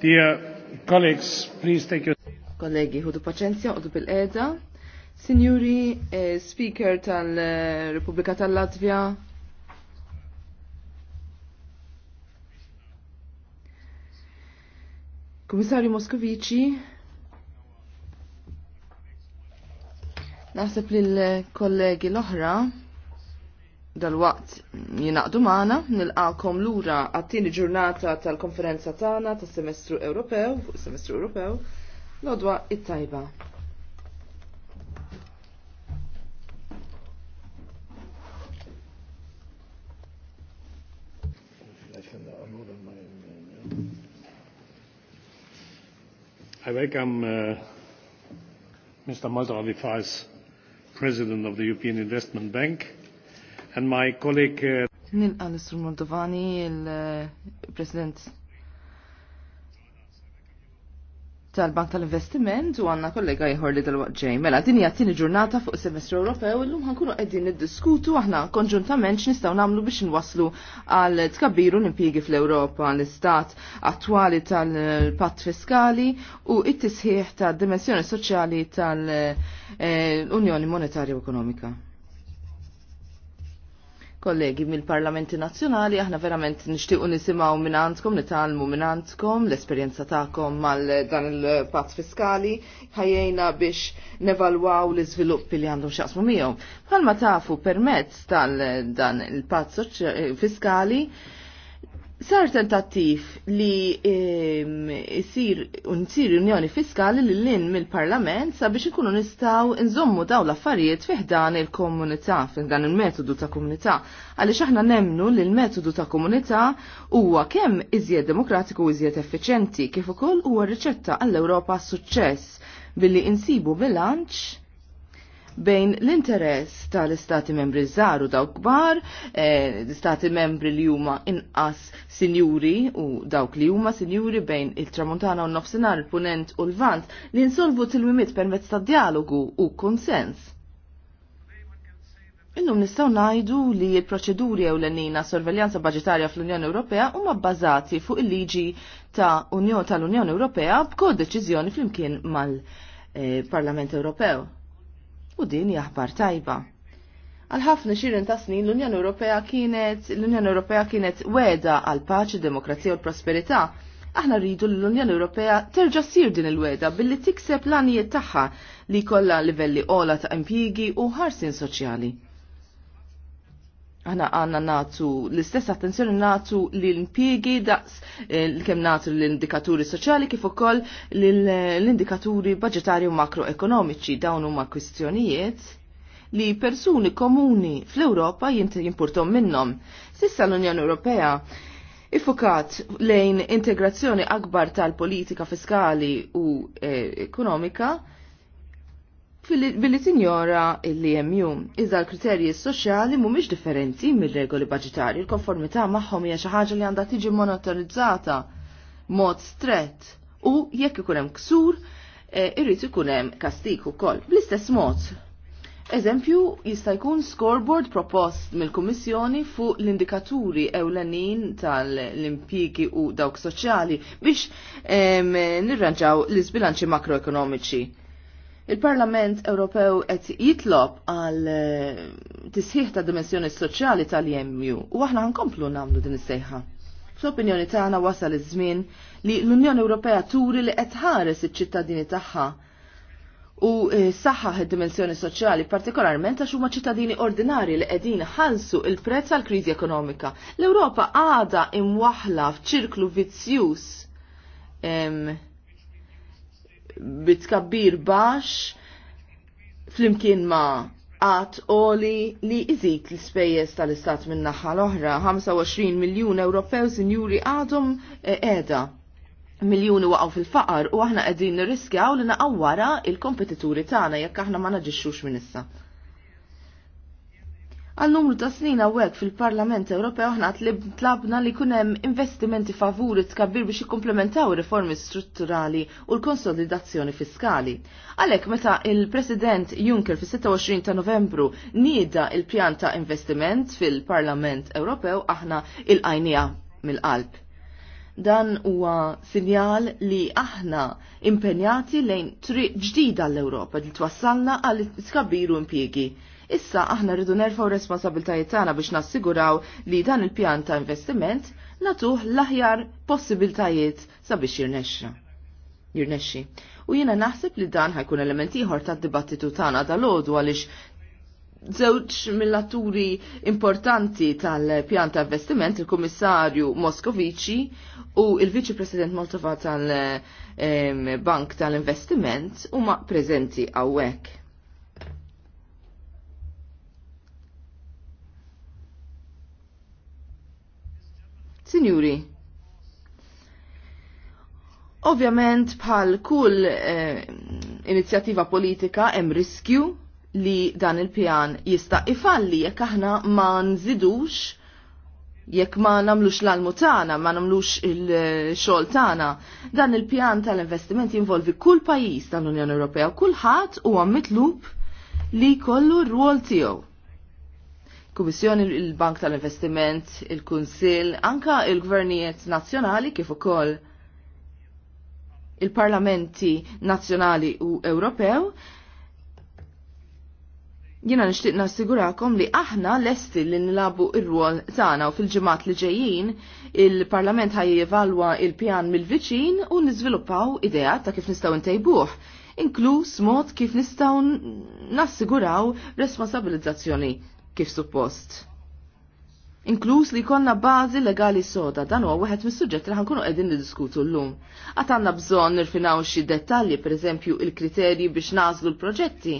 Dear colleagues, please take your... Kollegi, hudu paċenzja, hudu bil-eda. Signori, eh, Speaker tal-Repubblika tal latvia Komissarju Moskovici, naħseb lil kollegi l-oħra, dal-waqt jinaqdu maħna, nil-għakom l-ura għattini ġurnata tal-konferenza tagħna tas semestru Ewropew, fuq semestru Ewropew, l-odwa it-tajba. I welcome uh, Mr. Mazravi Fais, President of the European Investment Bank and my colleague. Uh, Nil l Montovani, il-President tal-Bank tal-Investiment u għanna kollega jħor li tal waqt ġej. Mela, din hija tieni ġurnata fuq is-Semestru Ewropew illum ħankunu qegħdin niddiskutu aħna konġuntament nistaw nagħmlu biex inwasslu għal tkabbiru l-impjiegi fl-Ewropa l-istat attwali tal-patt fiskali u it-tisħiħ tad-dimensjoni soċjali tal-Unjoni eh, Monetarja u Ekonomika kollegi mill-Parlamenti Nazzjonali, aħna verament nixtiequ nisimgħu minn għandkom, nitalmu minn għandkom, l-esperjenza tagħkom mal dan il-pazz fiskali, ħajjejna biex nevalwaw l-iżviluppi li għandhom x'jaqsmu miegħu. Bħalma tafu permezz tal dan il-pazz fiskali, Sar tentattiv li jisir unsir unjoni fiskali li l-in mill-parlament sabiex ikunu nistaw nżommu daw l-affarijiet fiħdan il-komunità, fiħdan il-metodu ta' komunità. Għalix aħna nemnu li l-metodu ta' komunità huwa kemm iżjed demokratiku u iżjed effiċenti kif ukoll huwa riċetta għall-Ewropa suċċess billi insibu bilanċ bejn l-interess tal-istati membri żaru daw kbar, eh, l-istati membri li huma inqas sinjuri u dawk li huma sinjuri bejn il-Tramuntana u n-Nofsinhar, il-Punent u l-Vant li nsolvu til permezz ta' dialogu u konsens. Illum nistgħu ngħidu li l-proċeduri ewlenina sorveljanza baġitarja fl-Unjoni Ewropea huma bbażati fuq il-liġi ta' Unjoni tal-Unjoni Ewropea b'kod deċiżjoni flimkien mal-Parlament eh, Ewropew. U din jaħbar tajba. Għal ħafna xirin ta' snin l-Unjoni Ewropea kienet l-Unjoni Ewropea kienet weda għal paċi, demokrazija u prosperità. Aħna rridu l-Unjoni Ewropea terġa' ssir din il-weda billi tikseb l-għanijiet tagħha li kollha livelli ola ta' impjigi u ħarsin soċjali. Għana għanna natu l-istess attenzjoni natu l-impiegi daqs eh, kem natu l-indikaturi soċjali kif ukoll l-indikaturi budgetari u makroekonomiċi dawn huma kwistjonijiet li persuni komuni fl-Europa jimpurtom minnom. Sissa l-Unjoni Ewropea Ifukat lejn integrazzjoni akbar tal-politika fiskali u eh, ekonomika billi sinjora l-EMU. Iżda l-kriterji soċjali mhumiex differenti mir-regoli budgetari, il-konformità magħhom hija xi ħaġa li għandha tiġi monitorizzata mod strett u jekk ikun hemm ksur eh, irrid ikun hemm kastik ukoll. Bl-istess mod. Eżempju, jista' jkun scoreboard propost mill-Kummissjoni fuq l-indikaturi ewlenin tal-impjigi u dawk soċjali biex nirranġaw l izbilanċi makroekonomiċi Il-Parlament Ewropew qed jitlob għal eh, tisħiħ ta' dimensjoni soċjali tal-EMU u aħna nkomplu nagħmlu din is-sejħa. Fl-opinjoni tagħna wasal iż-żmien li l-Unjoni Ewropea turi li qed ħares iċ-ċittadini tagħha u eh, saħħaħ id-dimensjoni soċjali partikolarment għax huma ċittadini ordinari li qegħdin ħalsu il-prezz għal kriżi ekonomika. L-Ewropa għada imwaħla f'ċirklu vizzjuż bitkabbir bax flimkien ma' għat oli li iżid l-spejjeż tal-istat minn naħa l-oħra 25 miljun Ewropew sinjuri għadhom eh, qiegħda. Miljuni waqgħu fil-faqar u aħna qegħdin nirriskjaw li naqgħu wara il-kompetituri tagħna jekk aħna ma naġixxux minn issa. Għal numru ta' snin għawek fil-Parlament Ewropew ħna tlabna li kunem investimenti favuri tkabbir biex jikkomplementaw riformi strutturali u l-konsolidazzjoni fiskali. Għalek meta il-President Juncker fil-26 ta' novembru nieda il-pjan ta' investiment fil-Parlament Ewropew aħna il-għajnija mill-qalb dan huwa sinjal li aħna impenjati lejn triq ġdida l-Ewropa li twassalna għal skabbiru impjiegi. Issa aħna rridu nerfaw responsabiltajiet tagħna biex nassiguraw li dan il-pjan ta' investiment natuh l-aħjar possibiltajiet sabiex jirnexxa. Jirnexxi. U jiena naħseb li dan ħajkun element ieħor tad-dibattitu tagħna dal-għodu għaliex Zewċ mill-atturi importanti tal-pjan ta' investiment, il-Komissarju Moskovici u il-Viċi President Moltova tal-Bank tal-Investiment huma preżenti għawek. Sinjuri, ovvjament bħal kull eh, inizjattiva politika hemm riskju li dan il-pjan jista' ifalli jekk aħna ma nżidux jekk ma namlux l-almu tagħna, ma namlux il-xogħol tagħna. Dan il-pjan tal-investiment jinvolvi kull pajjiż tal-Unjoni Ewropea, kulħadd huwa mitlub li kollu r ruol tiegħu. Kummissjoni il-Bank tal-Investiment, il-Kunsil, anka il-Gvernijiet Nazzjonali kif ukoll il-Parlamenti Nazzjonali u Ewropew Jiena nixtieq nassigurakom li aħna lesti li nilabu ir-rwol tagħna u fil-ġimgħat li ġejjin il-Parlament ħaj jevalwa il-pjan mill-viċin u niżviluppaw idea ta' kif nistgħu ntejbuh, inkluż mod kif nistgħu nassiguraw responsabilizzazzjoni kif suppost. Inkluż li konna bażi legali soda dan huwa wieħed mis-suġġett li ħankunu qegħdin niddiskutu llum. Għad għandna bżonn nirfinaw xi dettalji pereżempju il-kriterji biex nażlu l-proġetti.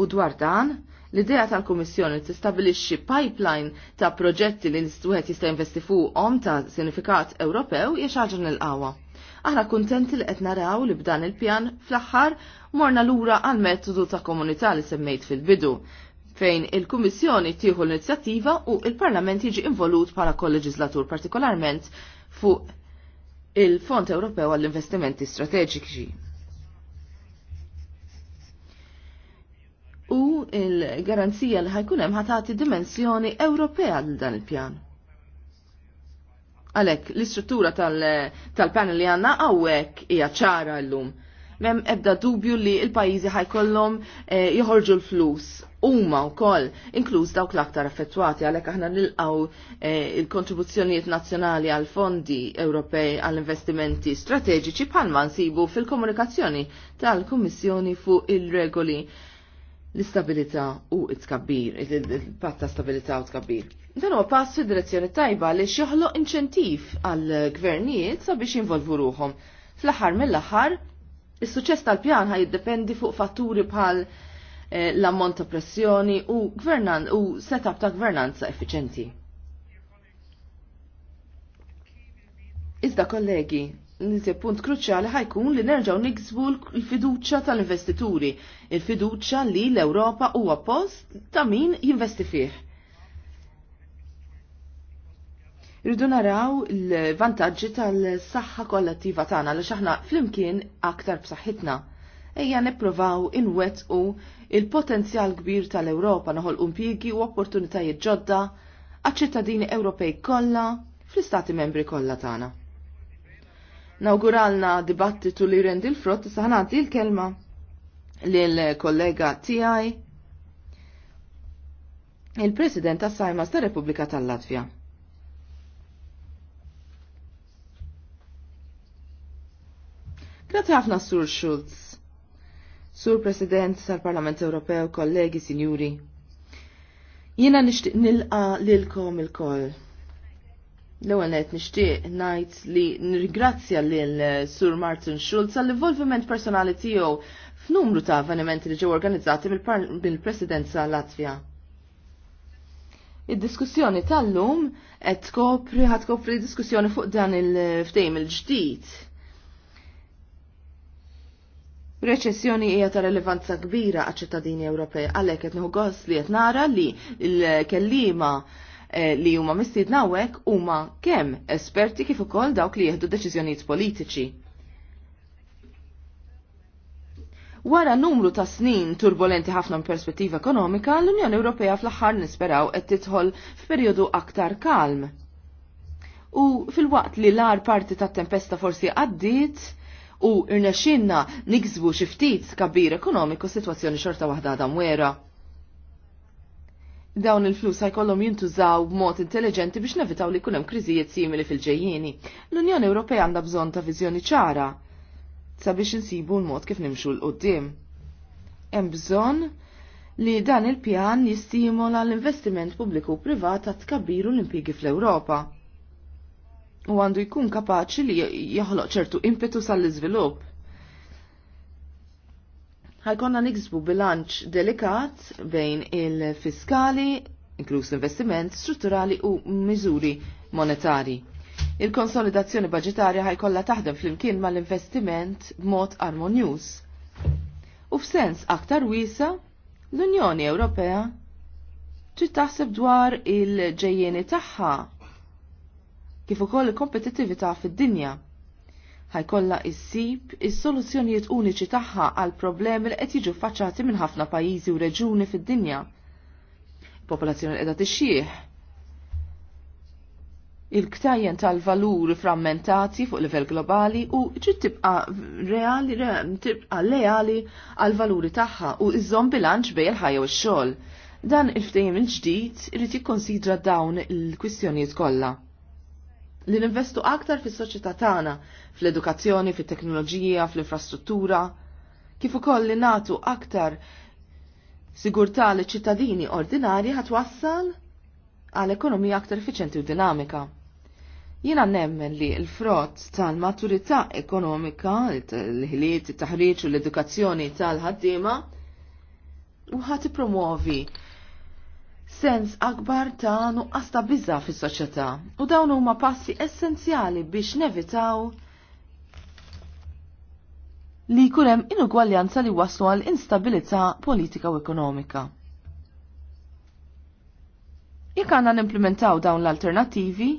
U dwar dan, l-idea tal-Kummissjoni tistabilixxi pipeline ta' proġetti li wieħed jista' jinvesti fuqhom ta' sinifikat Ewropew hija xi ħaġa nilqawha. Aħna kuntenti li qed naraw li b'dan il-pjan fl-aħħar morna lura għal metodu ta' komunità li semmejt fil-bidu fejn il-Kummissjoni tieħu l-inizjattiva u il-Parlament jiġi involut bħala kol-leġislatur partikolarment fuq il-Fond Ewropew għall-Investimenti Strateġiċi. U il-garanzija li ħajkun hemm ħatati dimensjoni Ewropea għal dan il-pjan. Għalek, l-istruttura tal-panel li għanna għawek hija ċara l-lum mem ebda dubju li il-pajizi ħajkollhom eh, joħorġu l-flus. huma u koll, inkluż dawk l-aktar effettwati, għalek aħna nilqaw eh, il-kontribuzzjonijiet nazzjonali għal fondi Ewropej għall investimenti strateġiċi bħalma nsibu fil-komunikazzjoni tal-Kummissjoni fuq il-regoli l-istabilità u t-tkabbir, il-patta stabilità u tkabbir. Dan huwa pass fid-direzzjoni tajba li joħloq inċentiv għal gvernijiet sabiex jinvolvu ruhom. Fl-aħħar mill-aħħar, Is-suċċess tal-pjan ħaj jiddependi fuq fatturi bħal eh, l-ammont ta' pressjoni u gvernan u setup ta' gvernanza effiċenti. Iżda kollegi, nizja punt kruċjali ħajkun li nerġaw niksbu l-fiduċa tal-investituri, il-fiduċa li l-Europa huwa post ta' min jinvesti fih. Rridu naraw l-vantaġġi tal-saħħa kollettiva tagħna għaliex aħna flimkien aktar b'saħħitna. Ejja nipprovaw inwettqu il-potenzjal kbir tal-Ewropa noħol impjiegi u opportunitajiet ġodda għaċ-ċittadini Ewropej kollha fl-istati membri kollha tagħna. Nawguralna dibattitu li rendi l-frott saħnati l-kelma lill-kollega tiegħi il-President tas-Sajmas tar Repubblika tal-Latvja. Grazzi ħafna Sur Schulz. Sur President tal-Parlament Ewropew, kollegi, sinjuri. Jiena nixtieq nilqa lilkom il-koll. L-ewwel qed nixtieq ngħid li nirgrazzja lil Sur Martin Schulz għall-involviment personali tiegħu f'numru ta' avvenimenti li ġew organizzati mill-Presidenza Latvja. Id-diskussjoni tal-lum qed tkopri ħad tkopri diskussjoni fuq dan il-ftejm il-ġdid Reċessjoni hija ta' rilevanza kbira għal ċittadini Ewropej għalhekk qed gost li qed nara li l-kellima eh, li huma mistiedna hawnhekk huma kemm esperti kif ukoll dawk li jieħdu deċiżjonijiet politiċi. Wara numru ta' snin turbolenti ħafna perspettiva ekonomika, l-Unjoni Ewropea fl-aħħar nisperaw qed tidħol f'perjodu aktar kalm. U fil-waqt li l-ar parti tat tempesta forsi għaddiet, u irnexinna niksbu xi ftit kabir ekonomiku sitwazzjoni xorta waħda għadha mwera. Dawn il-flus ħajkollhom jintużaw b'mod intelligenti biex nevitaw li kunem kriżijiet simili fil-ġejjieni. L-Unjoni Ewropea għandha bżonn ta' viżjoni ċara sabiex insibu l-mod kif nimxu l-qoddim. Hemm bżonn li dan il-pjan jistimola l-investiment pubbliku privat għat tkabbiru l-impjegi fl-Ewropa u għandu jkun kapaċi li jaħloq ċertu impetu sal-iżvilupp. Ħajkonna nixbu bilanċ delikat bejn il-fiskali, inkluż investiment, strutturali u miżuri monetari. Il-konsolidazzjoni budgetarja ħajkollha taħdem flimkien mal-investiment b'mod armonjuż. U f'sens aktar wiesa, l-Unjoni Ewropea trid taħseb dwar il-ġejjeni tagħha kif ukoll il-kompetittività fid-dinja. Ħajkollha issib is-soluzzjonijiet uniċi tagħha għal problemi li qed jiġu faċċati minn ħafna pajjiżi u reġuni fid-dinja. Popolazzjoni qiegħda tixjih. Il-ktajjen tal-valur frammentati fuq livell globali u ġid tibqa' reali tibqa' leali għal valuri tagħha u iżżomm bilanċ bejn il-ħajja u x-xogħol. Dan il-ftehim il-ġdid irid jikkonsidra dawn il-kwistjonijiet kollha li ninvestu aktar fis soċjetà tagħna, fl-edukazzjoni, fit-teknoloġija, fl-infrastruttura, kif ukoll li nagħtu aktar sigurtà li ċittadini ordinari wassal għal ekonomija aktar effiċenti u dinamika. Jiena nemmen li l-frott tal-maturità ekonomika, l-ħiliet, it-taħriġ u l-edukazzjoni tal-ħaddiema u ħati promuovi sens akbar ta' nuqqas ta' bizza fis soċjetà u dawn huma passi essenzjali biex nevitaw li hemm inugwaljanza li waslu għal instabilità politika u ekonomika. Jekk għandna nimplementaw dawn l-alternattivi,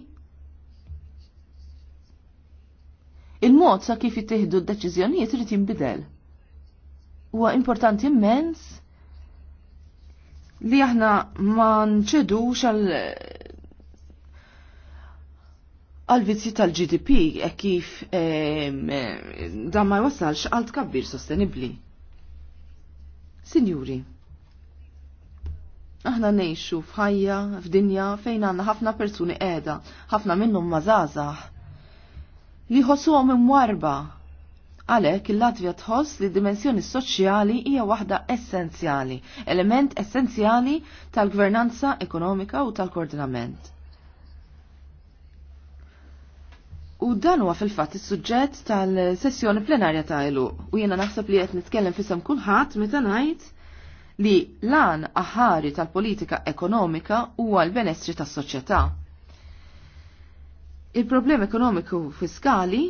il-mod sa kif jittieħdu d-deċiżjonijiet irid jinbidel. Huwa importanti immens li aħna ma nċedux xal għal vizzi tal-GDP e kif e, e, dan ma jwassalx għal tkabbir sostenibli. Signuri, aħna nejxu fħajja, f'dinja fejn għanna ħafna persuni qiegħda, ħafna minnhom mażażaħ li ħossuhom imwarba Għalhekk il-Latvja tħoss li d-dimensjoni soċjali hija waħda essenzjali, element essenzjali tal-gvernanza ekonomika u tal-koordinament. U dan huwa fil-fatt is-suġġett tal-sessjoni plenarja ta' ilu u jiena naħseb li qed nitkellem fisem kulħadd meta ngħid li lan aħari tal-politika ekonomika huwa l-benestri tas-soċjetà. Il-problem ekonomiku fiskali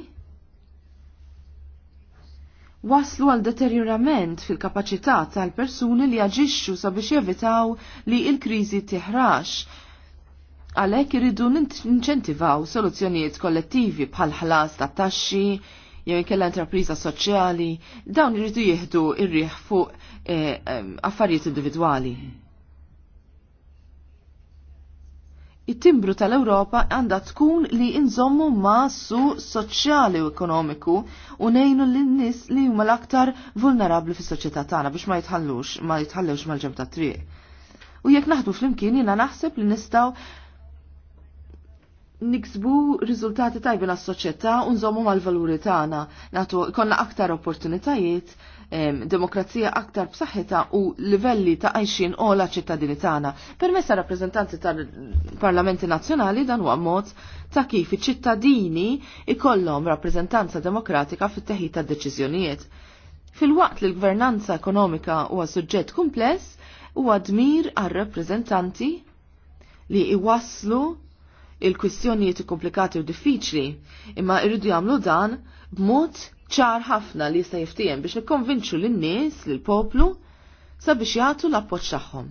waslu għal deterjurament fil-kapacità tal-persuni li jaġixxu sabiex jevitaw li il-kriżi tiħrax. Għalhekk iridu ninċentivaw soluzzjonijiet kollettivi bħal ħlas ta' taxxi, jew kella intrapriża soċjali, dawn iridu jieħdu ir-riħ fuq eh, affarijiet individwali. it-timbru tal-Ewropa għandha tkun li inżommu ma' su soċjali u ekonomiku u nejnu l-nis li huma l-aktar vulnerabli fis soċjetà tagħna biex ma jitħallux, ma jitħallux mal-ġem ta' triq. U jekk naħdu flimkien, jiena naħseb li nistgħu niksbu riżultati tajbin għas soċjetà u nżommu mal-valuri tagħna, nagħtu konna aktar opportunitajiet demokrazija aktar b'saħħitha u livelli ta' għajxin la ċittadini tagħna. Permessa rappreżentanti tal-Parlamenti Nazzjonali dan huwa mod ta' kif iċ-ċittadini ikollhom rappreżentanza demokratika fit-teħid tad-deċiżjonijiet. Fil-waqt li l-gvernanza ekonomika huwa suġġett kumpless, huwa dmir għar-rappreżentanti li iwasslu il-kwistjonijiet komplikati u diffiċli, imma irridu jagħmlu dan b'mod ċar ħafna li jista' jiftijem biex nikkonvinċu lin-nies l poplu sabiex jagħtu l-appoġġ tagħhom.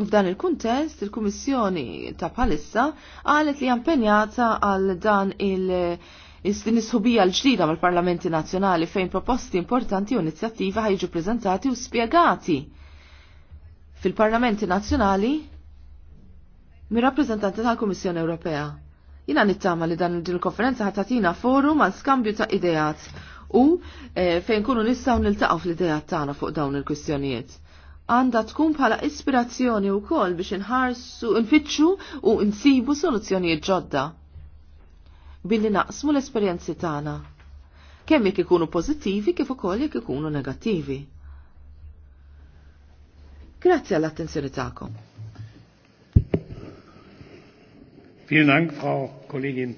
F'dan il-kuntest, il-Kummissjoni ta' palissa qalet li jampenjata għal dan il- Is-din l-ġdida mal-Parlamenti Nazzjonali fejn proposti importanti u inizjattiva ħajġu preżentati u spjegati fil-Parlamenti Nazzjonali mir-rappreżentanti tal-Kummissjoni Ewropea. Jina nittama li dan il-konferenza ħatatina forum għal skambju ta' idejat u eh, fejn kunu nistaw nil-taqaw fl-idejat tagħna fuq dawn il-kwistjonijiet. Għanda tkun bħala ispirazzjoni u kol biex inħarsu, nfittxu u nsibu soluzzjonijiet ġodda. Billi naqsmu l-esperjenzi tagħna. Kemm jekk ikunu pożittivi kif ukoll jekk ikunu negattivi. Grazzi għall-attenzjoni tagħkom. Vielen Dank, Frau Kollegin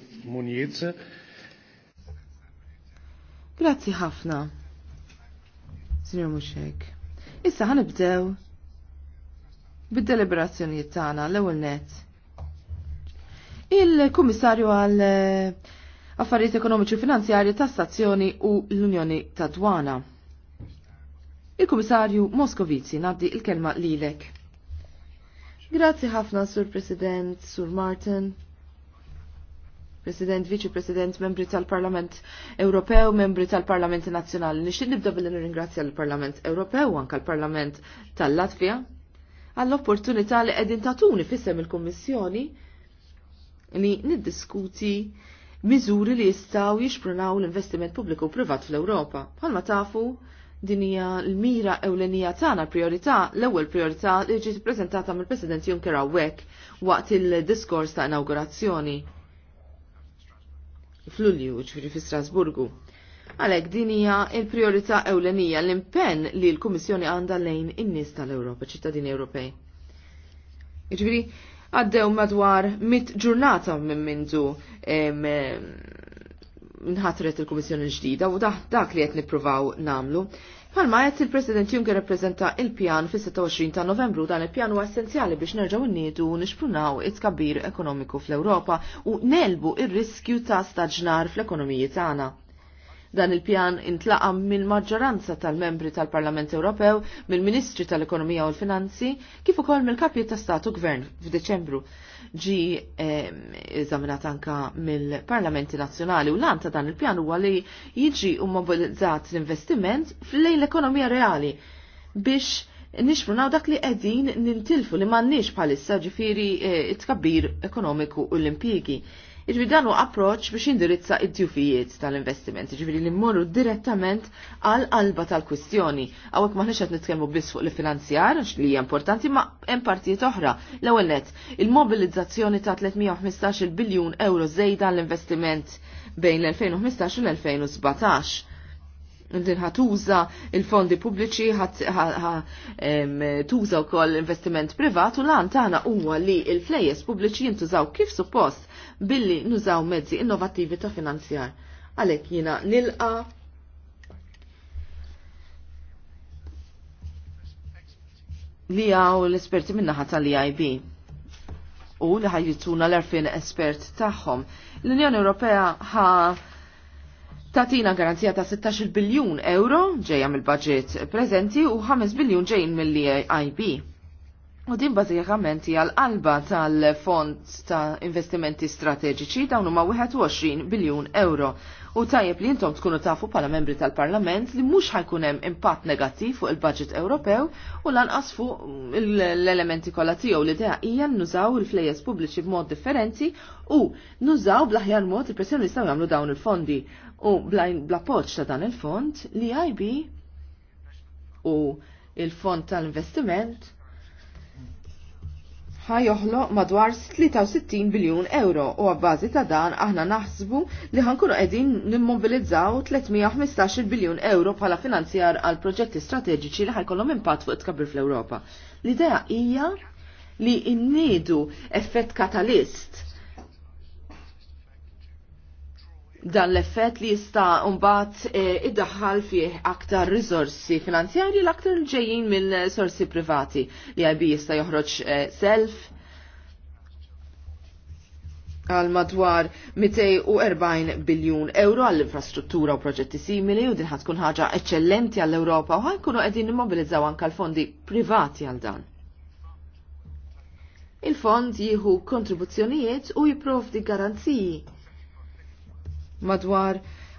Grazzi ħafna, Signor Mushek. Issa ħanibdew bid-deliberazzjonijiet tagħna l-ewwel net. Il-Kummissarju għal eh, Affarijiet Ekonomiċi Finanzjarji ta' Stazzjoni u l-Unjoni ta' Dwana. Il-Kummissarju Moskovici naddi il-kelma lilek. Grazzi ħafna, Sur President, Sur Martin. President, Vice President, membri tal-Parlament Ewropew, membri tal-Parlament Nazzjonali. Nixtieq nibda billi nirringrazzja l-Parlament Ewropew, anke l-Parlament tal-Latvija, għall-opportunità li qegħdin tatuni fissem il-Kummissjoni li niddiskuti miżuri li jistgħu jixprunaw l-investiment pubbliku u privat fl-Ewropa. Bħalma tafu din hija l-mira ewlenija tagħna priorità, l-ewwel priorità li ġiet ippreżentata mill-President Juncker hawnhekk waqt il-diskors ta' inaugurazzjoni fl-Ulju, ċifri fi Strasburgu. Għalek din hija il-priorità ewlenija l-impenn li l-Kummissjoni għandha lejn in-nies tal-Ewropa, ċittadini Ewropej. Ġifri, għaddew madwar mit ġurnata minn mindu nħatret il-Komissjoni ġdida u dak li qed nippruvaw namlu. Palma għed il-President Juncker rappresenta il-pjan fis-26 ta' novembru dan il-pjan huwa essenzjali biex nerġgħu nniedu nixprunaw it-kabbir ekonomiku fl-Ewropa u nelbu ir-riskju ta' staġnar fl-ekonomiji tagħna. Dan il-pjan intlaqam mill-maġġoranza tal-membri tal-Parlament Ewropew, mill-Ministri tal-Ekonomija u l-Finanzi, kif ukoll mill-Kapi ta' Statu Gvern f'Deċembru. Ġi eżaminat anka mill-Parlamenti Nazzjonali u l-anta dan il-pjan huwa li jiġi mobilizzat l-investiment fl-lejn l-ekonomija reali biex naw dak li qegħdin nintilfu li m'għandniex bħalissa ġifiri eh, it-tkabbir ekonomiku u l-impjiegi. Iġbi dan u approċ biex indirizza id-djufijiet tal-investiment, iġbi li mmorru direttament għal alba tal-kwistjoni. Għawek maħniex qed nitkellmu biss fuq l-finanzjar, li hija importanti, ma hemm partijiet oħra. L-ewwel net, il-mobilizzazzjoni ta' 315 biljun euro zejda l-investiment bejn l-2015 u l-2017 din ħatuża il-fondi pubbliċi tuża wkoll investiment privat u lan tagħna huwa li l flejes pubbliċi jintużaw kif suppost billi nużaw mezzi innovattivi ta' finanzjar. Għalek jina nilqa li għaw l-esperti minnaħat tal-IIB u li ħajjituna l erfin espert tagħhom. L-Unjoni Ewropea ħa tatina garanzija ta' 16 biljun euro ġejja mill-budget preżenti u 5 biljun ġejjin mill-IB U din bażikament hija l-qalba tal-Fond ta' Investimenti Strateġiċi dawn huma 21 biljun euro. U tajjeb li intom tkunu tafu bħala membri tal-Parlament li mhux ħajkun hemm impatt negattiv fuq il-budget Ewropew u lanqas fuq l-elementi kollha tiegħu l-idea hija nużaw il-flejjes pubbliċi b'mod differenti u nużaw bl-aħjar mod il-pressjoni jistgħu jagħmlu dawn il-fondi u bl-appoġġ ta' dan il-fond li IB u il-fond tal-investiment ħajoħloq madwar 63 biljun euro u għabbażi ta' dan aħna naħsbu li ħankunu qegħdin nimmobilizzaw 315 biljun euro bħala finanzjar għal proġetti strateġiċi li ħajkollhom impatt fuq tkabbir fl-Ewropa. L-idea hija li innidu effett katalist dan l-effett li jista' mbagħad e, iddaħħal fih aktar riżorsi finanzjarji l-aktar ġejjin minn sorsi privati li IB jista' joħroġ e, self għal madwar 240 biljun euro għall infrastruttura u proġetti simili u din ħad tkun ħaġa eċċellenti għall europa u ħajkunu qegħdin immobilizzaw anke l-fondi privati għal dan. Il-fond jieħu kontribuzzjonijiet u jipprovdi garanziji madwar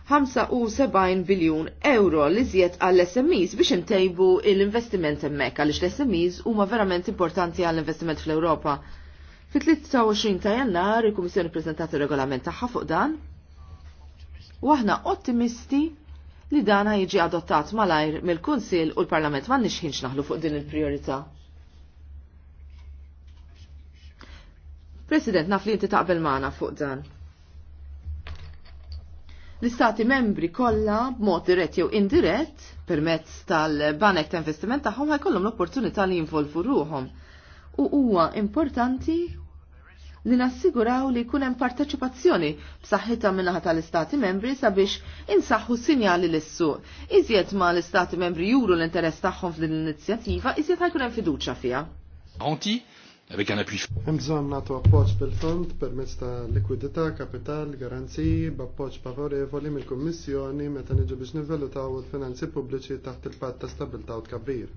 75 biljun euro li zjed għall smis biex intejbu l-investiment emmek għalix l smis huma verament importanti għall-investiment fl-Ewropa. Fi 23 ta' jannar il-Kummissjoni prezentat il-regolament tagħha fuq dan. U aħna ottimisti li dana jiġi adottat malajr mill-Kunsil u l-Parlament ma nixħinx naħlu fuq din il-priorità. President, naf li inti taqbel maħna fuq dan. L-istati membri kollha b'mod dirett jew indirett permezz tal-banek ta' investiment tagħhom ħajkollhom l-opportunità li jinvolvu ruhom. U huwa importanti li nassiguraw li jkun hemm parteċipazzjoni b'saħħitha minnaħa tal-Istati membri sabiex insaħħu sinjali l suq Iżjed ma l-Istati membri juru l-interess tagħhom fl-inizjattiva, iżjed ħajkun hemm fiduċja fiha. Anti, Hemm bżonn nagħtu appoġġ bil-fond permezz ta' likwidità, kapital, garanziji, b'appoġġ favorevoli mill-Kummissjoni meta niġu biex nivvalutaw il-finanzi pubbliċi taħt il-patt ta' stabilità u tkabbir.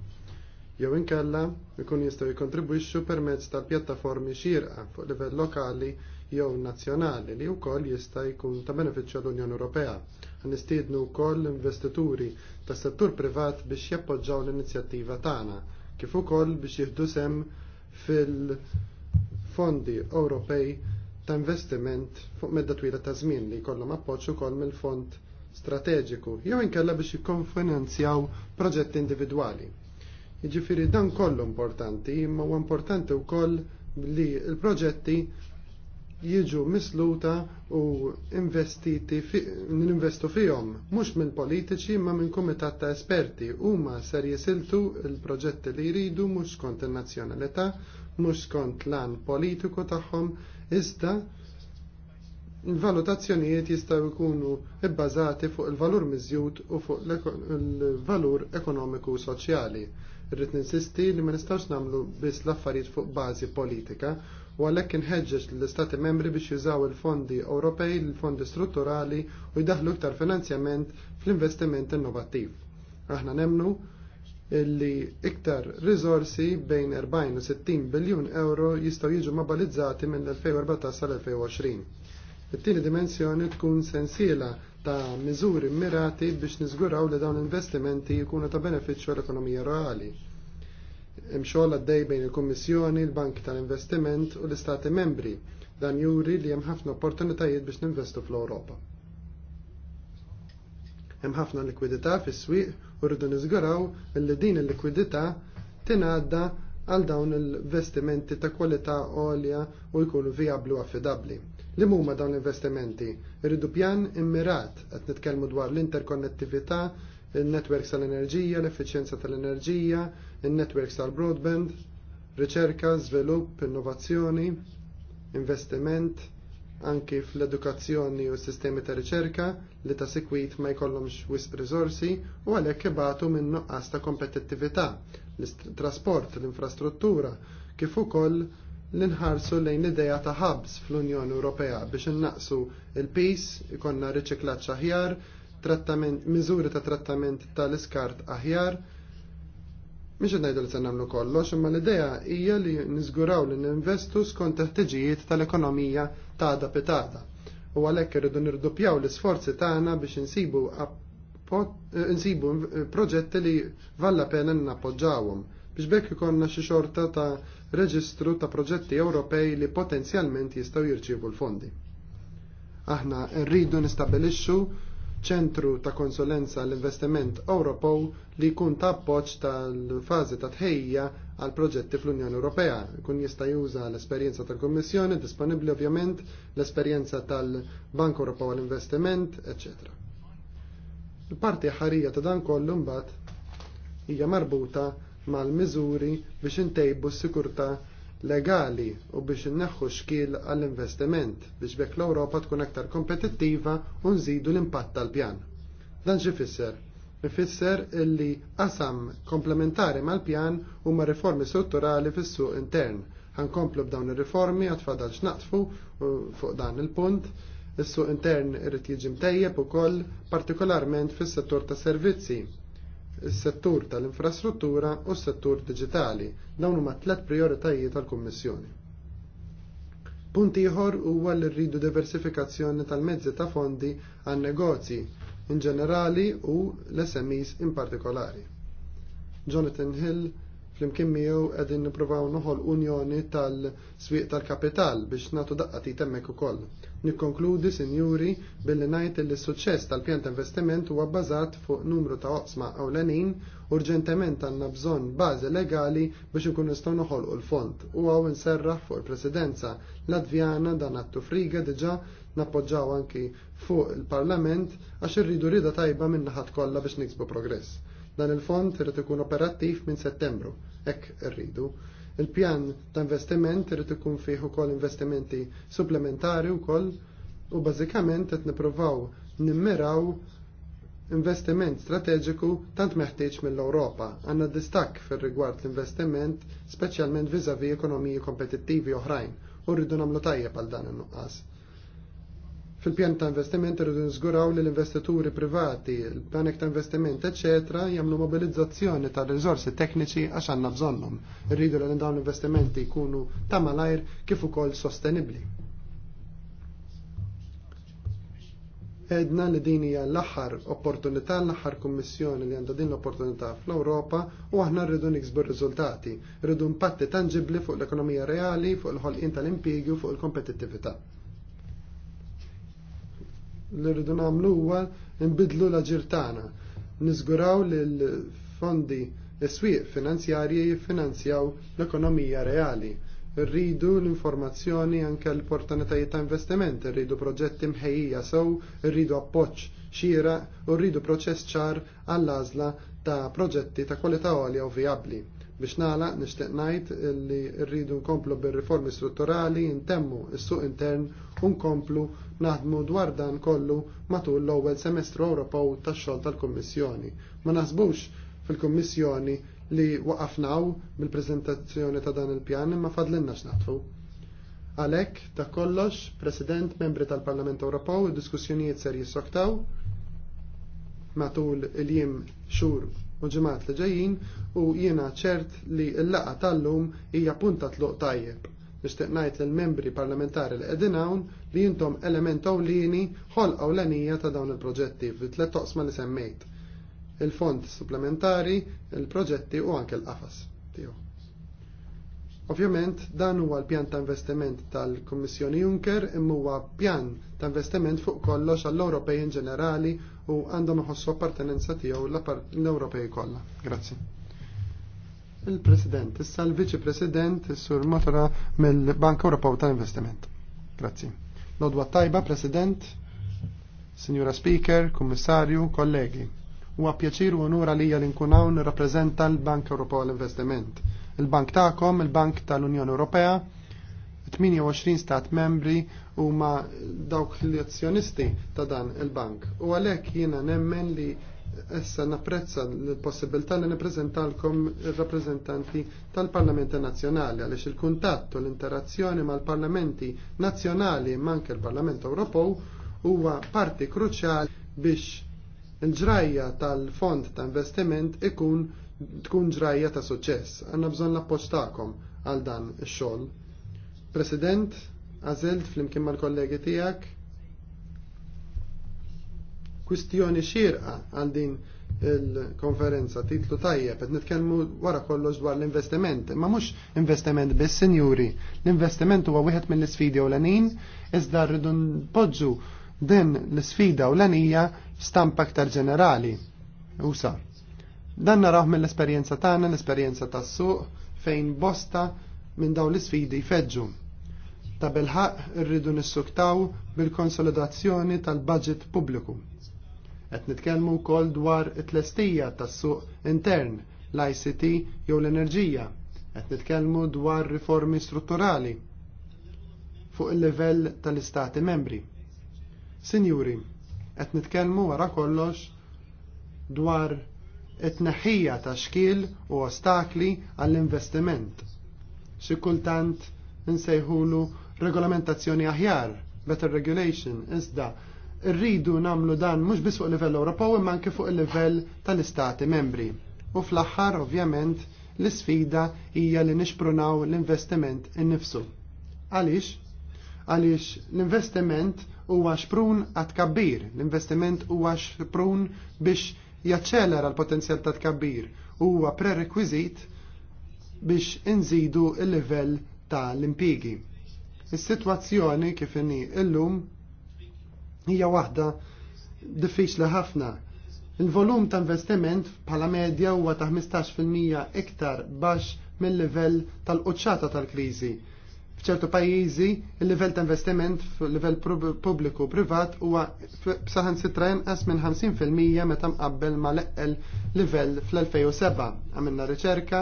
Jew inkella jkun jistgħu jikkontribwixxu permezz tal-pjattaformi xierqa fuq livell lokali jew nazzjonali li wkoll jista' jkun ta' benefiċċju l-Unjoni Ewropea. Nistiednu wkoll investituri tas settur privat biex jappoġġaw l-inizjattiva tagħna, kif ukoll biex jieħdu sem fil-fondi Ewropej ta' investiment fuq medda twila ta' żmien li jkollhom appoġġ ukoll mill-fond strateġiku jew inkella biex jikkonfinanzjaw proġetti individwali. Jiġifieri dan kollu importanti, imma huwa importanti wkoll li l-proġetti jiġu misluta u investiti ninvestu fihom, mhux minn politiċi ma minn kumitat ta' esperti huma ser jisiltu l-proġetti li jridu mhux skont in-nazzjonalità, mhux skont lan politiku tagħhom, iżda il-valutazzjonijiet jistgħu jkunu ibbażati fuq il-valur miżjud u fuq il-valur ekonomiku u soċjali. Rrit ninsisti li ma nistax nagħmlu biss l-affarijiet fuq bażi politika u għalhekk inħeġġeġ l-Istati membri biex jużaw il-fondi Ewropej, il-fondi strutturali u jdaħlu iktar finanzjament fl-investiment innovattiv. Aħna nemnu illi iktar rizorsi bejn 40 u 60 biljun euro jistgħu jiġu mobilizzati minn 2014 sal-2020. It-tieni dimensjoni tkun sensiela ta' miżuri mirati biex niżguraw li dawn l investimenti jkunu ta' benefiċċju l-ekonomija reali imxol għaddej bejn il-Kummissjoni, il-Bank tal-Investiment u l-Istati membri dan juri li hemm ħafna opportunitajiet biex ninvestu fl-Ewropa. Hemm ħafna likwidità fis-swieq u rridu niżguraw li din il-likwidità tingħadda għal dawn il investimenti ta' kwalità għolja u jkunu vijablu u affidabbli. Li huma dawn l-investimenti? Rridu pjan immirat qed nitkellmu dwar l-interkonnettività, il-netwerks tal-enerġija, l-effiċjenza tal-enerġija, in-netwerks tal-broadband, riċerka, żvilupp, innovazzjoni, investiment, anki fl-edukazzjoni u s-sistemi ta' riċerka li ta' sikwit ma jkollhomx wisq rizorsi u għalhekk ibatu minn nuqqas ta' kompetittività, l-trasport, l-infrastruttura, kif ukoll l-inħarsu lejn l-ideja ta' hubs fl-Unjoni Ewropea biex innaqsu il-pis, ikonna riċiklaċ aħjar, miżuri ta' trattament tal-iskart aħjar, Miex ngħidu li se nagħmlu kollox, imma l-idea hija li niżguraw li ninvestu skont teħtiġijiet tal-ekonomija tada pitada. U għalhekk irridu nirdupjaw l-isforzi tagħna biex insibu insibu proġetti li valla pena nappoġġawhom biex bekk ikonna xi xorta ta' reġistru ta' proġetti Ewropej li potenzjalment jistgħu jirċievu l-fondi. Aħna rridu nistabilixxu ċentru ta' konsulenza l-investiment Europow li jkun ta' appoġġ tal-fażi ta' tħejja għal proġetti fl-Unjoni Ewropea. Kun jista' juża l-esperjenza tal-Kummissjoni, disponibbli ovvjament l-esperjenza tal-Bank Ewropew għall-Investiment, etc. Il-parti ħarija ta' dan kollu mbagħad hija marbuta mal-miżuri biex intejbu s-sikurtà legali u biex inneħħu xkiel għall-investiment biex bekk l-Ewropa tkun aktar kompetittiva u nżidu l-impatt tal-pjan. Dan xifisser? Ifisser illi qasam komplementari mal-pjan huma riformi strutturali fis-suq intern. komplu b'dawn ir-riformi għad fadal x'naqtfu uh, fuq dan il-punt. Is-suq intern irid jiġi mtejjeb ukoll partikolarment fis-settur ta' servizzi is-settur tal-infrastruttura u s-settur diġitali. Dawn huma tliet prioritajiet tal-Kummissjoni. Punt ieħor huwa li rridu diversifikazzjoni tal-mezzi ta' fondi għan negozji in ġenerali u l-SMEs in partikolari. Jonathan Hill Flimkien miegħu qegħdin nippruvaw noħol unjoni tal-swieq tal-kapital biex nagħtu daqqa tit hemmhekk ukoll. Nikkonkludi, sinjuri, billi ngħid li s-suċċess tal-pjan ta' investiment huwa bbażat fuq numru ta' oqsma ewlenin urġentement għandna bżonn bażi legali biex ikun nistgħu noħolqu l-fond. U għaw inserraħ fuq il-Presidenza Latvjana dan attu friga diġà nappoġġaw anki fuq il-Parlament għax irridu rida tajba minn naħat kollha biex niksbu progress. Dan il-fond irid ikun operattiv minn Settembru, hekk irridu. Il-pjan ta' investiment irid ikun fih ukoll investimenti supplementari wkoll u bażikament qed nippruvaw nimmiraw investiment strateġiku tant meħtieġ mill-Ewropa. Għandna distakk fir-rigward l-investiment, speċjalment viżavi ekonomiji kompetittivi oħrajn, u rridu nagħmlu tajjeb għal dan in-nuqqas. Fil-pjan ta' investiment irridu nżguraw li l-investituri privati, l panek ta' investiment, eccetera, jagħmlu mobilizzazzjoni ta' riżorsi tekniċi għax għandna bżonnhom. Irridu li dawn l-investimenti jkunu ta' malajr kif ukoll sostenibbli. Edna li din hija l-aħħar opportunità, l-aħħar kummissjoni li għandha din l-opportunità fl-Ewropa u aħna rridu niksbu r-riżultati, rridu impatti tangibbli fuq l-ekonomija reali, fuq il-ħolqien tal impjiegi u fuq il-kompetittività li rridu nagħmlu huwa nbidlu l-aġir tagħna. Niżguraw li l-fondi iswieq swieq finanzjarji jiffinanzjaw l-ekonomija reali. Rridu l-informazzjoni anke l-opportunitajiet ta' investiment, rridu proġetti mħejjija sew, rridu appoġġ xira u rridu proċess ċar għall-għażla ta' proġetti ta' kwalità għolja u vijabbli Biex nala nixtieq ngħid li rridu nkomplu bir-riformi strutturali, intemmu s-suq intern u nkomplu naħdmu dwar dan kollu matul l-ewwel semestru Ewropew tax-xogħol tal-Kummissjoni. Ma naħsbux fil-Kummissjoni li waqafnaw bil-preżentazzjoni ta' dan il-pjan imma fadlinnax x'naħtfu. Għalhekk ta' kollox, President, membri tal-Parlament Ewropew, id diskussjonijiet ser jissoktaw matul il-jiem xur u ġimgħat li ġejjin u jiena ċert li l-laqa tal-lum hija punta tluq tajjeb nixtieq ngħid lill-membri parlamentari li qegħdin hawn li intom element ewlieni ħolqgħu l ta' dawn il-proġetti fi tliet toqsma li semmejt. Il-fond supplementari, il-proġetti u anke l-qafas tiegħu. Ovvjament dan huwa l-pjan ta' investiment tal-Kummissjoni Juncker imma huwa pjan ta' investiment fuq kollox għall-Ewropej in ġenerali u għandhom iħossu appartenenza tiegħu l-Ewropej kollha. Grazzi. Il-President, issa l-Viċi President, Sur Matra mill-Bank Ewropew ta' Investiment. Grazzi. Lodwa tajba, President, Signora Speaker, Kummissarju, kollegi. Huwa pjaċir u onura lija li nkun hawn nirrappreżenta l-Bank Ewropew tal investiment il-bank ta'kom, il-bank tal-Unjoni Ewropea, 28 stat membri huma dawk l-azzjonisti ta' dan il-bank. U għalhekk jiena nemmen li essa napprezza l-possibilità li nippreżentalkom ir-rappreżentanti tal-Parlamenti Nazzjonali għaliex il-kuntatt u l-interazzjoni mal-Parlamenti Nazzjonali manke l-Parlament Ewropew huwa parti kruċjali biex il-ġrajja tal-fond ta' investiment ikun tkun ġrajja ta' suċċess. Għanna bżonn l-appoġġ tagħkom għal dan ix-xogħol. President, għażelt flimkien mal-kollegi tiegħek kwistjoni xirqa għal din il-konferenza titlu tajjeb qed nitkellmu wara kollox dwar l-investiment, ma mhux investiment biss sinjuri. L-investiment huwa wieħed mill-isfidi anin iżda rridu npoġġu din l-isfida anija f'stamp aktar ġenerali. Usa. Dan naraħ mill-esperjenza tagħna, l-esperjenza tas-suq fejn bosta minn dawn l-isfidi jfeġġu. Ta' bilħaq irridu nissuktaw bil-konsolidazzjoni tal-budget pubbliku. Qed nitkellmu wkoll dwar it-tlestija tas-suq intern, l-ICT jew l-enerġija. Qed nitkellmu dwar riformi strutturali fuq il-livell tal-istati membri. Sinjuri, qed nitkellmu wara kollox dwar it-tneħħija ta' xkiel u ostakli għall-investiment. Xi kultant insejħulu regolamentazzjoni aħjar, better regulation, iżda rridu namlu dan mhux biss fuq livell Ewropew imma anke fuq il-livell tal-istati membri. U fl-aħħar ovvjament l-isfida hija li nixprunaw l-investiment innifsu. Għaliex? Għaliex l-investiment huwa xprun għat kabbir, l-investiment huwa xprun biex jaċċelera l-potenzjal ta' tkabbir huwa prerequisit biex inżidu il-livell ta' l-impigi. Is-sitwazzjoni kif inni illum hija waħda diffiċli ħafna. Il-volum ta' investiment bħala medja huwa ta' 15% iktar baxx mill-livell tal-quċċata tal-kriżi. tal quċċata tal kriżi f'ċertu pajjiżi il-livell ta' investiment f'livell pubbliku privat huwa b'saħan sitra inqas minn 50% meta mqabbel ma' l livell fl-2007. Għamilna riċerka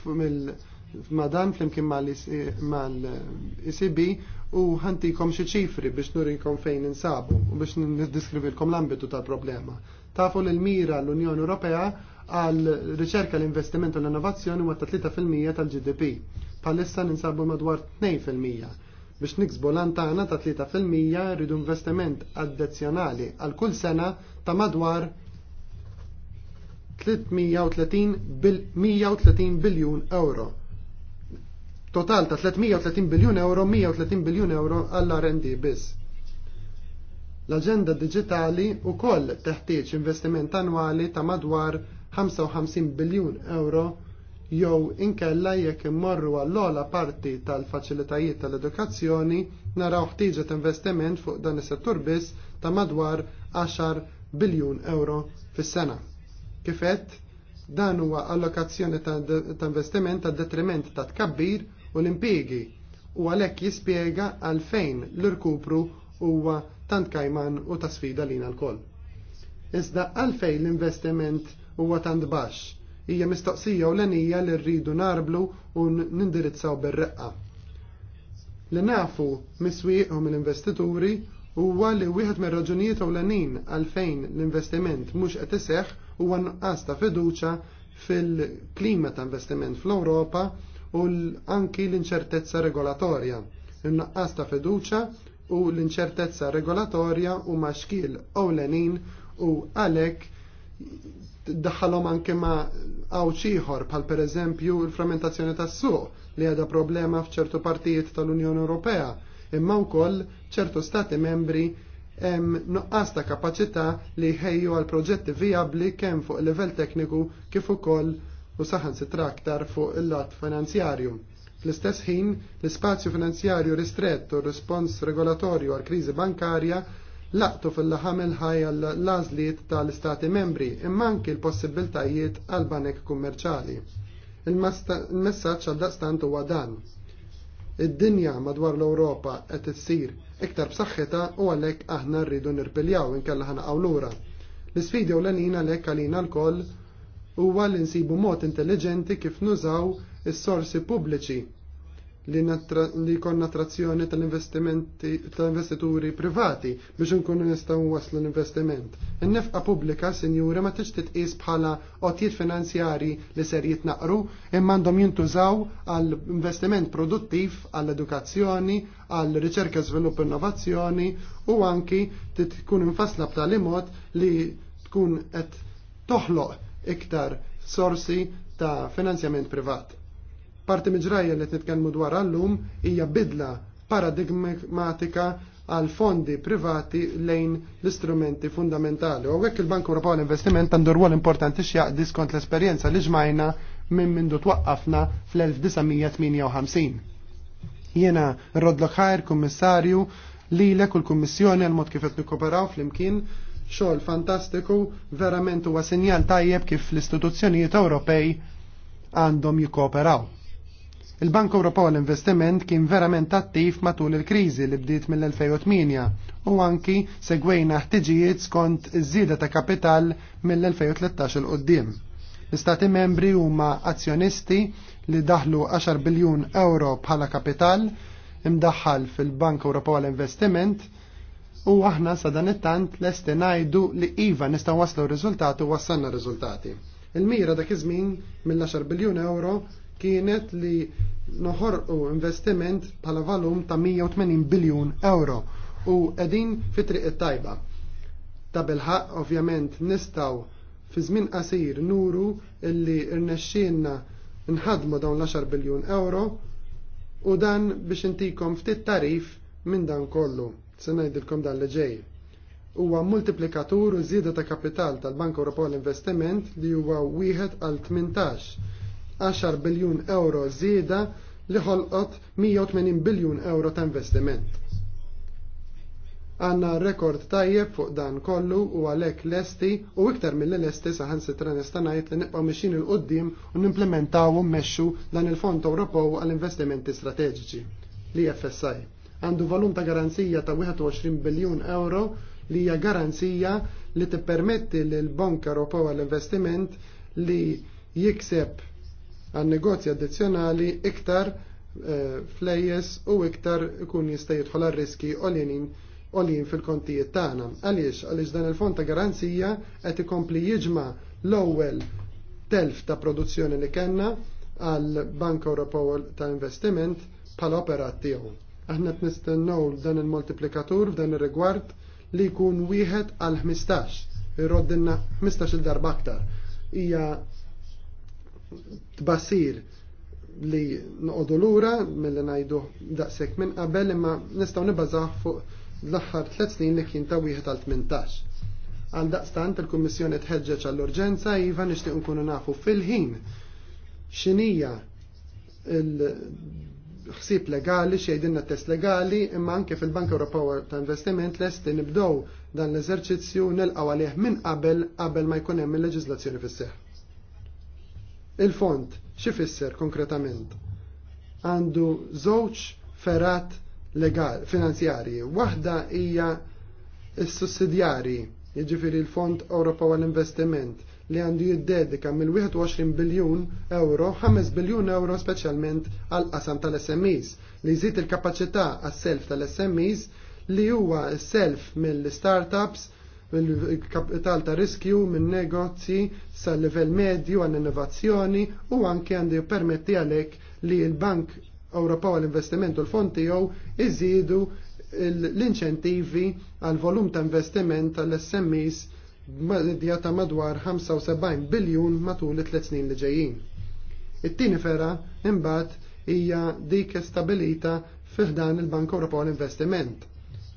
f'madan flimkien mal-ECB u ħantikom xi ċifri biex nurikom fejn insabu u biex niddiskrivilkom l-ambitu tal-problema. Tafu l-mira l-Unjoni Ewropea għal riċerka l-investiment u l-innovazzjoni huwa ta' 3% tal-GDP Palissa ninsabu madwar 2% biex niksbu lantana ta' 3% rridu investiment addizzjonali għal kull sena ta' madwar 330 biljun euro. Total ta' 330 biljun euro, 130 biljun euro għall-R&D biss. L-agenda digitali u koll teħtieġ investiment annwali ta' madwar 55 biljun euro jew inkella jekk immorru għall-ola parti tal-faċilitajiet tal-edukazzjoni naraw ħtieġet investiment fuq dan is-settur biss ta' madwar 10 biljun euro fis-sena. Kifet, dan huwa allokazzjoni ta' investiment ta' detriment ta' tkabbir u l-impjiegi u għalhekk jispjega għalfejn l-irkupru huwa tant kajman u ta' sfida lina l-koll. Iżda għalfejn l-investiment huwa tant baxx hija mistoqsija u l-enija li rridu narblu u nindirizzaw bir-reqqa. Li nafu miswieq u mill-investituri huwa li wieħed mir-raġunijiet ewlenin għalfejn l-investiment mhux qed iseħħ huwa nuqqas ta' fiduċa fil-klima ta' investiment fl-Ewropa u anki l-inċertezza regolatorja. Il-naqqas ta' fiduċa u l-inċertezza regolatorja u maxkil ewlenin u għalhekk daħħalhom anke ma' għawċ ieħor bħal pereżempju l-frammentazzjoni tas-suq li għadha problema f'ċertu partijiet tal-Unjoni Ewropea, imma wkoll ċertu stati membri hemm nuqqas ta' kapaċità li jħejju għal proġetti vijabbli kemm fuq livell tekniku kif ukoll u saħansitra aktar fuq il-lat finanzjarju. Fl-istess ħin, l-spazju finanzjarju ristrettu r-respons regolatorju għal kriżi bankarja laqtu fil-laħamil ħajja l-lażliet tal-istati membri imma anki l-possibiltajiet għal banek kummerċali. Il-messaġġ għal daqstant huwa dan. Id-dinja madwar l-Ewropa qed issir iktar b'saħħitha u għalhekk aħna rridu nirpiljaw inkella ħana lura. L-isfidi u l-għalina lek għalina l-koll huwa li nsibu mod intelligenti kif nużaw is-sorsi pubbliċi li konna attrazzjoni tal-investituri privati biex nkunu nistgħu waslu l-investiment. In-nefqa pubblika, sinjura, ma tix titqis bħala qotjiet finanzjari li ser jitnaqru imma għandhom jintużaw għal investiment produttiv, għall edukazzjoni, għal riċerka żvilupp innovazzjoni u anki tkun infasla b'tali mod li tkun qed toħloq iktar sorsi ta' finanzjament privat. Parti miġrajja li nitkellmu dwar għallum hija bidla paradigmatika għal fondi privati lejn l-istrumenti fundamentali. U għek il-Bank Europa l-Investiment għandu rwol importanti xjaqdi skont l-esperienza li ġmajna minn mindu twaqqafna fl-1958. Jena Rodlok Hajr, kummissarju, li l u l-Kummissjoni għal-mod kif qed nikkoperaw fl-imkien xogħol fantastiku, verament huwa sinjal tajjeb kif l-istituzzjonijiet Ewropej għandhom jikkooperaw. Il-Bank Ewropew għall investiment kien verament attiv matul il-kriżi li bdiet mill-2008 u anki segwejna ħtiġijiet skont iż-żieda ta' kapital mill-2013 il qoddim L-Istati membri huma azzjonisti li daħlu 10 biljun euro bħala kapital imdaħħal fil-Bank Ewropew għall investiment u aħna sa dan it-tant lesti ngħidu li iva nistgħu waslu r-riżultati u wassalna r-riżultati. Il-mira dak iż-żmien mill-10 biljun euro kienet li noħorqu investiment bħala valum ta' 180 biljun euro u edin fitri it-tajba. Ta' bilħaq ovvjament nistaw fi żmien qasir nuru illi rnexxielna nħadmu dawn l-10 biljun euro u dan biex intikom ftit tarif minn dan kollu. Se ngħidilkom dan li ġej. Huwa multiplikatur u żieda ta' kapital tal-Bank Ewropew l-Investiment li huwa wieħed għal 18 10 biljun euro zieda li ħolqot 180 biljun euro ta' investiment. Għanna rekord tajjeb fuq dan kollu u għalek lesti u iktar mill-lesti saħan sitra nistanajt li nibqaw mixin il-qoddim u nimplementaw u mmexxu dan il-Fond Ewropew għall-Investimenti Strateġiċi li FSI. Għandu volum ta' garanzija ta' 21 biljun euro li hija garanzija li tippermetti l-Bank Ewropew għal investiment li jikseb għan negozji addizzjonali iktar eh, flejjes u iktar ikun jista' jidħol għar-riski għoljenin fil-kontijiet tagħna. Għaliex għaliex dan il-fond ta' garanzija qed ikompli jiġma l-ewwel telf ta' produzzjoni li kellna għal Bank Ewropew ta' Investiment pal opera tiegħu. Aħna qed nistennew dan il-multiplikatur f'dan ir-rigward li jkun wieħed għal 15. Irroddinna 15-il darba aktar. Hija Tbasir li noqogħdu lura milli ngħidu daqshekk minn qabel imma nistgħu nibbażaħ fuq l-aħħar tliet snin li kien ta' wieħed għal tmintax. Għal daqstant il-Kummissjoni tħeġġeġ għall-urġenza iva nixtieq nkunu nafu fil-ħin x'inija ħsieb legali, xejdinna test legali, imma anke fil-Bank Ewropew ta' Investiment lesti li nibdow dan l-eżerċizzju nilqgħu għalih minn qabel qabel ma jkun hemm il leġislazzjoni fis-seħħ. Il-fond xifisser konkretament? Għandu żewġ ferat legal, finanzjari. Waħda hija s-sussidjari, jiġifieri l-Fond Ewropa għal investiment li għandu jiddedika mill-21 biljun euro, 5 biljun euro speċjalment għal qasam tal-SMEs li jżid il-kapaċità għas-self tal-SMEs li huwa self mill-startups il-kapital ta' riskju minn negozji sal livell medju għan innovazzjoni u anke għandi permetti għalek li l-Bank Ewropew għall-Investiment u l-Fond tiegħu iżidu l-inċentivi għal volum ta' investiment tal-SMEs b'madja ta' madwar 75 biljun matul it-tliet snin li ġejjin. It-tieni fera imbagħad hija dik stabilita fiħdan il-Bank Ewropew għall-Investiment.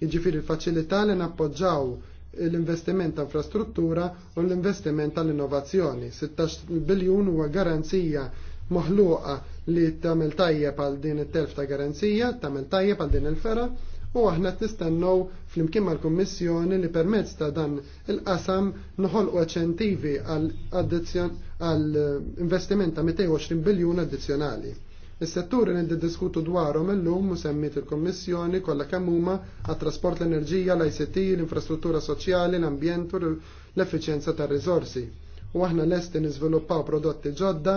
Jiġifieri l-faċilità li nappoġġaw l-investiment ta' infrastruttura u l-investiment tal-innovazzjoni. 16 biljun huwa garanzija moħluqa li tagħmel tajjeb għal din it-telf ta' garanzija, tagħmel tajjeb għal din il-fera u aħna t-nistennow fl-imkien mal-Kommissjoni li permezz ta' dan il-qasam noħolqu eċentivi għal investiment ta' 220 biljun addizzjonali. Is-setturi li diskutu dwarhom illum semmit il-Kommissjoni kollha kemm huma għat-trasport l-enerġija, l-ICT, l-infrastruttura soċjali, l-ambjent u l-effiċjenza tar-riżorsi. U aħna lesti niżviluppaw prodotti ġodda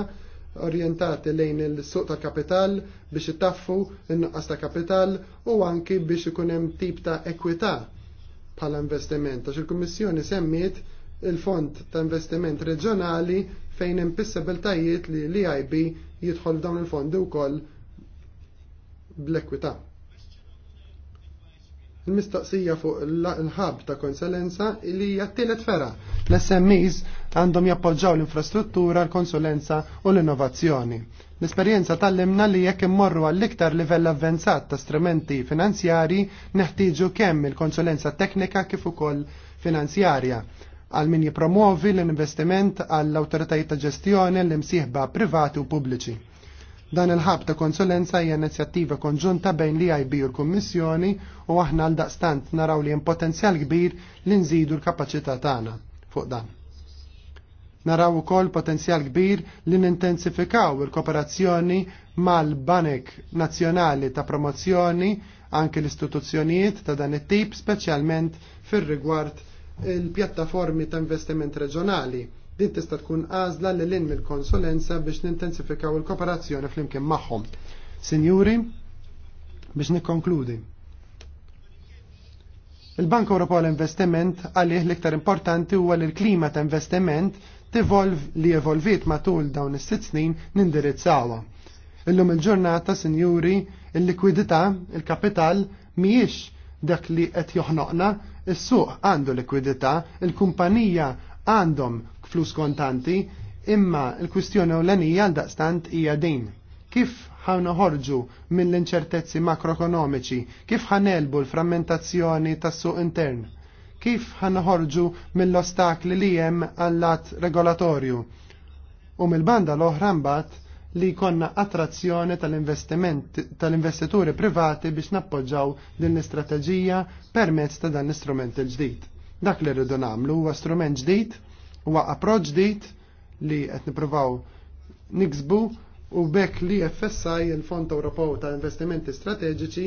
orjentati lejn il-suq ta' kapital biex itaffu in-nuqqas ta' kapital u anki biex ikun hemm tip ta' ekwità bħala investiment. Għax il-Kummissjoni semmiet il-Fond ta' Investiment Reġjonali fejn hemm possibiltajiet li l ib jidħol dawn il-fondi wkoll bl-ekwità. Il-mistaqsija fuq l-ħab ta' konsulenza li hija t-tielet fera. L-SMEs għandhom jappoġġaw l-infrastruttura, l-konsulenza u l-innovazzjoni. L-esperjenza tal-limna li jekk immorru għall-iktar livell avvenzat ta' strumenti finanzjari neħtieġu kemm il-konsulenza teknika kif ukoll finanzjarja għal min jipromovi l-investiment għall awtoritajiet ta' ġestjoni l-imsieħba privati u pubbliċi. Dan il-ħab ta' konsulenza hija inizjattiva konġunta bejn li IB u l-Kummissjoni u aħna għal daqstant naraw li hemm potenzjal kbir li nżidu l-kapaċità tagħna fuq dan. Naraw ukoll potenzjal kbir li nintensifikaw il-kooperazzjoni mal-Banek Nazzjonali ta' Promozzjoni anke l-istituzzjonijiet ta' dan it-tip speċjalment fir-rigward il-pjattaformi ta' investiment reġjonali. Din tista' tkun għażla li l mill-konsulenza biex nintensifikaw il-kooperazzjoni flimkien magħhom. Sinjuri, biex nikkonkludi. Il-Bank Ewropew l-Investiment għalih l-iktar importanti huwa li l-klima ta' investiment tivolv li evolvit matul dawn is-sitt snin nindirizzawha. Illum il-ġurnata, sinjuri, il-likwidità, il-kapital mhijiex dak li qed joħnoqna, Is-suq għandu likwidità, il-kumpanija għandhom flus kontanti, imma l-kwistjoni ewlenija għal daqstant hija din. Kif ħawna ħorġu mill-inċertezzi makroekonomiċi, kif ħanelbu l-frammentazzjoni tas-suq intern, kif ħorġu mill-ostakli li hemm għall-lat regolatorju. U mill-banda l-oħra mbagħad li jkollna attrazzjoni tal-investituri tal privati biex nappoġġaw din l-istrateġija permezz ta' dan l-istrument il-ġdid. Dak li rridu nagħmlu huwa strument ġdid, huwa approċ ġdid li qed nippruvaw niksbu u bekk li FSI il-Fond Ewropew ta' Investimenti Strateġiċi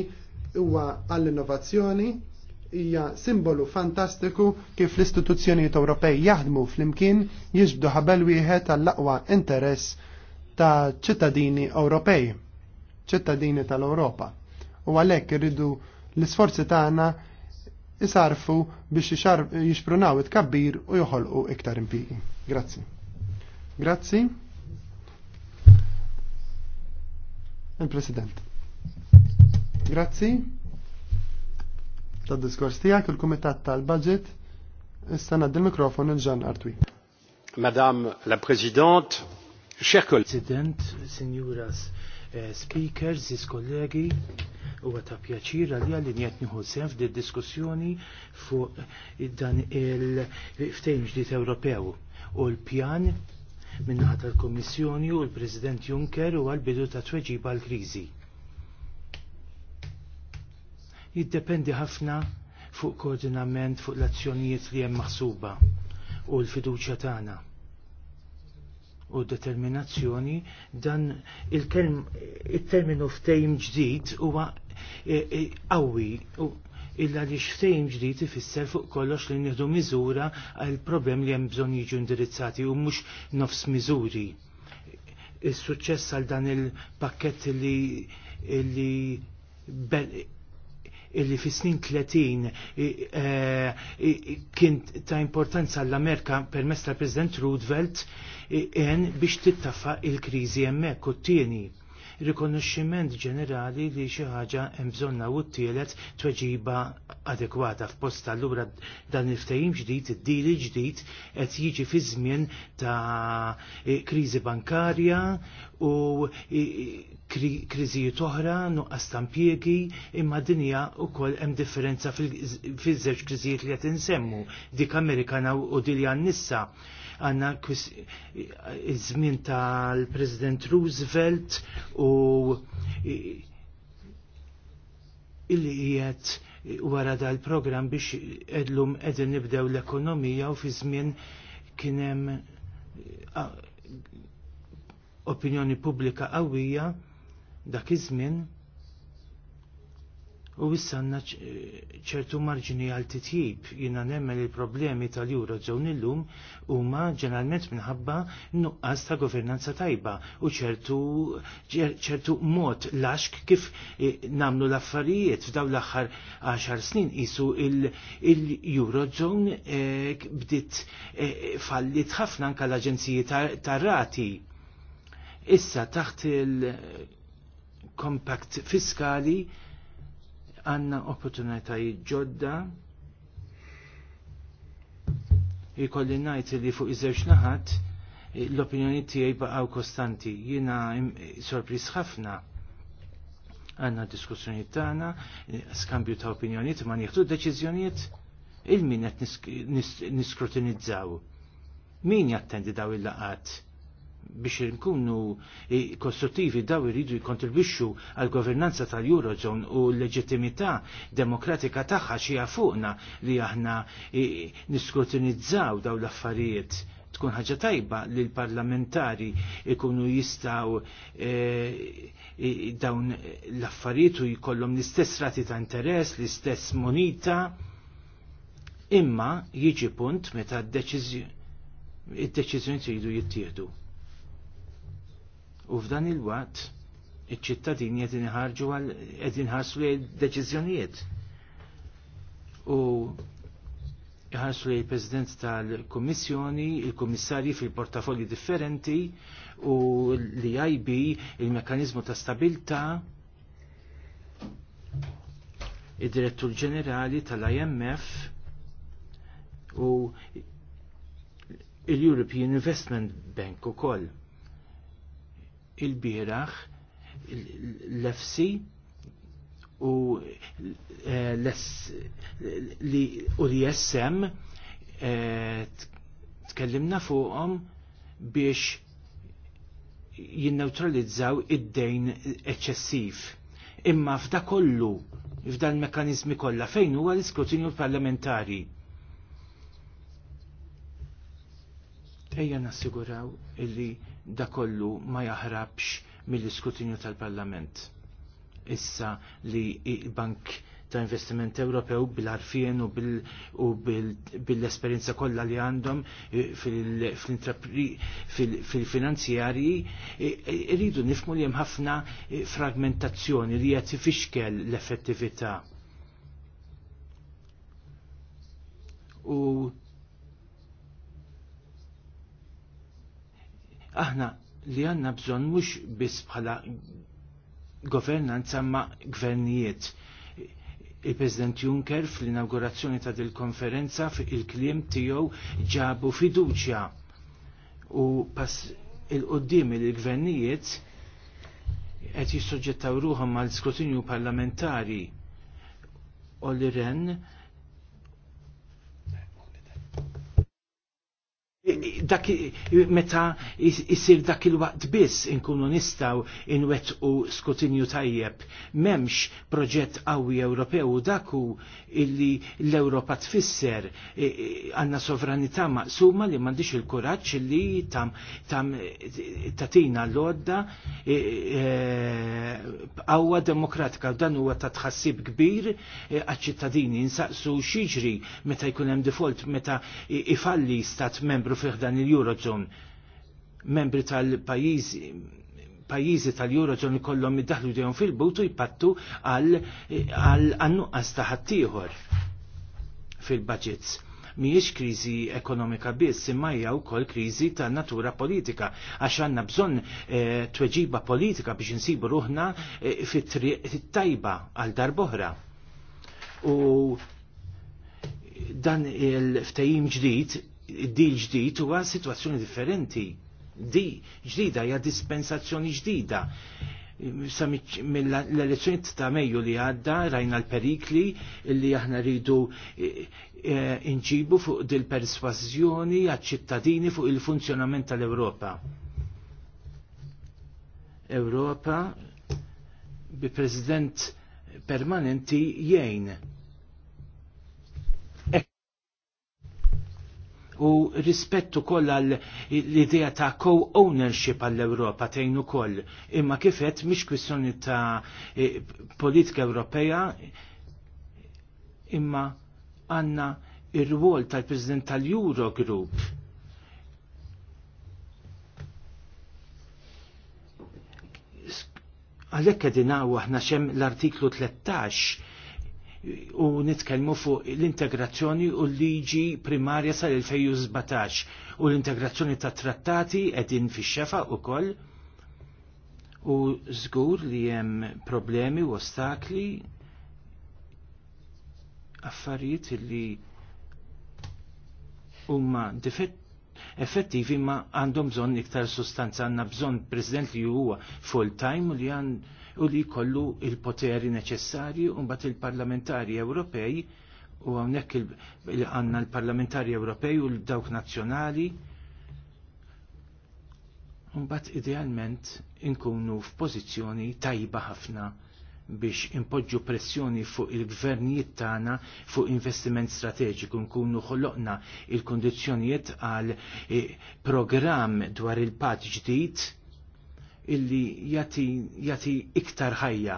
huwa għall-innovazzjoni hija simbolu fantastiku kif l-istituzzjonijiet Ewropej jaħdmu flimkien jiġbdu ħabel wieħed għall-aqwa interess ta' ċittadini Ewropej, ċittadini tal-Ewropa. U għalhekk irridu l-isforzi tagħna isarfu biex jixprunaw it-kabbir u joħolqu iktar impiegi. Grazzi. Grazzi. Il-President. Grazzi. Tad diskors tiegħek il-Kumitat tal-Budget issa ngħaddi il-mikrofon il-Ġan Artwi. Madame la Présidente, Shekul. President, Sinjuras eh, Speakers, zis kollegi, u ta' pjaċir għal għalli njet nħu sef di diskussjoni fuq dan il-ftejn ġdid Ewropew u l-pjan minnaħat tal-Komissjoni u l-President Juncker u għal-bidu ta' tweġiba l-krizi. Jiddependi ħafna fuq koordinament fuq l-azzjonijiet li hemm maħsuba u l-fiduċja tagħna u determinazzjoni dan il-terminu ftejm ġdid huwa e, e, qawwi illa li xtejn ġdid ifisser fuq kollox li nieħdu miżura għal problem li hemm bżonn jiġu indirizzati u mhux nofs miżuri. Is-suċċess għal dan il-pakkett li illi fi snin 30 e, kien ta' importanza l-Amerika permess tal-President Roosevelt en biex tittaffa il-krizi emmek u t-tieni rikonoxximent ġenerali li xi ħaġa hemm bżonna u t-tielet tweġiba adekwata f'post allura dan il-ftehim ġdid, id-dili ġdid qed jiġi fi żmien ta' e, kriżi bankarja u e, kriżi oħra nuqqas tampjegi imma dinja wkoll hemm differenza fiż-żewġ kriżijiet li qed insemmu dik Amerikana u dilja nissa għanna iż-żmien tal-President Roosevelt u illi qiegħed wara dal-programm biex edlum qegħdin nibdew l-ekonomija u fi żmien kien hemm opinjoni pubblika qawwija dak iż-żmien U issa għanna eh, ċertu marġini għal titjib jina nemmen il-problemi tal-Eurozone illum u ma ġeneralment minħabba nuqqas ta' governanza tajba u ċertu ċertu mod laxk kif eh, namlu l-affarijiet f'daw l-axar 10 snin isu il-Eurozone eh, bdiet fallit ħafna anka l-aġenziji tar-rati. Issa taħt il-compact fiskali għanna opportunitajiet ġodda jikolli najt li fuq iż-żewġ naħat l-opinjoni tiegħi baqgħu kostanti. Jiena sorpris ħafna għanna diskussjonijiet tagħna, skambju ta' opinjonijiet ma nieħdu deċiżjonijiet il-min qed niskrutinizzaw. Min jattendi daw il-laqat? biex nkunu kostruttivi daw iridu jkontribwixxu għal governanza tal-Eurozone u l-leġittimità demokratika tagħha xi fuqna li aħna niskrutinizzaw daw l-affarijiet tkun ħaġa tajba li l-parlamentari ikunu jistaw e, e, dawn l-affarijiet u jkollhom l-istess rati ta' interess, l-istess monita. Imma jiġi punt meta d-deċiżjoni id-deċiżjoni tridu jittieħdu. U f'dan il-waqt iċ-ċittadini qed ħarġu għal qed ħarsu li deċiżjonijiet. U ħarsu li il-President tal-Kummissjoni, il-Kummissarji fil-portafolji differenti u l-IB, il-Mekkanizmu ta' Stabilità, id-Direttur Ġenerali tal-IMF u l-European Investment Bank ukoll. koll il-biraħ l fc u eh, l-ISM eh, tkellimna fuqhom biex jinneutralizzaw id-dejn eċċessiv. Imma f'da kollu, f'dan l mekanizmi kollha fejn huwa l-iskrutinju parlamentari Ejja nassiguraw illi da kollu ma jaħrabx mill iskutinju tal-Parlament. Issa li il-Bank ta' Investiment Ewropew bil-arfien u bil-esperienza kollha li għandhom eh, fil-finanzjarji irridu eh, eh, nifmu li hemm ħafna fragmentazzjoni li qed ifixkel l-effettività. U aħna li għanna bżon mux bis bħala governanza ma' gvernijiet. Il-President Juncker fl-inaugurazzjoni ta' dil-konferenza il-kliem tiegħu ġabu fiduċja u pas il-qoddim il-gvernijiet qed jissoġġettaw ruħhom mal skrutinju parlamentari Olli Ren dak meta isir dak il-waqt biss inkunu nistaw inwet u skutinju tajjeb. Memx proġett qawwi Ewropew u daku illi l-Ewropa tfisser għanna sovranità maqsuma li m'għandix il-kuraġġ li tam tam tatina l odda eh, qawwa demokratika dan huwa ta' tħassib kbir eh, għaċ-ċittadini nsaqsu xiġri meta jkun hemm default meta ifalli stat membru fih dan dan il-Eurozone. Membri tal-pajizi pajizi tal-Eurozone kollhom iddaħlu dejhom fil-but u jpattu għal annuqqas ta' ħaddieħor fil-budgets. Mhijiex kriżi ekonomika biss imma hija wkoll kriżi ta' natura politika għax għandna bżonn e, tweġiba politika biex insibu ruħna e, fit-triq tajba għal darboħra. U dan il-ftajim ġdid dil ġdid huwa situazzjoni differenti. Di ġdida hija dispensazzjoni ġdida. l elezzjoni ta' Mejju li għadda rajna l-perikli li aħna rridu e, e, inġibu fuq dil-persważjoni għaċ-ċittadini fuq il-funzjonament tal-Ewropa. Ewropa bi President permanenti jgħin u rispettu koll għal l-idea ta' co-ownership għall-Europa tejn koll. Imma kifet mhix kwissjoni ta' e, politika Ewropea imma għanna ir-rwol tal-President tal-Eurogroup għalhekk qegħdin għahna xem l-artiklu 13 u nitkellmu fuq l-integrazzjoni u l-liġi primarja sal-2017 u l-integrazzjoni ta' trattati edin fi xefa u koll u zgur li jem problemi u ostakli affarijiet li huma difett effettivi ma għandhom bżonn iktar sustanza għandna bżonn president li huwa full time u li għand u li jkollu il-poteri neċessarju unbat mbagħad il-parlamentari Ewropej u hawnhekk għandna l-parlamentari Ewropej u l-dawk nazzjonali unbat idealment inkunu f'pożizzjoni tajba ħafna biex impoġġu pressjoni fuq il-gvernijiet tagħna fuq investiment strateġiku nkunu ħoloqna il-kondizzjonijiet għal eh, programm dwar il-pat ġdid illi jati, jati iktar ħajja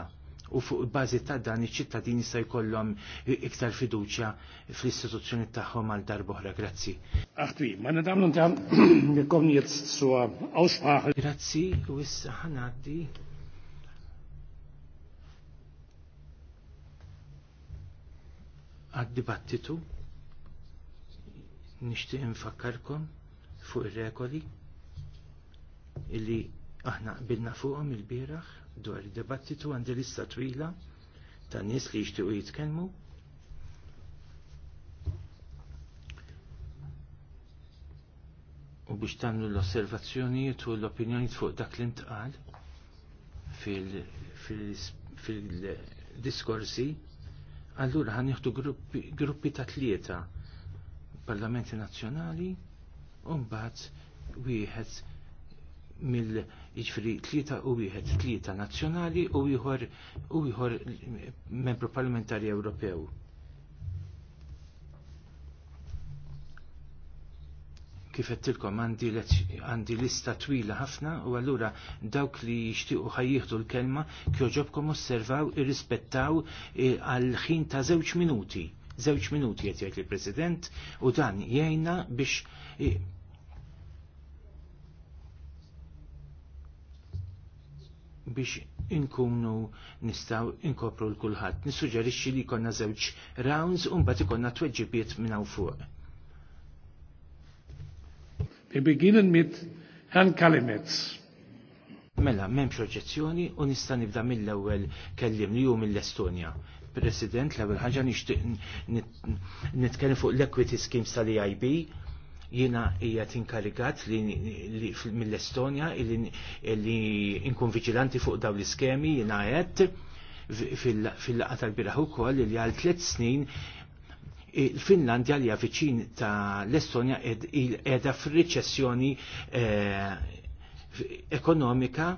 u fuq bażi ta' dan iċ-ċittadini se jkollhom iktar fiduċja fl-istituzzjoni tagħhom għal darb'oħra. Grazzi. Aħtwi, ma nadam ntam jekkom jetzt suwa awspraħ. Grazzi, u issa ħanaddi. Għad-dibattitu nixtieq infakkarkom fuq ir-regoli illi Aħna qbilna fuqhom il-bieraħ dwar id debattitu għandi lista twila ta' nies li jixtiequ jitkellmu. U biex tagħmlu l-osservazzjonijiet u l-opinjonijiet fuq dak li ntqal fil-diskorsi, allura ħan jieħdu gruppi ta' tlieta parlamenti nazzjonali u mbagħad wieħed mill iġfri tlieta u wieħed tlieta nazzjonali u ieħor u ieħor membru parlamentari Ewropew. Kif qed tilkom għandi lista twila ħafna u allura dawk li jixtiequ ħajjieħdu l-kelma kjoġobkom osservaw irrispettaw e, għal ħin ta' żewġ minuti. Żewġ minuti qed jgħid il-President u dan jgħinna biex e, biex inkunu nistaw inkopru l-kulħadd. Nissuġġerixxi li jkollna żewġ rounds u mbagħad ikollna tweġibiet minn hawn fuq. Bi beginnen mit Herrn Kalimetz. Mela, memx oġġezzjoni u nista' nibda mill-ewwel kellim li hu mill-Estonja. President, l-ewwel ħaġa nitkellem fuq l-equity schemes tal-EIB jina qiegħed inkarigat li mill-Estonja li inkun vigilanti fuq dawn l-iskemi jina għed fil-laqa tal-biraħ ukoll li għal tliet snin il-Finlandja li viċin ta' l-Estonja qiegħda fir-riċessjoni eh, ekonomika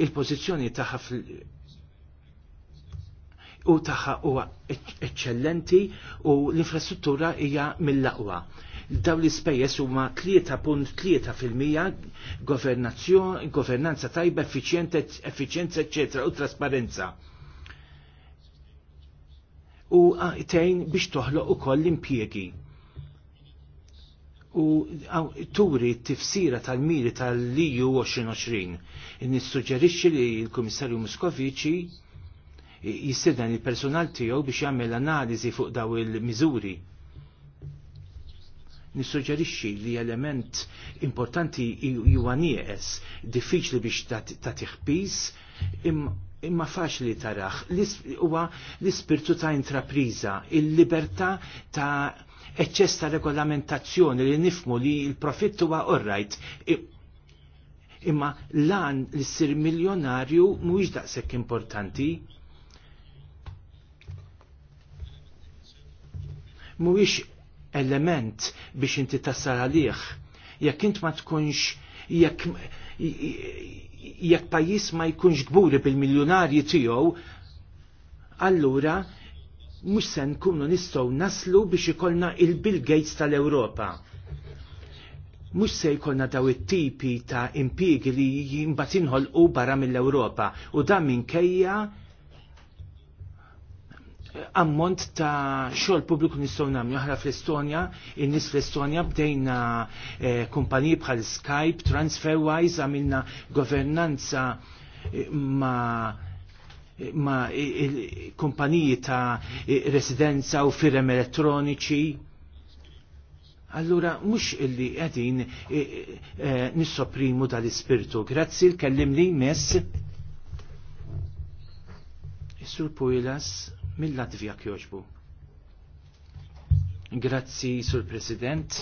il-pożizzjoni tagħha u taħħa huwa eċċellenti u l-infrastruttura hija mill laqwa Daw l-ispejjeż huma 3.3% governanza tajba, effiċjenza, eċċetera, u trasparenza. U tgħin biex toħloq ukoll l-impjiegi u turi t-tifsira tal-miri tal-liju 2020. Nissuġġerixxi li l-Komissarju Muskovici jissedan il personal tiegħu biex jagħmel analiżi fuq daw il-miżuri nissuġġerixxi li element importanti huwa nieqes, diffiċli biex ta' tiħbis imma faċli taraħ. Huwa l-ispirtu ta' intrapriża, il-libertà ta' eċċess ta' regolamentazzjoni li nifmu li l-profitt huwa orrajt. Imma lan li ssir miljonarju mhuwiex daqshekk importanti. Mhuwiex element biex inti tassar għalih. Jekk int ma tkunx jekk jekk pajjiż ma jkunx gburi bil-miljonarji tiegħu, allura mhux se nkunu nistgħu naslu biex ikollna il-Bill Gates tal-Ewropa. Mhux se jkollna daw it-tipi ta' impjiegi li jimbat inħolqu barra mill-Ewropa u dan minkejja ammont ta' xol publiku nistgħu nagħmlu aħna fl-Estonja, in-nies fl-Estonja bdejna eh, kumpaniji bħal Skype, TransferWise għamilna governanza eh, ma' eh, ma eh, kumpaniji ta' residenza u firem elettroniċi. Allura, mux illi għedin nissoprimu dal-ispirtu. Grazzi l-kellim li mess. Sur Puilas mill-Latvija kjoġbu. Grazzi, Sur President.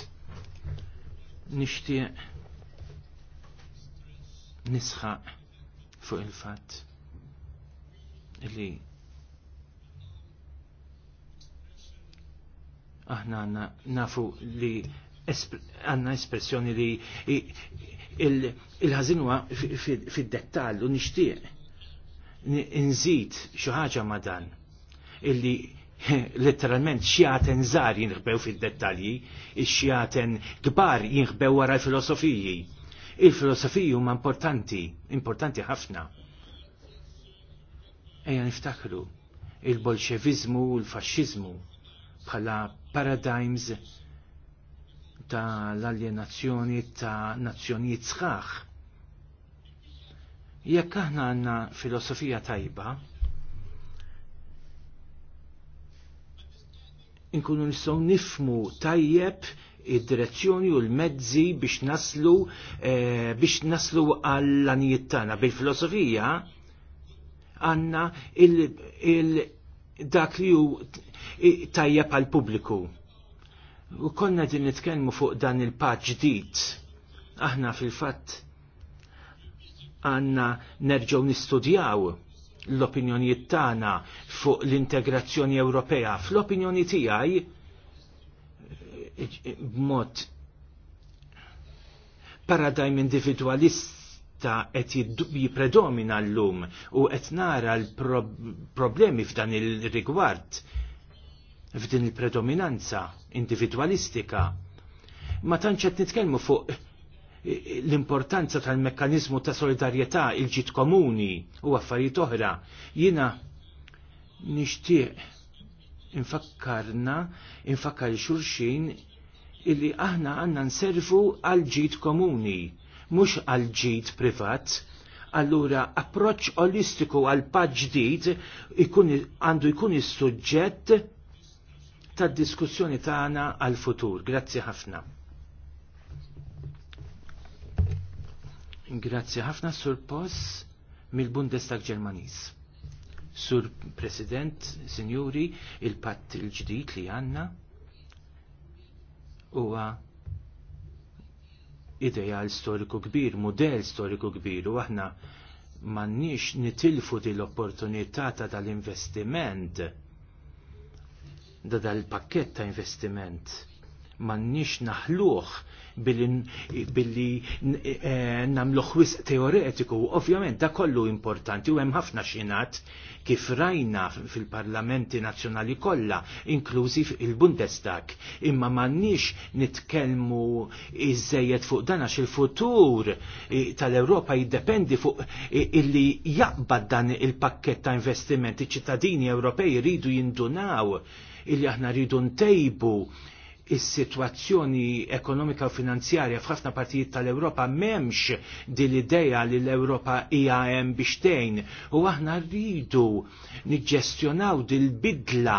Nishtiq nisħaq fuq il-fat li aħna għanna nafu li għanna espressjoni li il-ħazinwa fid-dettallu nishtiq nżid xi ħaġa ma' dan illi letteralment xiaten żgħar jinħbew fid-dettalji, xjaten kbar jinħbew wara l-filosofiji. Il-filosofiji huma importanti, importanti ħafna. Ejja niftakru il-bolxevizmu u l fasċizmu bħala paradigms ta' l-alienazzjoni ta' nazzjonijiet sħaħ. Jekk aħna għandna filosofija tajba, nkunu nistgħu nifmu tajjeb id-direzzjoni u l-mezzi biex naslu eh, biex naslu għall-anijiet tagħna bil-filosofija għandna dak li hu tajjeb għal pubbliku. U konna din nitkellmu fuq dan il-paġ ġdid. Aħna fil-fatt għanna nerġgħu nistudjaw l-opinjonijiet tagħna fuq l-integrazzjoni Ewropea. Fl-opinjoni tiegħi eh, b'mod paradigm individualista qed jippredomina llum u qed nara l-problemi f'dan il-rigward f'din il-predominanza individualistika. Ma tantx qed nitkellmu fuq l-importanza tal-mekkanizmu ta' solidarjetà il-ġit komuni u affarijiet oħra. Jiena nixtieq infakkarna, infakkar xulxin illi aħna għanna nservu għal ġid komuni, mhux għal ġid privat. Allura, approċ olistiku għal paġdid għandu jkun is-suġġett tad diskussjoni tagħna għal futur. Grazzi ħafna. Grazzi ħafna sur pos mill-Bundestag Ġermaniż. Sur President, Sinjuri, il-patt il-ġdid li għanna huwa ideal storiku kbir, model storiku kbir u aħna mannix nitilfu di l-opportunità ta' dal-investiment da dal-pakket ta' investiment m'għandniex naħluh billi e, namluħ wis teoretiku. Ovvjament da kollu importanti u hemm ħafna xinat kif rajna fil-parlamenti nazzjonali kollha, inklużi il-Bundestag. Imma m'għandniex nitkellmu iżejjed fuq dan għax il-futur e, tal-Ewropa jiddependi fuq e, illi jaqbad dan il-pakket ta' investimenti ċittadini Ewropej jridu jindunaw illi aħna ridu ntejbu is-sitwazzjoni ekonomika u finanzjarja f'ħafna partijiet tal-Ewropa m'hemmx din l-idea li l-Ewropa hija hemm biex tgħin u aħna rridu niġġestjonaw din bidla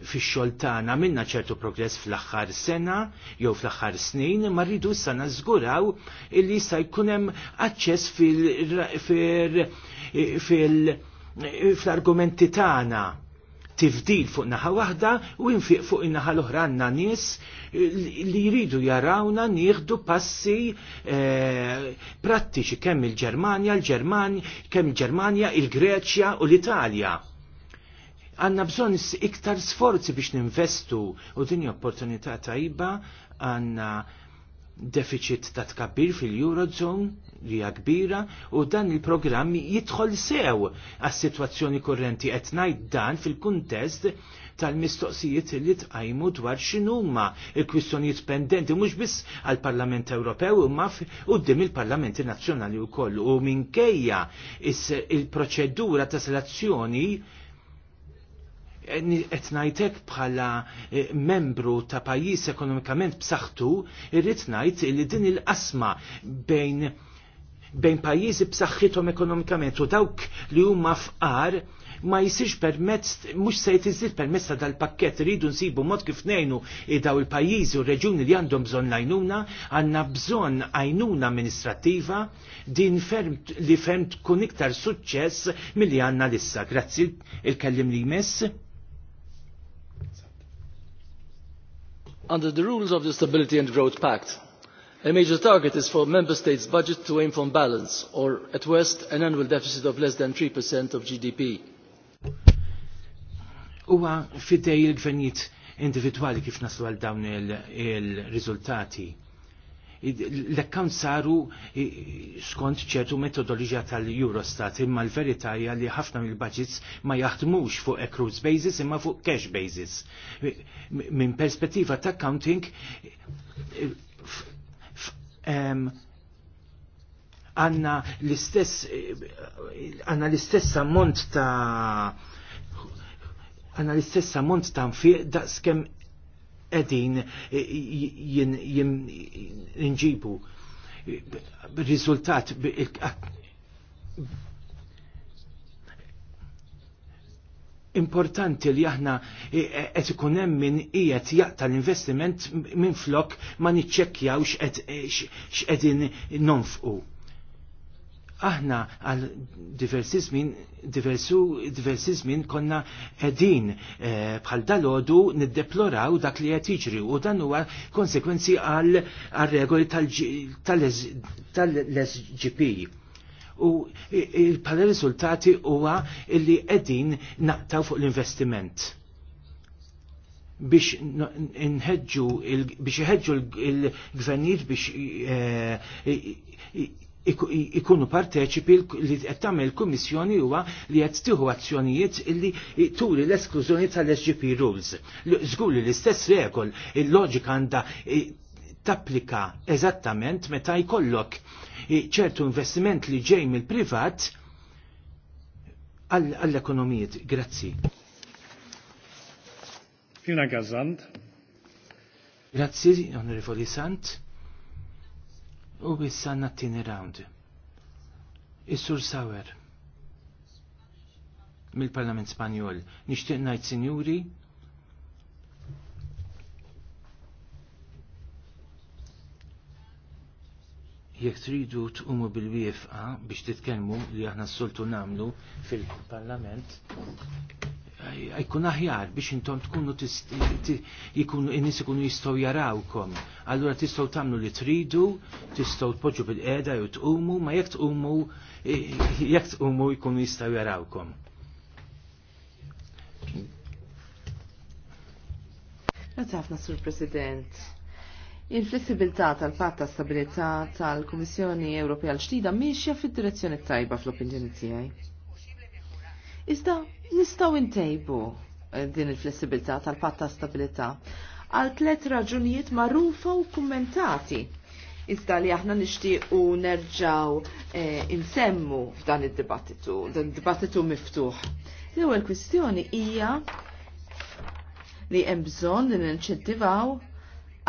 fix-xogħol tagħna minna ċertu progress fl-aħħar sena jew fl-aħħar snin, ma rridu issa nażguraw illi jista' jkun hemm aċċess fil-argumenti fil, fil, fil, fil, fil, fil, fil, fil, fil, tagħna tifdil fuq naħa waħda u infiq fuq in-naħa l-oħra għandna nies li jridu jarawna nieħdu passi eh, prattiċi kemm il-Ġermanja, kemm il-Ġermanja, il-Greċja u l-Italja. Għanna bżon iktar sforzi biex ninvestu u dinja opportunità tajba għanna deficit ta' tkabbir fil-Eurozone li kbira u dan il-programm jidħol sew għas-sitwazzjoni kurrenti qed ngħid dan fil-kuntest tal-mistoqsijiet li tqajmu dwar x'inhuma il-kwistjonijiet pendenti mhux biss għall-Parlament Ewropew imma quddiem il-Parlamenti Nazzjonali wkoll u minkejja il-proċedura ta' selezzjoni qed ngħidlek bħala eh, membru ta' pajjiż ekonomikament b'saħħtu irrid ngħid li din il-qasma bejn bejn pajjiżi b'saħħithom ekonomikament u dawk li huma fqar ma jisirx permezz, mhux se jtiżid permezz ta' dal-pakket rridu nsibu mod kif ngħinu daw il-pajjiżi u reġuni li għandhom bżonn għajnuna, għandna bżonn għajnuna amministrattiva din ferm li ferm tkun iktar suċċess milli għandna lissa. Grazzi il-kellim li jmess. Under the rules of the Stability and Growth Pact, A major target is for member states' budget to aim for balance, or at worst, an annual deficit of less than 3% of GDP. Uwa fidej il-gvernijiet individuali kif naslu għal dawn il-riżultati. L-account saru skont ċertu metodoloġija tal-Eurostat imma l-verità hija li ħafna mill-budgets ma jaħdmux fuq accrues basis imma fuq cash basis. Minn perspettiva ta' accounting għanna l-istess għanna l-istess ammont ta' għanna l-istess ammont ta' nfiq daqskem edin nġibu rizultat importanti li aħna qed e, ikun hemm min qiegħed jaqta l-investiment minn flok ma niċċekkjawx e, x'qegħdin nonfqu. Aħna għal diversi żmien diversu diversizmin konna qegħdin e, bħal dalodu niddeploraw dak li qed jiġri u dan huwa konsekwenzi għal regoli tal-SGP u pala riżultati huwa illi qegħdin naqtaw fuq l-investiment biex nħedġu biex iħedġu l-gvernijiet biex eh, ikunu parteċipi li qed tagħmel il-Kummissjoni huwa li qed tieħu azzjonijiet illi turi l-esklużjoni tal-SGP rules. Żgur li l-istess regol il-loġika għandha tapplika eżattament meta jkollok ċertu investiment li ġej mill-privat għall-ekonomijiet. Grazzi. Fina Gazzant. Grazzi, onorevoli Sant. U issa nattini round. Is-Sur Sawer mill-Parlament Spanjol. Nixtieq ngħid, Sinjuri, jekk tridu tqumu bil wifqa biex titkellmu li aħna s-soltu namlu fil-parlament, jkun aħjar biex intom tkunu jikunu in ikunu jistgħu jarawkom. Allura tistgħu tagħmlu li tridu, tistgħu tpoġġu bil-qeda jew tqumu, ma jekk tqumu eh, jekk tqumu jkunu jistgħu jarawkom. Għazafna, Sur President. Il-flessibilità tal-patt ta' stabilità tal-Kummissjoni Ewropea l-ġdida miexja fid-direzzjoni tajba fl-opinjoni tiegħi. Iżda nistgħu intejbu eh, din il-flessibilità tal-patt ta' stabilità għal tliet raġunijiet magħrufa u kummentati iżda li aħna nixtiequ nerġaw eh, insemmu f'dan id-dibattitu, dan id-dibattitu miftuħ. L-ewwel kwistjoni hija li hemm bżonn li ninċentivaw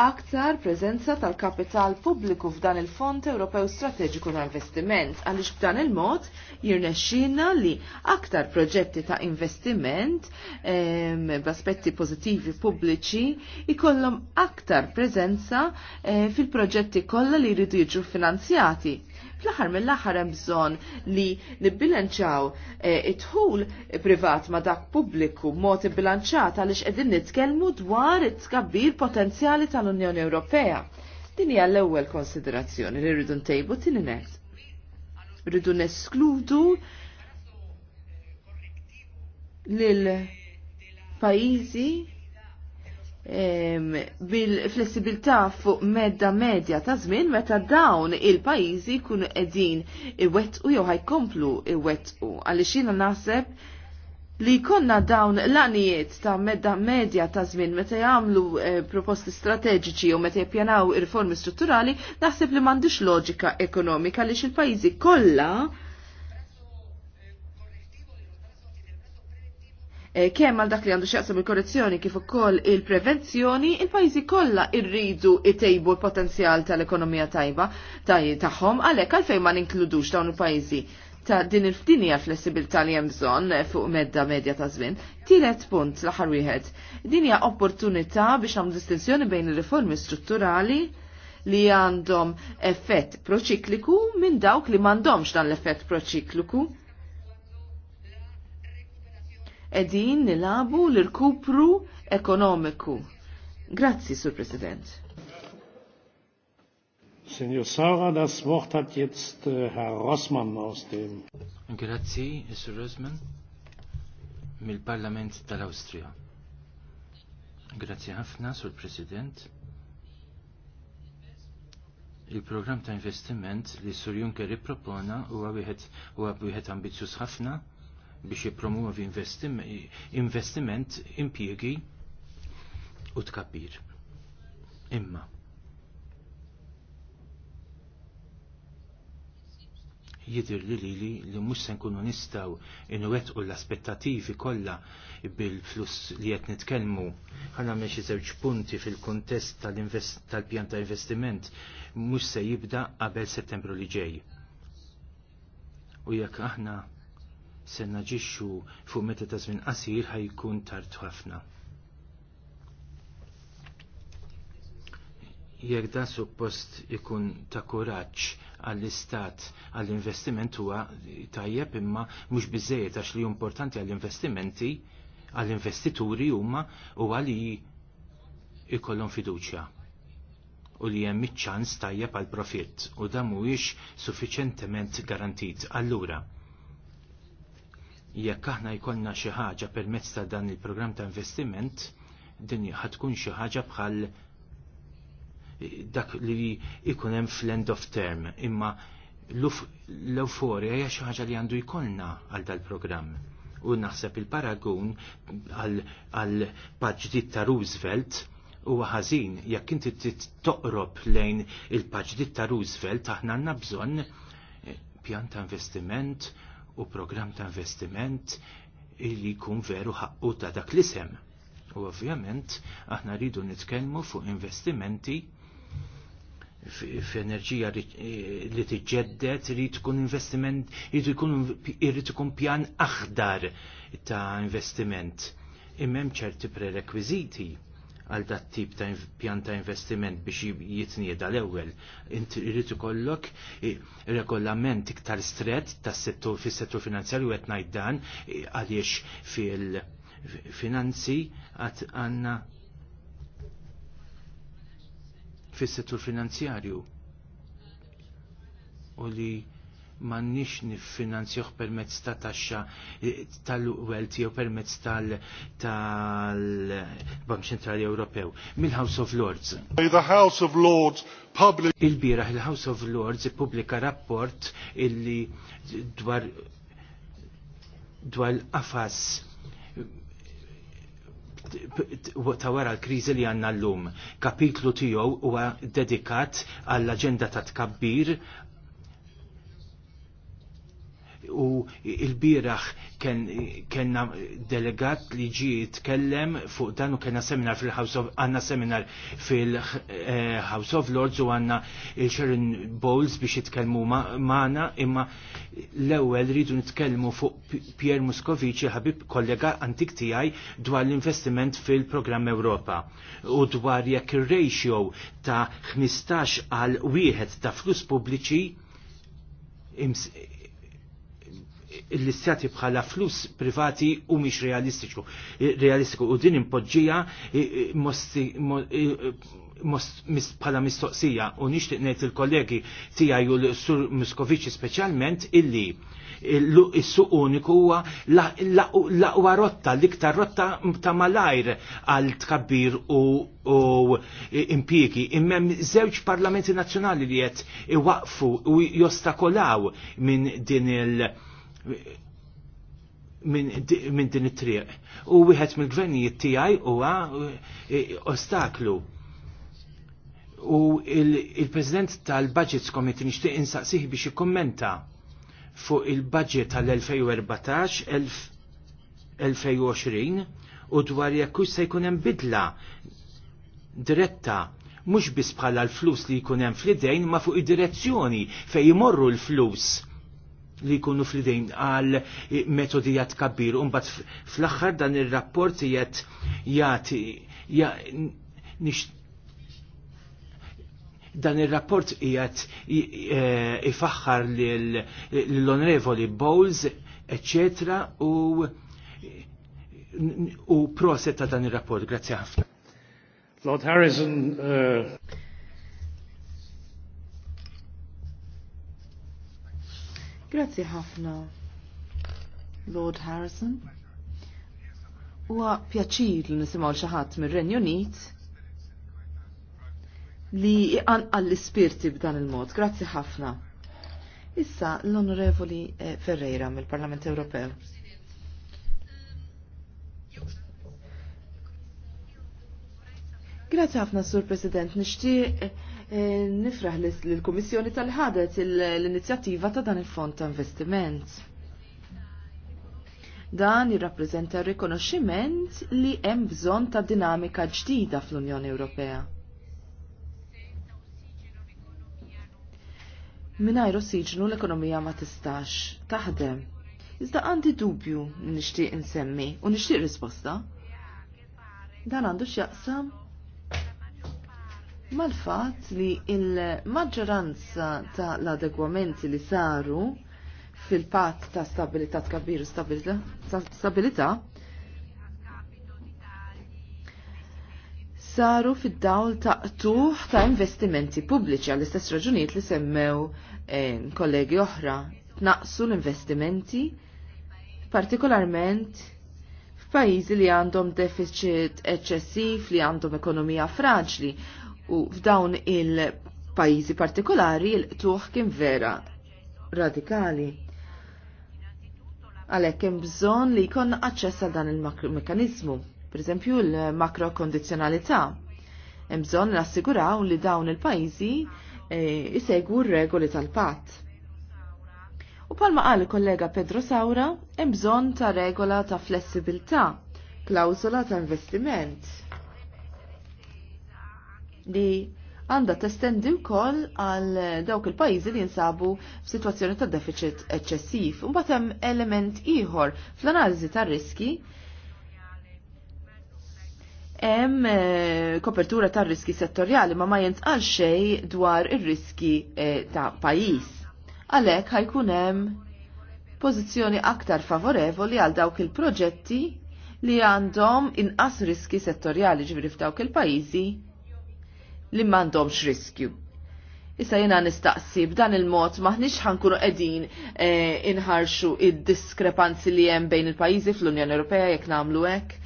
aktar prezenza tal-kapital pubbliku f'dan il-Fond Ewropew Strateġiku ta' Investiment għaliex b'dan il-mod jirnexxina li aktar proġetti ta' investiment b'aspetti pożittivi pubbliċi ikollhom aktar prezenza eh, fil-proġetti kollha li jridu jiġu finanzjati fl-aħħar mill-aħħar hemm bżonn li nibbilanċaw eh, it-tħul privat ma dak pubbliku mod ibbilanċat għaliex qegħdin nitkellmu dwar it-tkabbir potenzjali tal-Unjoni Ewropea. Din hija l-ewwel konsiderazzjoni li rridu ntejbu tieni net. Rridu neskludu lil pajjiżi bil-flessibilità fuq medda medja ta' żmien meta dawn il-pajjiżi jkunu qegħdin iwettqu jew ħajkomplu iwettqu għaliex jiena naħseb li konna dawn l-anijiet ta' medda medja ta' żmien meta jagħmlu eh, proposti strateġiċi u meta jippjanaw ir-riformi strutturali naħseb li m'għandix loġika ekonomika li il-pajjiżi kollha Eh, kemm għal dak li għandu xjaqsam il-korrezzjoni kif ukoll il-prevenzjoni, il-pajjiżi kollha rridu itejbu l-potenzjal tal-ekonomija tajba tagħhom għalhekk għalfejn ma ninkludux dawn il-pajjiżi ta' din il-fdini għal flessibilità li hemm bżonn eh, fuq medda medja ta' żmien. Tielet punt l-aħħar wieħed. Din hija opportunità biex nagħmlu distinzjoni bejn ir-riformi strutturali li għandhom effett proċikliku minn dawk li m'għandhomx dan l-effett proċikliku edin nilabu l-irkupru ekonomiku. Grazzi, Sur President. Signor Sara, das Wort hat jetzt äh, Herr Rossmann aus dem... Grazzi, Sir Rossmann, mill-Parlament tal-Austria. Grazzi ħafna, Sur President. Il-programm ta' investiment li Sur Juncker ippropona huwa wieħed ambizjus wieħed ħafna biex jipromuovi investiment, impjiegi u tkabbir. Imma. jidir li li li li musen kunu nistaw inwet u l-aspettativi kolla bil-flus li jett nitkelmu ħana meċi zewġ punti fil-kontest tal-pjan ta' investiment mux se jibda qabel settembru li ġej. U jekk aħna se naġixxu fuq meta ta' żmien qasir ħajkun tard ħafna. Jekk dan suppost ikun ta' kuraġġ għall-istat għall-investiment huwa tajjeb imma mhux biżejjed għax li importanti għall-investimenti għall-investituri huma u għalli ikollhom fiduċja u li hemm iċ-ċans tajjeb għall profitt u dan mhuwiex suffiċjentement garantit. Allura, jekk aħna jkollna xi ħaġa permezz ta' dan il-programm ta' investiment, din ħatkun xi ħaġa bħal dak li ikun hemm fl-end of term, imma l-euforja hija xi ħaġa li għandu jkollna għal dal-programm. U naħseb il-paragun għal paġdit ta' Roosevelt u ħażin jekk inti toqrob lejn il-paġdit ta' Roosevelt aħna għandna bżonn eh, pjan ta' investiment u programm ta' investiment li jkun veru ħaqqu ta' dak l-isem. U ovvjament aħna rridu nitkellmu fuq investimenti f'enerġija li tiġġedded irid tkun investiment irid ikun pjan aħdar ta' investiment. Imma hemm ċerti prerekwiżiti għal dat tip ta' pjan ta' investiment biex jitnieda l-ewwel. Inti irid ikollok regolament iktar stret tas-settur fis-settur finanzjarju qed ngħid dan għaliex fil-finanzi għad għanna fis-settur finanzjarju u li m'għandniex nifinanzjuħ permezz ta' taxxa e, tal-welt jew permezz tal-Bank Ċentrali Ewropew mill-House of Lords. The House of Lords public il bira il-House of Lords ippubblika rapport illi dwar dwar l-qafas ta' wara l-kriżi li għanna l-lum. Kapitlu tiegħu huwa dedikat għall-aġenda ta' tkabbir u il-biraħ kena delegat li ġi jitkellem fuq dan u kena seminar fil-House of għanna seminar fil-House eh, of Lords u għanna il-Sharon Bowles biex jitkellmu maħna imma l-ewel rridu nitkellmu fuq Pier Muscovici ħabib kollega antik tijaj dwar l-investiment fil-programm Europa u dwar jekk il-ratio ta' 15 għal wieħed ta' flus pubbliċi l-istati bħala flus privati u miex realistiku. Realistiku u din impoġġija bħala mistoqsija u nixtieq ngħid il-kollegi tiegħi u l-Sur Muskoviċi speċjalment illi il-suq uniku huwa l-aqwa rotta, l-iktar rotta ta' malajr għal tkabbir u impjiegi. Immem żewġ parlamenti nazzjonali li qed iwaqfu u jostakolaw minn din il- minn din it-triq. U wieħed mill-gvernijiet tiegħi huwa eh, ostaklu. U il-President tal-Budgets Committee nixtieq insaqsih biex ikkommenta fuq il-budget tal-2014-2020 u dwar jekk se jkun hemm bidla diretta mhux biss bħala l-flus li jkun hemm fl-idejn ma fuq id-direzzjoni fejn jmorru l-flus li jkunu fl-idejn għal metodijat kabbir. Umbat fl-axħar dan il-rapport jgħat jgħati nix dan il-rapport jgħat ifaxħar l-onorevoli Bowles, eccetera, u u proset ta' dan il-rapport. Grazie ħafna. Lord Harrison. Uh... Grazzi ħafna, Lord Harrison. Huwa pjaċir li nisimgħu xi ħadd mir-Renju Unit li iqanqal l-ispirti b'dan il-mod. Grazzi ħafna. Issa l-Onorevoli eh, Ferreira mill-Parlament Ewropew. Grazie ħafna, Sur President. Nishtiq eh, Eh, nifraħ l-Komissjoni tal-ħadet l-inizjattiva ta' dan il-Fond ta' Investiment. Dan jirrappreżenta rikonoxximent li hemm bżonn ta' dinamika ġdida fl-Unjoni Ewropea. Minajr ossiġnu l-ekonomija ma tistax, taħdem. Iżda għandi dubju nixtieq insemmi u nixtieq risposta. Dan għandu x'jaqsam mal-fat li il-maġġoranza ta' l-adegwamenti li saru fil-pat ta' stabilità tkabbir u stabilità saru fid-dawl ta' tuħ ta' investimenti pubbliċi għall-istess raġunijiet li semmew eh, kollegi oħra tnaqsu l-investimenti partikolarment f'pajjiżi li għandhom deficit eċċessiv li għandhom ekonomija fraġli U f'dawn il-pajjiżi partikolari il-tuħ kien vera radikali. Għalhekk hemm bżonn li jkollna aċċess dan il-mekkaniżmu, pereżempju l makrokondizzjonalità Hemm bżonn nassiguraw li dawn il-pajjiżi e, r-regoli tal-patt. U palma għal kollega Pedro Saura, hemm bżonn ta' regola ta' flessibilità, klawzola ta' investiment li għanda testendi wkoll għal dawk il-pajjiżi li jinsabu f'sitwazzjoni ta' deficit eċċessiv. Imbagħad hemm element ieħor fl-analiżi tar-riski hemm eh, kopertura tar riski settorjali ma ma jintqal xej dwar ir-riski eh, ta' pajjiż. Għalhekk ħajkun hemm pożizzjoni aktar favorevoli għal dawk il-proġetti li għandhom inqas riski settorjali ġifri f'dawk il-pajjiżi li m'għandhomx riskju. Issa jena nistaqsi b'dan il-mod maħniċ ħankunu edin eh, inħarxu id-diskrepanzi li jem bejn il-pajizi fl-Unjoni Ewropea jek namlu ek.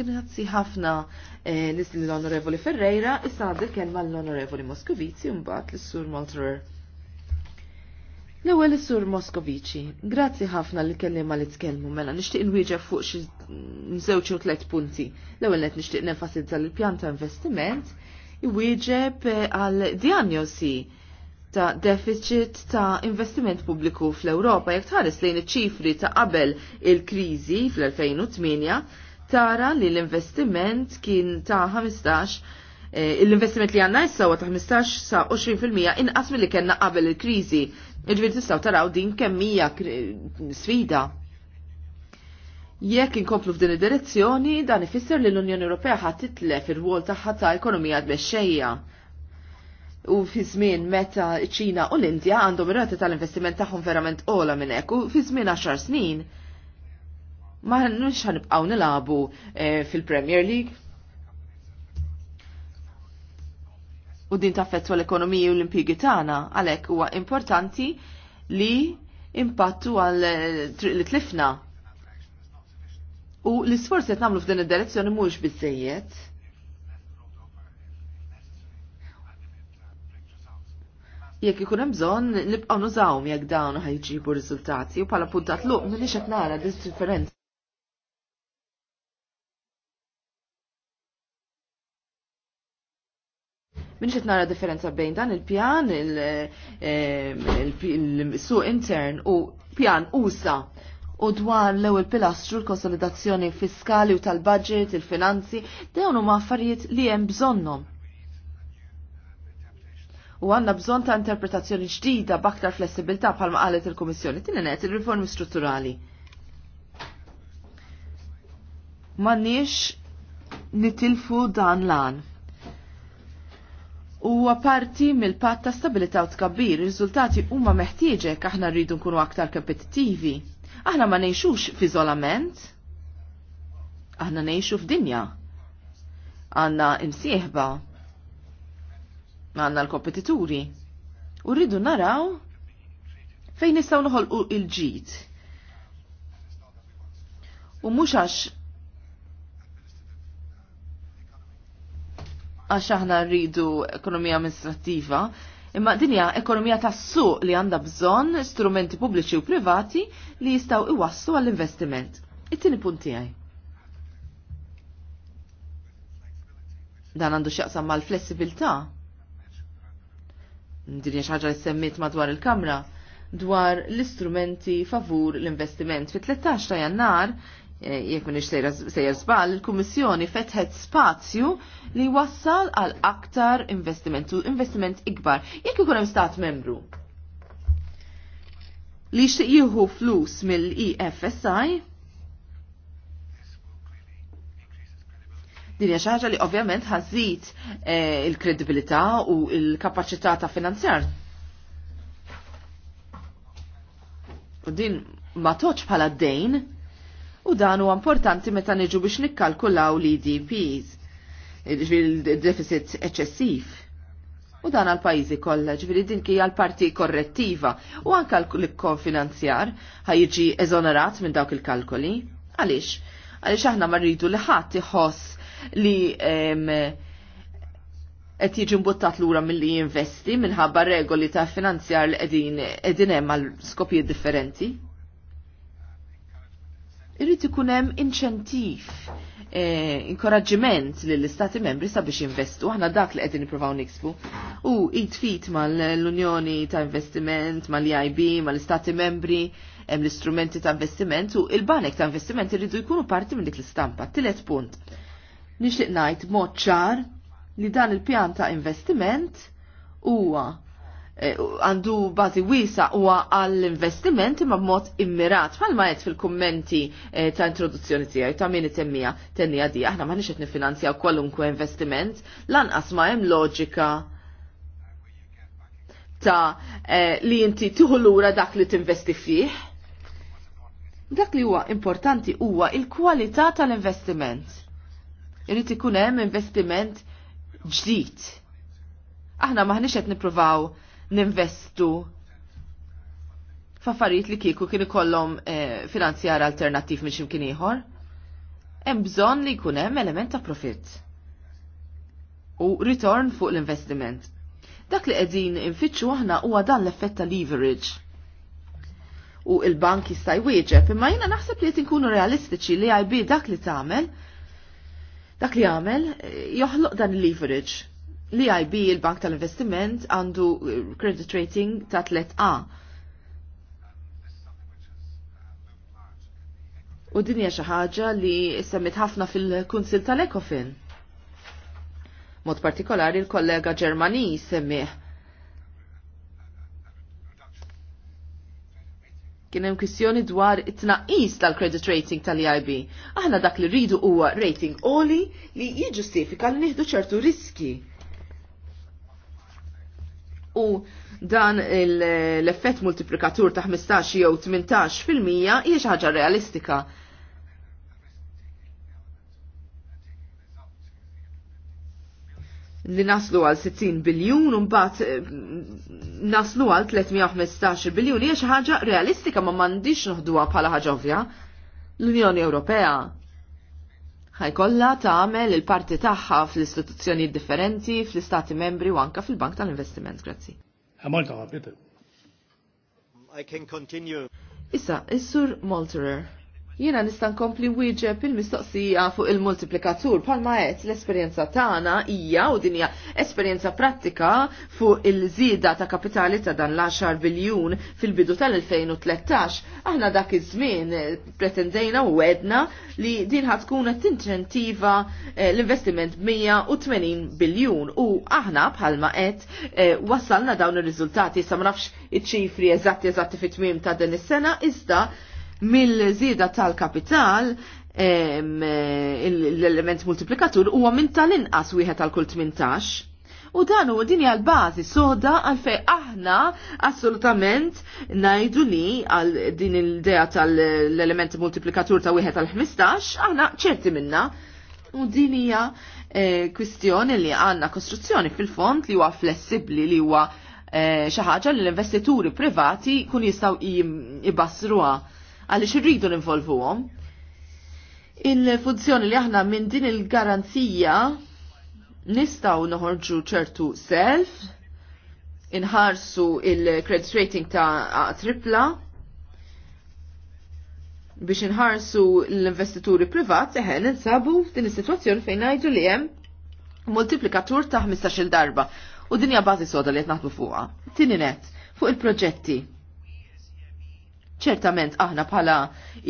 Grazzi ħafna eh, nisli l-Onorevoli Ferreira, issa għaddi kelma l-Onorevoli Moskovici, un-bat l-Sur Maltrur. L-ewwel is-Sur Moskovici, grazzi ħafna li kellima li tkellmu mela nixtieq nwieġeb fuq xi żewġ u tliet punti. L-ewwel qed nixtieq nenfasizza l pjan ta' investiment iwieġeb eh, għal diagnosi ta' deficit ta' investiment pubbliku fl-Ewropa jekk tħares lejn iċ-ċifri ta' qabel il-kriżi fl-2008 tara li l-investiment kien ta' 15 eh, l-investiment li għanna jissawa ta' 15 sa' 20% inqas mill-li kena qabel il-krizi. Il-vir tistaw taraw din kemmija sfida. Jekk inkomplu f'din id-direzzjoni, dan ifisser li l-Unjoni Ewropea ħadd titlef ir-rwol tagħha ta' ekonomija tbexxejja. U fi żmien meta ċ-Ċina u l-Indja għandhom ir-rati tal-investiment tagħhom verament ola minn hekk u fi żmien 10 snin ma nix ħanibqgħu nilagħbu eh, fil-Premier League u din taffettwa l-ekonomiji u l impigi tagħna, għalhekk huwa importanti li impattu għal eh, triq li tlifna. U l-isforz qed nagħmlu f'din id-direzzjoni mhux biżejjed. Jekk ikun hemm bżonn nibqgħu nużawhom jekk dawn ħajġibu riżultati u bħala puntat luq m'iniex qed nara differenza. minnix qed nara differenza bejn dan il-pjan eh, il-suq intern u pjan USA u dwar l-ewwel pilastru l-konsolidazzjoni fiskali u tal-budget, il-finanzi, dawn huma affarijiet li hemm bżonnhom. U għanna bżon ta' interpretazzjoni ġdida b'aktar flessibilità bħalma qalet il-Kummissjoni. Tinenet il-riformi strutturali. M'għandniex nitilfu dan lan huwa parti mill-patt ta' stabilità u tkabbir, riżultati huma meħtieġek aħna rridu nkunu aktar kompetittivi. Aħna ma nejxux f'iżolament. Aħna ngħixu f'dinja. Għanna imsieħba. Għandna l-kompetituri. U rridu naraw fejn nistgħu noħolqu il-ġid. U mhux għax għax aħna rridu ekonomija amministrattiva, imma dinja ekonomija tas-suq li għandha bżonn strumenti pubbliċi u privati li jistgħu iwasslu għall-investiment. It-tieni punt tiegħi. Dan għandu x'jaqsam mal-flessibilità. Dinja xi ħaġa li semmiet madwar il-Kamra dwar l-istrumenti favur l-investiment. Fit-13 ta' jannar jekk minix sejjer żball, il-Kummissjoni fetħet spazju li wassal għal aktar investiment u investiment ikbar. Jekk ikun hemm stat membru li xtiq jieħu flus mill-EFSI, Dinja xaħġa xi ħaġa li ovvjament ħażid eh, il-kredibilità u l-kapaċità ta' finanzjar. U din ma toċ bħala dejn u dan huwa importanti meta niġu biex nikkalkulaw l-EDPs, ġvil deficit eċessif. U dan għal pajjiżi kollha, ġifieri din hija l-parti korrettiva u anke l-konfinanzjar ħajjiġi eżonerat minn dawk il-kalkoli. Għaliex? Għaliex aħna ma rridu li ħadd iħoss li qed jiġi mbuttat lura milli jinvesti minħabba regoli ta' finanzjar li qegħdin qegħdin hemm għal skopijiet differenti irrid ikun hemm inċentiv eh, inkoraġġiment lill istati membri sabiex investu. Aħna dak li qed nippruvaw niksbu. U jitfit mal-Unjoni ta' Investiment, mal-IB, mal-Istati Membri, hemm l-istrumenti ta' investiment u il-banek ta' investiment irridu jkunu parti minn dik l-istampa. Tilet punt. Nixtieq ngħid mod ċar li dan il-pjan ta' investiment huwa Eh, għandu bazi wisa huwa għall-investiment imma b'mod immirat. Palma ma fil-kummenti eh, ta' introduzzjoni tiegħi ta' min temmija tennija di aħna ma qed nifinanzjaw kwalunkwe investiment, lanqas ma hemm loġika ta' eh, li inti tuħlura lura dak li tinvesti fih. Dak li huwa importanti huwa il-kwalità tal-investiment. Irid ikun hemm investiment ġdid aħna maħniex qed nippruvaw ninvestu f'affarijiet li kieku kien ikollhom eh, finanzjar alternattiv minn x'imkien ieħor. Hemm bżonn li jkun hemm element ta' profitt. U return fuq l-investiment. Dak li qegħdin infittxu aħna huwa dan l-effett ta' leverage u il-bank jista' jwieġeb, imma jiena naħseb li qed inkunu realistiċi li għajbi dak li tagħmel dak li għamel eh, joħloq dan il leverage l-IB, e il-Bank tal-Investiment, għandu eh, credit rating ta' 3A. U din hija xi ħaġa li semmit ħafna fil-Kunsil tal-Ekofin. Mod partikolari l-kollega Ġermani semmih. Kien hemm kwistjoni dwar it-tnaqqis tal-credit rating tal-IB. Aħna dak li rridu huwa rating oli li jiġġustifika li nieħdu ċertu riski u dan l-effett multiplikatur ta' 15 jew 18 fil-mija hija xi ħaġa realistika. Li naslu għal 60 biljun u mbagħad eh, naslu għal 315 biljun hija xi ħaġa realistika ma m'għandix noħduha bħala ħaġa ovvja. L-Unjoni Ewropea ħajkollha tagħmel il-parti tagħha fl-istituzzjoni differenti, fl-istati membri u anka fil-Bank tal-Investiment. Grazzi. I can continue. Issa, is-sur Molterer. Jiena nista' nkompli wieġeb il-mistoqsija fuq il-multiplikatur palma għet l-esperjenza tagħna hija u dinja esperjenza prattika fuq il zida ta' kapitali ta' dan l-10 biljun fil-bidu tal-2013. Aħna dak iż-żmien eh, pretendejna u wedna li din ħatkun tkun qed tinċentiva eh, l-investiment 180 biljun u aħna bħalma qed eh, wassalna dawn ir-riżultati sa ma nafx iċ-ċifri eżatti eżatti fit-tmiem ta' din is-sena iżda mill-żieda tal-kapital eh, l-element multiplikatur huwa minn tal-inqas wieħed tal kull 18. U dan u dini għal bażi soda għal fej aħna assolutament najdu li għal din il-dea tal-element multiplikatur ta' wieħed tal 15 aħna ċerti minna. U din hija eh, kwistjoni li għanna kostruzzjoni fil-fond li huwa flessibli li huwa eh, xi ħaġa li l-investituri privati kun jistgħu jibassruha għaliex irridu għom. Il-funzjoni li aħna minn din il-garanzija nistaw noħorġu ċertu self, inħarsu il-credit rating ta' tripla, biex inħarsu l-investituri privat, eħe, ninsabu din is-sitwazzjoni fejn ngħidu li hemm multiplikatur ta' 15-il darba. U dinja bażi soda li qed fuqa. fuqha. fuq il-proġetti ċertament aħna bħala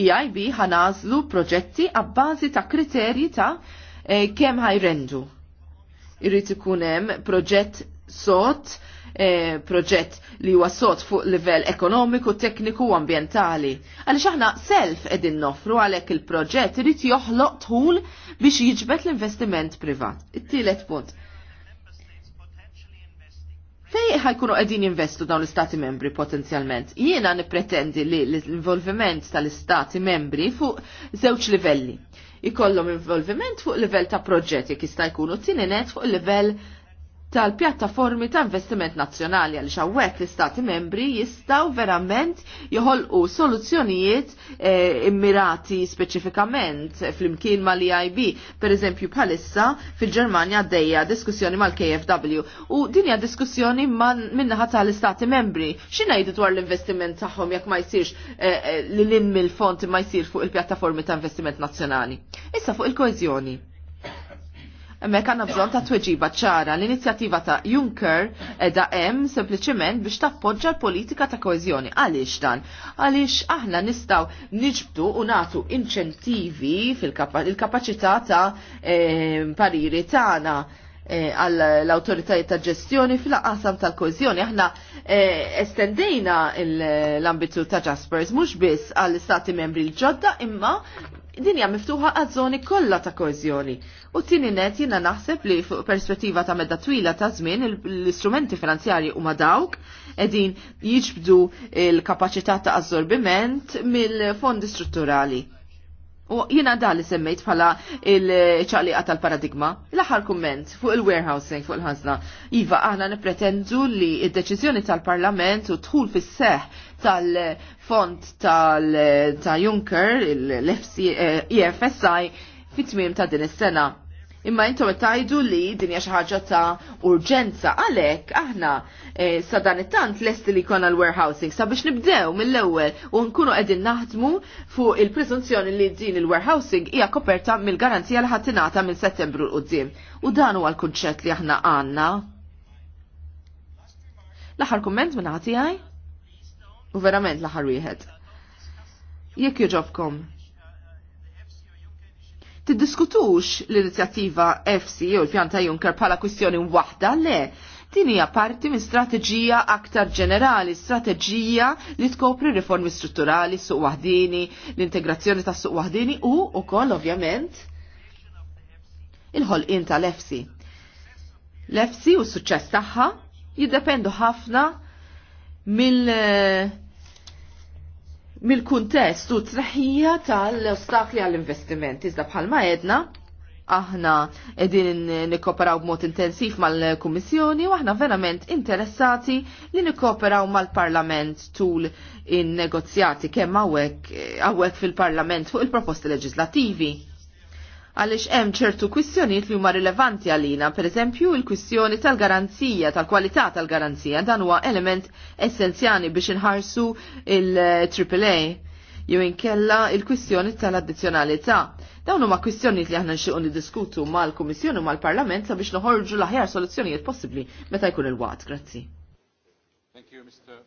EIB ħanażlu proġetti għabbażi ta' kriterji ta' eh, kemm ħajrendu. Irrid ikun hemm proġett sot, eh, proġett li huwa sot fuq livell ekonomiku, tekniku u ambientali. Għaliex aħna self qegħdin nofru għalhekk il-proġett irid joħloq tħul biex jiġbed l-investiment privat. It-tielet punt. Fej ħajkunu qegħdin jinvestu dawn l-istati membri potenzjalment. Jiena nippretendi li l-involviment tal-istati membri fuq żewġ livelli. Ikollhom involviment fuq livell ta' proġetti kista jista' jkunu tieni net fuq livell tal-pjattaformi ta' investiment nazzjonali għal xawwek l-istati membri jistaw verament joħolqu soluzzjonijiet eh, immirati speċifikament fl-imkien mal ib per eżempju bħalissa fil-Ġermanja għaddejja diskussjoni mal-KFW u dinja diskussjoni minnaħa tal-istati membri xinajdu dwar l-investiment tagħhom jekk ma jsirx eh, eh li l-inmi l-font ma jsir fuq il-pjattaformi ta' investiment nazzjonali. Issa fuq il-koezjoni Mek għanna bżon ta' tweġiba ċara l-inizjattiva ta' Juncker edha hemm sempliċement biex tappoġġa l-politika ta' koezjoni. Għaliex dan? Għaliex aħna nistaw niġbdu u natu inċentivi fil-kapacità ta' eh, pariri tagħna eh, għall awtoritajiet autoritajiet ta' ġestjoni fil-qasam tal-kozjoni. Aħna eh, estendejna l-ambitu ta' Jaspers mhux biss għall istati membri l-ġodda imma dinja miftuħa għaż-żoni kollha ta' koeżjoni. U tini net jiena naħseb li fuq perspettiva ta' medda twila ta' żmien l-istrumenti finanzjarji huma dawk qegħdin jiġbdu l-kapaċità ta' assorbiment mill-fondi strutturali. U jiena da li semmejt bħala il-ċaqliqa tal-paradigma. L-aħħar kumment fuq il-warehousing fuq il ħazna Iva aħna nipretendu li d-deċiżjoni tal-Parlament u tħul fis-seħ tal-font tal Junker, l-EFSI, eh, e fit-tmim ta' din is-sena. Imma intom tajdu li dinja xaħġa ta' urġenza għalek aħna eh, sa' dan it-tant lest li jkollna l-warehousing sa' biex nibdew mill-ewel u nkunu qegħdin naħdmu fuq il-prezunzjoni li din il-warehousing hija koperta mill-garanzija li ħattinata minn settembru l-qoddim. U dan huwa l-kunċett li aħna għanna. L-aħħar kumment minn ħati għaj? U verament laħar wieħed. Jekk joġobkom, tiddiskutux l-inizjattiva FC u l-pjanta Juncker bħala kwistjoni waħda le. Din hija parti minn strateġija aktar ġenerali, strateġija li tkopri riformi strutturali, suq waħdini, l-integrazzjoni tas suq waħdini u ukoll ovvjament il-ħolqien tal-EFSI. L-EFSI u s-suċċess tagħha jiddependu ħafna mill- mill-kuntest u traħija tal-ostakli għall-investiment. Iżda bħalma edna, aħna edin nikoperaw b'mod intensiv mal-Kummissjoni u aħna verament interessati li nikoperaw mal-Parlament tul in-negozjati kemm hawnhekk fil-Parlament fuq il-proposti leġislativi għalix hemm ċertu kwistjonijiet li huma rilevanti għalina, per eżempju il-kwistjoni tal-garanzija, tal-kwalità tal-garanzija, dan huwa element essenzjali biex inħarsu il-AAA jew inkella il-kwistjoni tal-addizzjonalità. Dawn huma kwistjonijiet li aħna nxiequ niddiskutu mal-Kummissjoni u mal-Parlament sabiex noħorġu l-aħjar soluzzjonijiet possibbli meta jkun il-waqt. Grazzi. Thank you, Mr.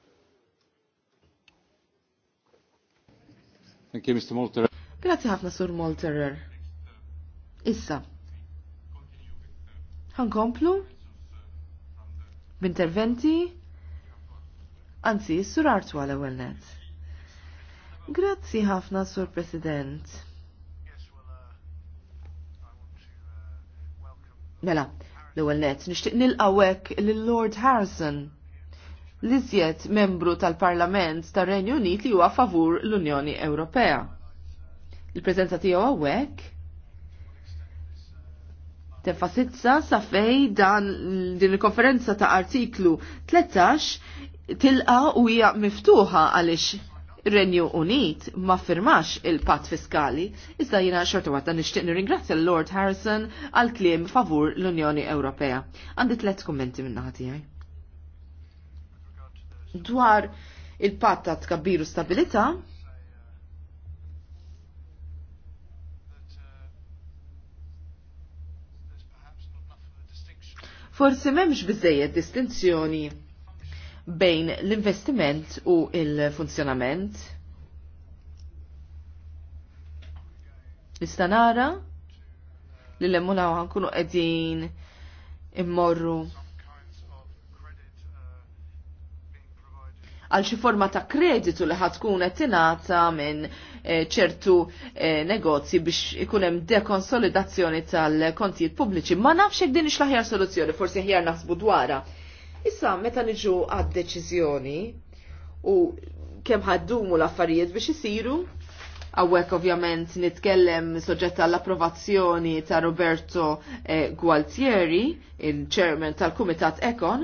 Thank you, Mr. Molterer. Grazzi ħafna, Sur Molterer. Issa, ħankomplu b'interventi Anzi, sur Artu għal ewwelnet. Grazzi ħafna, sur President. Mela, l ewwel nett nixtieq nilqawek lill-Lord Harrison li żjed membru tal-Parlament tar-Renju Unit li huwa favur l-Unjoni Ewropea. il prezenza tiegħu hawnhekk tefasizza sa fej dan din il-konferenza ta' artiklu 13 tilqa u hija miftuħa għaliex Renju Unit ma firmax il-pat fiskali, iżda jina xorta għadda nishtiq nirringrazzja l-Lord Harrison għal kliem favur l-Unjoni Ewropea. Għandi tlet kommenti minna ħatijaj. Dwar il-pat ta' tkabbiru stabilita, forsi memx bizzejed distinzjoni bejn l-investiment u il-funzjonament. Nista' nara li l-emmulaw għankunu qegħdin immorru għal xi forma ta' kreditu li ħatkun qed tingħata minn eh, ċertu eh, negozji biex ikun hemm dekonsolidazzjoni tal-kontijiet pubbliċi. Ma nafx hekk din ix-l-aħjar soluzzjoni, forsi aħjar naħsbu dwarha. Issa meta niġu għad-deċiżjoni u kemm ħaddumu l-affarijiet biex isiru, Għawek ovvjament nitkellem soġġetta għall approvazzjoni ta' Roberto eh, Gualtieri, il-ċermen tal-Kumitat Ekon,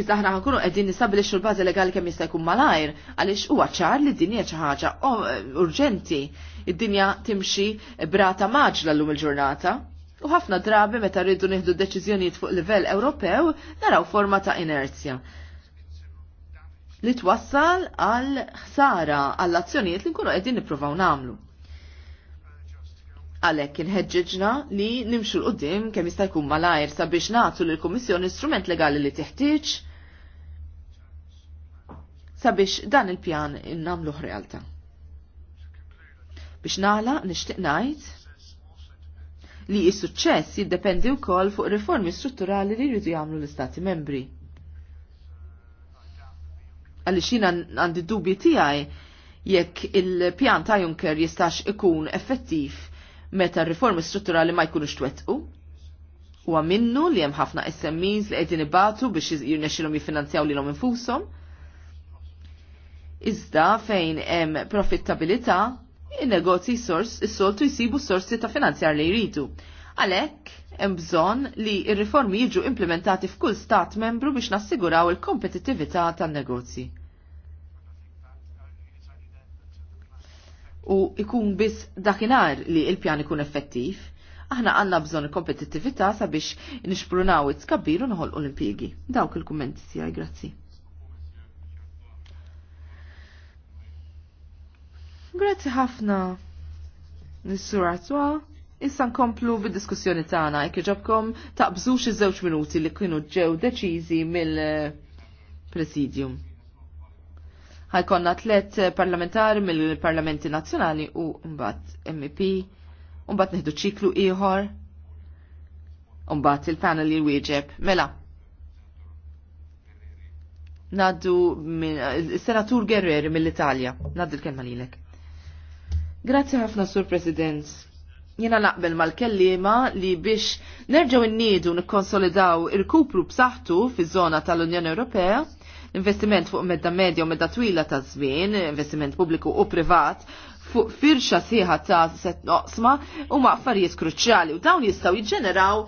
Iżda ħna ħakunu qegħdin nistabilixxu l-bażi legali kemm jista' jkun malajr għaliex huwa ċar li d-dinja xi ħaġa eh, urġenti. Id-dinja timxi brata maġla llum il-ġurnata. U ħafna drabi meta rridu nieħdu deċiżjonijiet fuq livell Ewropew naraw forma ta' inerzja li twassal għal ħsara għall azzjonijiet li nkunu qegħdin nippruvaw nagħmlu. Għalek inħedġiġna li nimxu l-qoddim kemm jista' jkun malajr sabiex nagħtu lill-Kummissjoni strument legali li teħtieġ sabiex dan il-pjan innamluħ realta. Biex nagħla nixtieq ngħid li s-suċċess jiddependi wkoll fuq riformi strutturali li jridu jagħmlu l-Istati membri. Għaliex jiena għandi dubji tiegħi jekk il-pjan ta' Juncker jistax ikun effettiv meta r-riformi strutturali ma jkunux twettqu. U għaminnu li hemm ħafna SMEs li qegħdin ibatu biex jirnexxilhom jiffinanzjaw lilhom infushom. Iżda fejn hemm profittabilità, il negozji sors is-soltu jsibu sorsi ta' finanzjar li jridu. Għalhekk hemm bżonn li r-riformi jiġu implementati f'kull stat membru biex nassiguraw il-kompetittività tan-negozji. u ikun biss dakinar li il-pjan ikun effettiv, aħna għanna bżon kompetitività sabiex nixprunaw it-skabbiru nħol olimpijgi. Dawk il-kommenti tijaj, grazzi. Grazzi ħafna. Nissur għatwa. Issa nkomplu bid-diskussjoni tagħna jekk iġobkom taqbżux iż-żewġ minuti li kienu ġew deċiżi mill-Presidium ħajkonna tlet parlamentari mill-parlamenti nazzjonali u mbagħad MEP, u mbagħad neħdu ċiklu ieħor, u mbagħad il-panel li wieġeb. Mela, naddu senatur Guerreri mill-Italja. Naddu l-kelma lilek. Grazzi ħafna, Sur President. Jena naqbel mal-kellima li biex nerġaw innidu nikkonsolidaw il-kupru b'saħħtu fiż-żona tal-Unjoni Ewropea investiment fuq medda medja u medda twila ta' żmien, investiment pubbliku u privat, fuq firxa sieħa ta' set noqsma u affarijiet kruċjali u dawn jistgħu jiġġeneraw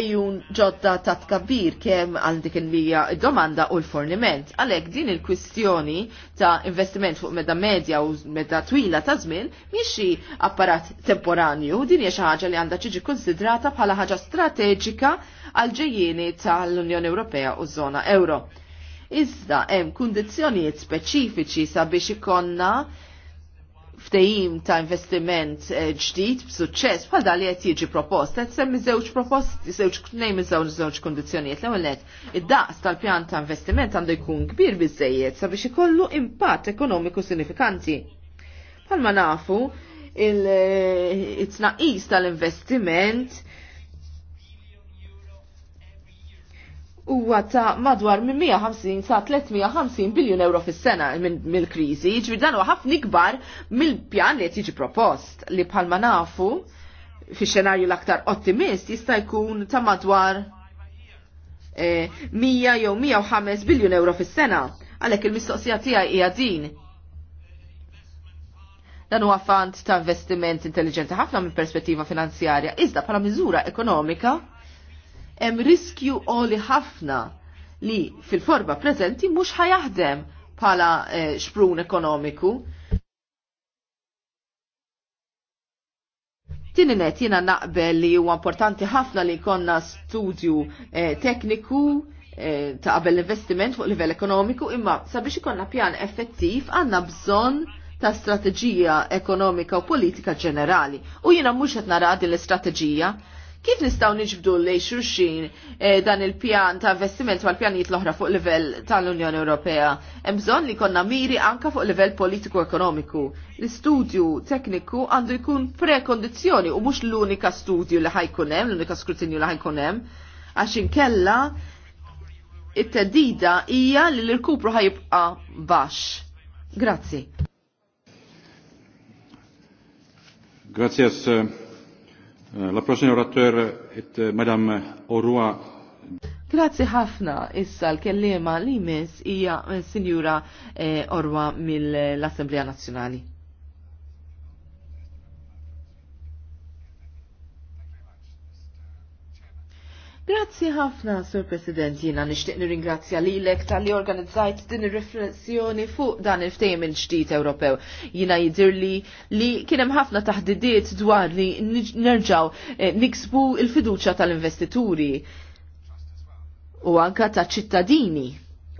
ejjun ġodda ta' tkabbir kemm għal dik il-mija domanda u l-forniment. Għalhekk din il-kwistjoni ta' investiment fuq medda medja u medda twila ta' żmien mhix xi apparat temporanju, din hija xi ħaġa li għandha tiġi konsidrata bħala ħaġa strateġika għal ġejjieni tal-Unjoni Ewropea u żona euro. Iżda hemm kundizzjonijiet speċifiċi sabiex ikonna ftehim ta' investiment eh, ġdid b'suċċess bħal dan li qed jiġi proposta, Qed semmi żewġ proposti, żewġ nejn iż-żewġ żewġ kundizzjonijiet l-ewwel id-daqs tal-pjan ta' investiment għandu jkun kbir biżejjed sabiex ikollu impatt ekonomiku sinifikanti. Bħalma nafu, il-tnaqis eh, tal-investiment huwa ta' madwar minn 150 sa' 350 biljun euro fis-sena mill-kriżi, jiġri dan huwa ħafna ikbar mill-pjan li qed jiġi propost li bħalma nafu fi xenarju l-aktar ottimist jista' jkun ta' madwar 100 eh, jew 105 biljun euro fis-sena. Għalhekk il-mistoqsija tiegħi hija din. Dan huwa fond ta' investiment intelligenti ħafna minn perspettiva finanzjarja, iżda bħala miżura ekonomika hemm riskju qoli ħafna li fil forba preżenti mhux ħajaħdem bħala eh, xprun ekonomiku. Tini net jina naqbel li huwa importanti ħafna li konna studju eh, tekniku eh, ta' qabel investiment fuq livell ekonomiku imma sabiex ikonna pjan effettiv għandna bżonn ta' strateġija ekonomika u politika ġenerali. U jina mhux qed nara din l-istrateġija Kif nistaw niġbdu li xurxin eh, dan il-pjan ta' investiment mal pjanijiet l-oħra fuq livell tal-Unjoni Ewropea? Hemm bżonn li konna miri anka fuq livell politiku ekonomiku. L-istudju tekniku għandu jkun prekondizzjoni u mhux l-unika studju li ħajkun hemm, l-unika skrutinju li ħajkun hemm, għax inkella it-tedida hija li l-irkupru ħajibqa baxx. Grazzi. Grazie. Grazie Eh, la prossima orateur et eh, Madame Orua. Grazie ħafna issa l-kellima li mis hija eh, Signora Orwa mill-Assemblea Nazzjonali. Grazzi ħafna, Sur President, jina nishtiq nirringrazzja li l-ek tal-li organizzajt din il-riflessjoni fuq dan il-ftejm il-ġdijt Ewropew. Jina jidir li li kienem ħafna taħdidiet dwar li nerġaw eh, niksbu il-fiduċa tal-investituri u anka ta' ċittadini.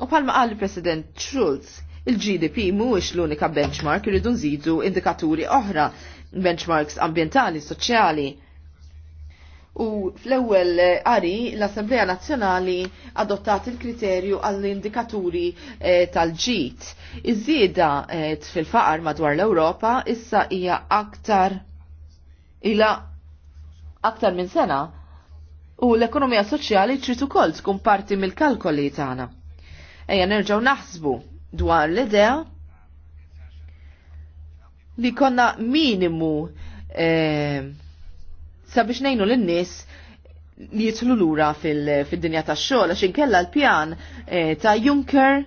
U palma għal President Schulz, il-GDP mhuwiex l-unika benchmark irridu nżidu indikaturi oħra, benchmarks ambientali, soċjali u fl-ewwel eh, qari l-Assemblea Nazzjonali adottat il-kriterju għall-indikaturi eh, tal-ġit. Iż-żieda eh, fil-faqar madwar l-Ewropa issa hija aktar ila aktar minn sena u l-ekonomija soċjali trid ukoll tkun parti mill-kalkoli tagħna. Ejja nerġgħu naħsbu dwar l-idea li konna minimu eh, sabiex nejnu l-nis li jitlu lura fil-dinja fil tax-xogħol għax inkella l-pjan e, ta' Juncker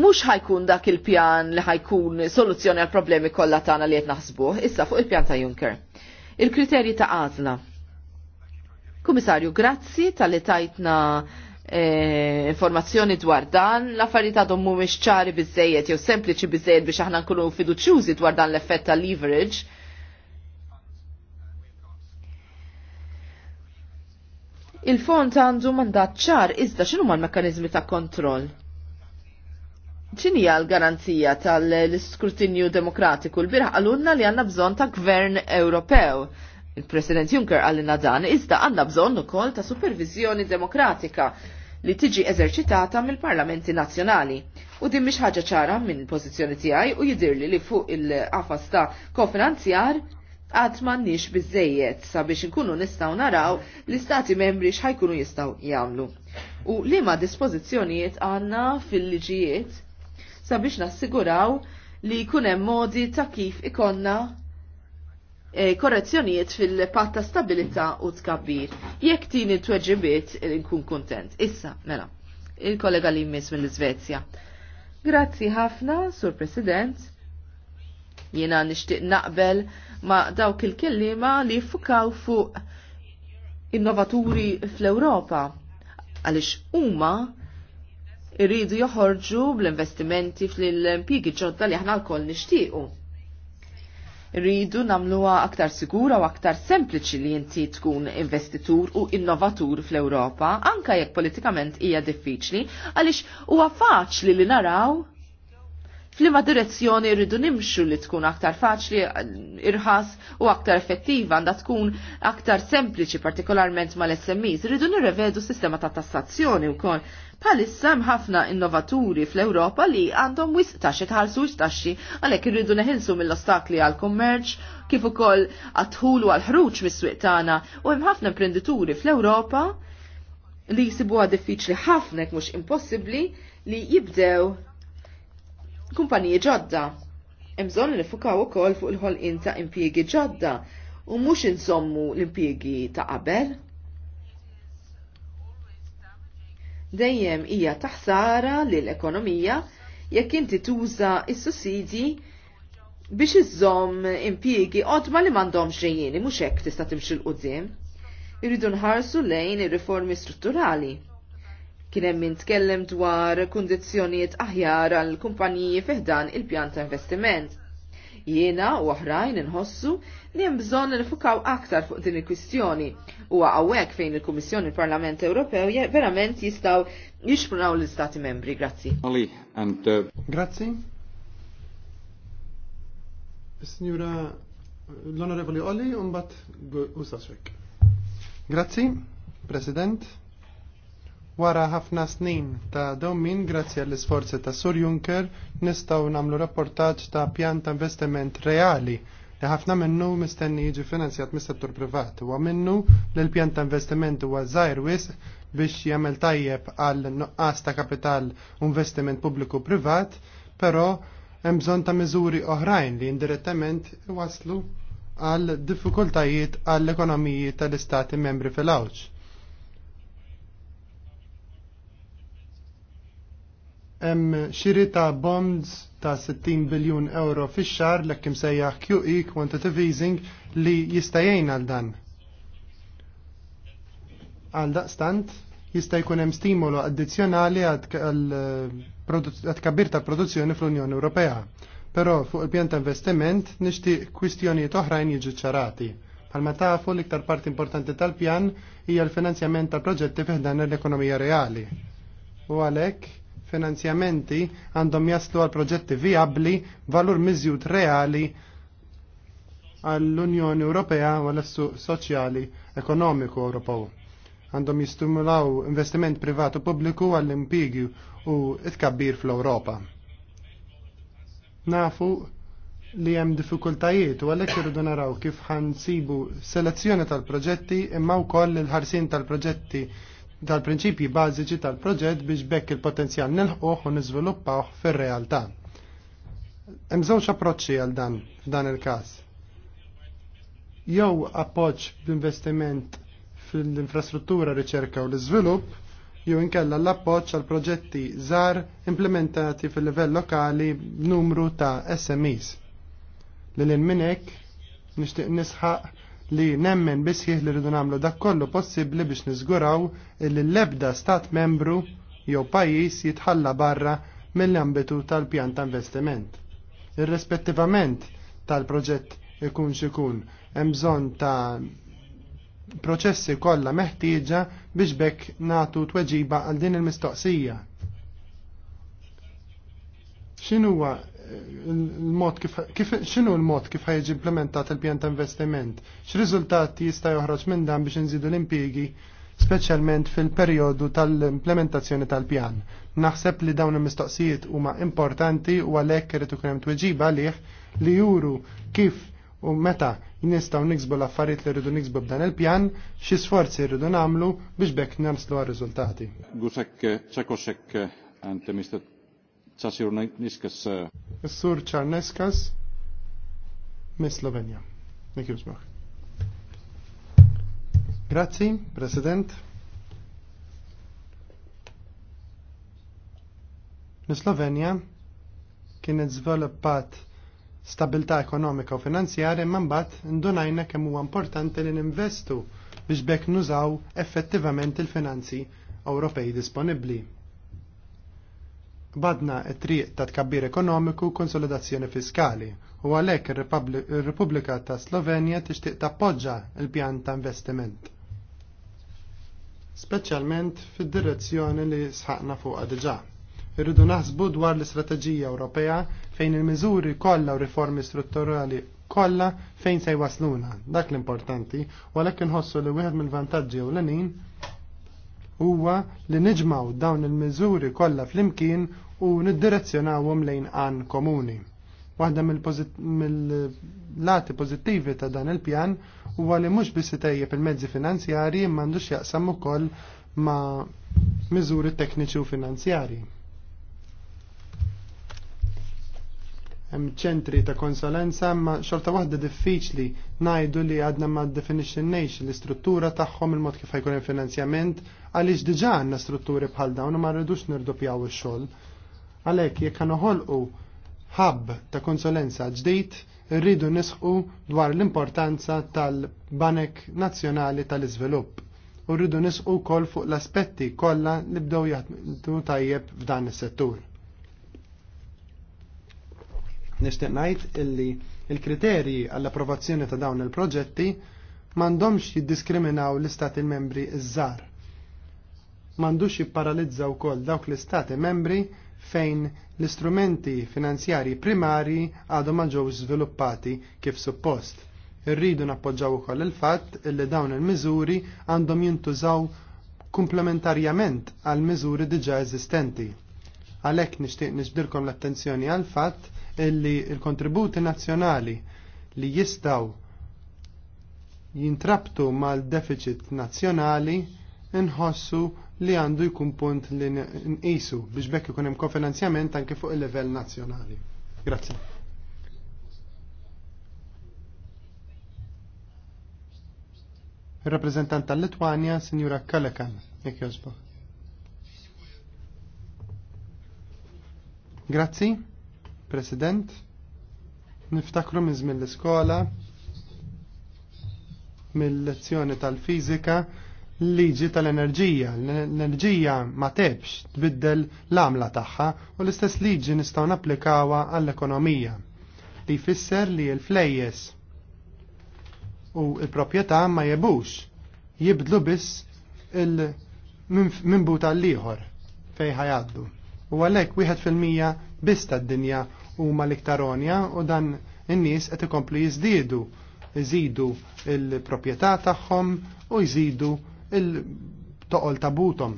mhux ħajkun dak il-pjan li ħajkun soluzzjoni għal problemi kollha tagħna li qed naħsbuh, issa fuq il-pjan ta' Juncker. Il-kriterji ta' għażla. Kummissarju, grazzi tal-li tajtna eh, informazzjoni dwar dan, l-affarijiet għadhom mhumiex ċari biżejjed jew sempliċi biżejjed biex aħna nkunu fiduċjużi dwar dan l-effett ta' leverage Il-fond għandu mandat ċar iżda ma l-mekkaniżmi ta' kontroll? ċinija l-garanzija tal-iskrutinju demokratiku l-birħ għalunna li għanna bżon ta' gvern Ewropew. Il-President Juncker għallina dan iżda għanna bżon ukoll ta' supervizjoni demokratika li tiġi eżerċitata mill-parlamenti nazzjonali. U din miex ħaġa ċara minn pożizzjoni tiegħi u jidirli li fuq il-qafas ta' kofinanzjar għad mannix bizzejiet sabiex nkunu nistaw naraw l-istati membri xħajkunu jistaw jamlu. U li ma dispozizjonijiet għanna fil-liġijiet sabiex nassiguraw li kunem modi ta' kif ikonna e, korrezzjonijiet fil-patta stabilita u tkabbir. Jekk tini tweġibiet e, nkun kontent. Issa, mela, il-kollega li jmiss mill-Svezja. Grazzi ħafna, Sur President. Jiena nixtieq naqbel ma' dawk il-kellima li fukaw fuq innovaturi fl-Ewropa għaliex huma irridu joħorġu bl-investimenti fl-impjigi ġodda li aħna lkoll nixtiequ. Rridu namluwa aktar sigura u aktar sempliċi li inti tkun investitur u innovatur fl-Ewropa, anka jekk politikament hija diffiċli, għaliex huwa faċli li naraw Flima direzzjoni rridu nimxu li tkun aktar faċli, irħas u aktar effettiva, għanda tkun aktar sempliċi, partikolarment mal-SMEs, rridu nirrevedu sistema ta' tassazzjoni u kol. Palissa ħafna innovaturi fl-Europa li għandhom wis taxxi tħallsu wis taxxi għalhekk irridu neħilsu mill-ostakli għal kummerċ kif ukoll għadħul u għall ħruġ mis-swieq tagħna u hemm ħafna imprenditturi fl-Ewropa li jsibuha diffiċli ħafna mhux impossibbli li jibdew kumpaniji ġodda. Imżon li fukaw ukoll fuq il-ħolqin ta' impjiegi ġodda u mhux insommu l-impjiegi ta' qabel. Dejjem hija taħsara lil ekonomija jekk inti tuża is-sussidji biex iżżomm impjiegi qodma li m'għandhomx ġejjieni mhux hekk tista' timxi l qudiem Irridu nħarsu lejn ir-riformi strutturali Kien hemm min tkellem dwar kundizzjonijiet aħjar għal kumpaniji fiħdan il-pjan ta' investiment. Jiena u oħrajn inħossu li hemm bżonn nifukaw aktar fuq din il-kwistjoni u hawnhekk fejn il-Kummissjoni il-Parlament Ewropew verament jistgħu jixprunaw l-Istati membri. Grazzi. Ali, and uh, Grazzi. Signora l-Onorevoli Oli, un bat Grazzi, President. Wara ħafna snin ta' domin grazzi għall isforzi ta' Sur Juncker nistaw namlu rapportaġġ ta' pjan ta' investiment reali li ħafna minnu mistenni jiġi finanzjat mis-settur privat Wa minnu li l-pjan ta' investiment huwa żgħir wisq biex jagħmel tajjeb għal nuqqas ta' kapital u investiment pubbliku privat, però hemm bżonn ta' miżuri oħrajn li indirettament waslu għal diffikultajiet għall ekonomiji tal-istati membri fil-awġ hemm xiri ta' bonds ta' 60 biljun euro fix-xar l sejjaħ QE quantitative easing li jistajjejn għal dan. Għal daqstant jista' jkun hemm stimolo addizzjonali għal eh, kabbir ta' produzzjoni fl-Unjoni Ewropea. Però fuq il-pjan ta' investiment nixtieq kwistjonijiet oħrajn jiġu ċarati. Palma tafu l-iktar parti importanti tal-pjan hija l-finanzjament tal proġetti fiħdan l-ekonomija reali. U għalhekk finanzjamenti għandhom jaslu għal proġetti viabli, valur miżjud reali għall-Unjoni Ewropea u għall assu soċjali ekonomiku Ewropew. Għandhom jistimulaw investiment privatu pubbliku għall impigju u it-kabbir fl-Ewropa. Nafu li hemm diffikultajiet u għalhekk irridu naraw kif ħansibu selezzjoni tal-proġetti imma wkoll il ħarsien tal-proġetti dal-prinċipji bażiċi tal-proġett biex bekk il-potenzjal nilħuh u niżviluppawh fir-realtà. Hemm żewġ approċċi għal dan f'dan il-każ. Jew appoġġ b'investiment fl-infrastruttura, riċerka u l-iżvilupp, jew inkella l-appoġġ għal proġetti żgħar implementati fil-livell lokali b'numru ta' SMEs. Lil minn hekk nixtieq nisħaq li nemmen bisħieħ li rridu nagħmlu dak kollu possibbli biex niżguraw li l-ebda stat membru jew pajjiż jitħalla barra mill-ambitu tal-pjan ta' investiment. Irrispettivament tal-proġett ikun xikun hemm bżonn ta' proċessi kollha meħtieġa biex bekk nagħtu tweġiba għal din il-mistoqsija. X'inhuwa il-mod kif x'inhu l-mod kif ħajġi implementat il-pjan ta' investiment? X'riżultati jista' joħroġ minn dan biex inżidu l-impjiegi speċjalment fil-perjodu tal-implementazzjoni tal-pjan. Naħseb li dawn il-mistoqsijiet huma importanti u għalhekk irid ikun hemm tweġiba għalih li juru kif u meta nistgħu niksbu l-affarijiet li rridu niksbu b'dan il-pjan, xi sforzi rridu nagħmlu biex bekk namslu għar-riżultati. Gusek ċekosek ante Mr. Sasir Niskas. Sur Miss Slovenia. Slovenja. you, jużbaħ. Grazzi, President. l Slovenia, kienet żviluppat stabilta ekonomika u finanzjarja imma mbagħad ndunajna kemm huwa importanti li ninvestu biex bekk nużaw effettivament il-finanzi Ewropej disponibbli badna triq ta' tkabbir ekonomiku u konsolidazzjoni fiskali u għalhekk ir-Repubblika ta' Slovenja tixtieq tappoġġa l-pjan ta' investiment. Speċjalment fid-direzzjoni li sħaqna fuqha diġà. Irridu naħsbu dwar l-Istrateġija Ewropea fejn il-miżuri kollha u riformi strutturali kollha fejn se jwasluna, dak l-importanti, u għalhekk inħossu li wieħed mill-vantaġġi l-nin huwa li niġmaw dawn il-miżuri kollha flimkien u niddirezzjonawhom lejn għan komuni. Waħda mill-lati pożittivi ta' dan il-pjan huwa li mhux biss itejjeb il-mezzi finanzjarji m'għandux jaqsam ukoll ma' miżuri tekniċi u finanzjarji. hemm ċentri ta' konsulenza ma xorta waħda diffiċli ngħidu li għadna ma definixxinejx l-istruttura tagħhom il-mod kif ħajkun hemm finanzjament għaliex diġà għandna strutturi bħal dawn u ma rridux nirdupjaw ix-xogħol. Għalhekk jekk noħolqu ħabb ta' konsulenza ġdid irridu nisħu dwar l-importanza tal-Banek Nazzjonali tal-Iżvilupp u rridu nisqu kol fuq l-aspetti kollha li bdew jaħdmu tajjeb f'dan is-settur. Nixtieq ngħid illi il-kriterji għall-approvazzjoni ta' dawn il-proġetti m'għandhomx jiddiskriminaw l-istati membri iż-żar. M'għandux jipparalizza wkoll dawk l-istati membri fejn l-istrumenti finanzjari primari għadhom ma ġew żviluppati kif suppost. Irridu nappoġġaw ukoll il-fatt illi dawn il-miżuri għandhom jintużaw komplementarjament għal miżuri diġà eżistenti. Għalhekk nixtieq nixbdilkom l-attenzjoni għal fatt illi il-kontributi nazzjonali li jistaw jintrabtu mal-deficit nazzjonali nħossu li għandu jkun punt li nqisu biex bekk ikun hemm kofinanzjament anke fuq il-livell nazzjonali. Grazie. Il-rappresentant tal-Litwanja, Signora Kalekan, jek josbok. Grazzi. President, niftakru minn żmien l-iskola mill-lezzjoni tal-fizika liġi tal-enerġija. L-enerġija ma tebx tbiddel l-għamla tagħha u l-istess liġi nistgħu napplikawha għall-ekonomija li jfisser li l-flejjes u l-proprjetà ma jebux jibdlu biss il-minbu tal-liħor fej ħajaddu. U għalhekk wieħed fil-mija biss tad-dinja huma l-iktar onja u dan in-nies qed ikomplu jiżdiedu jżidu il-proprjetà tagħhom u jżidu il-toqol tabutom.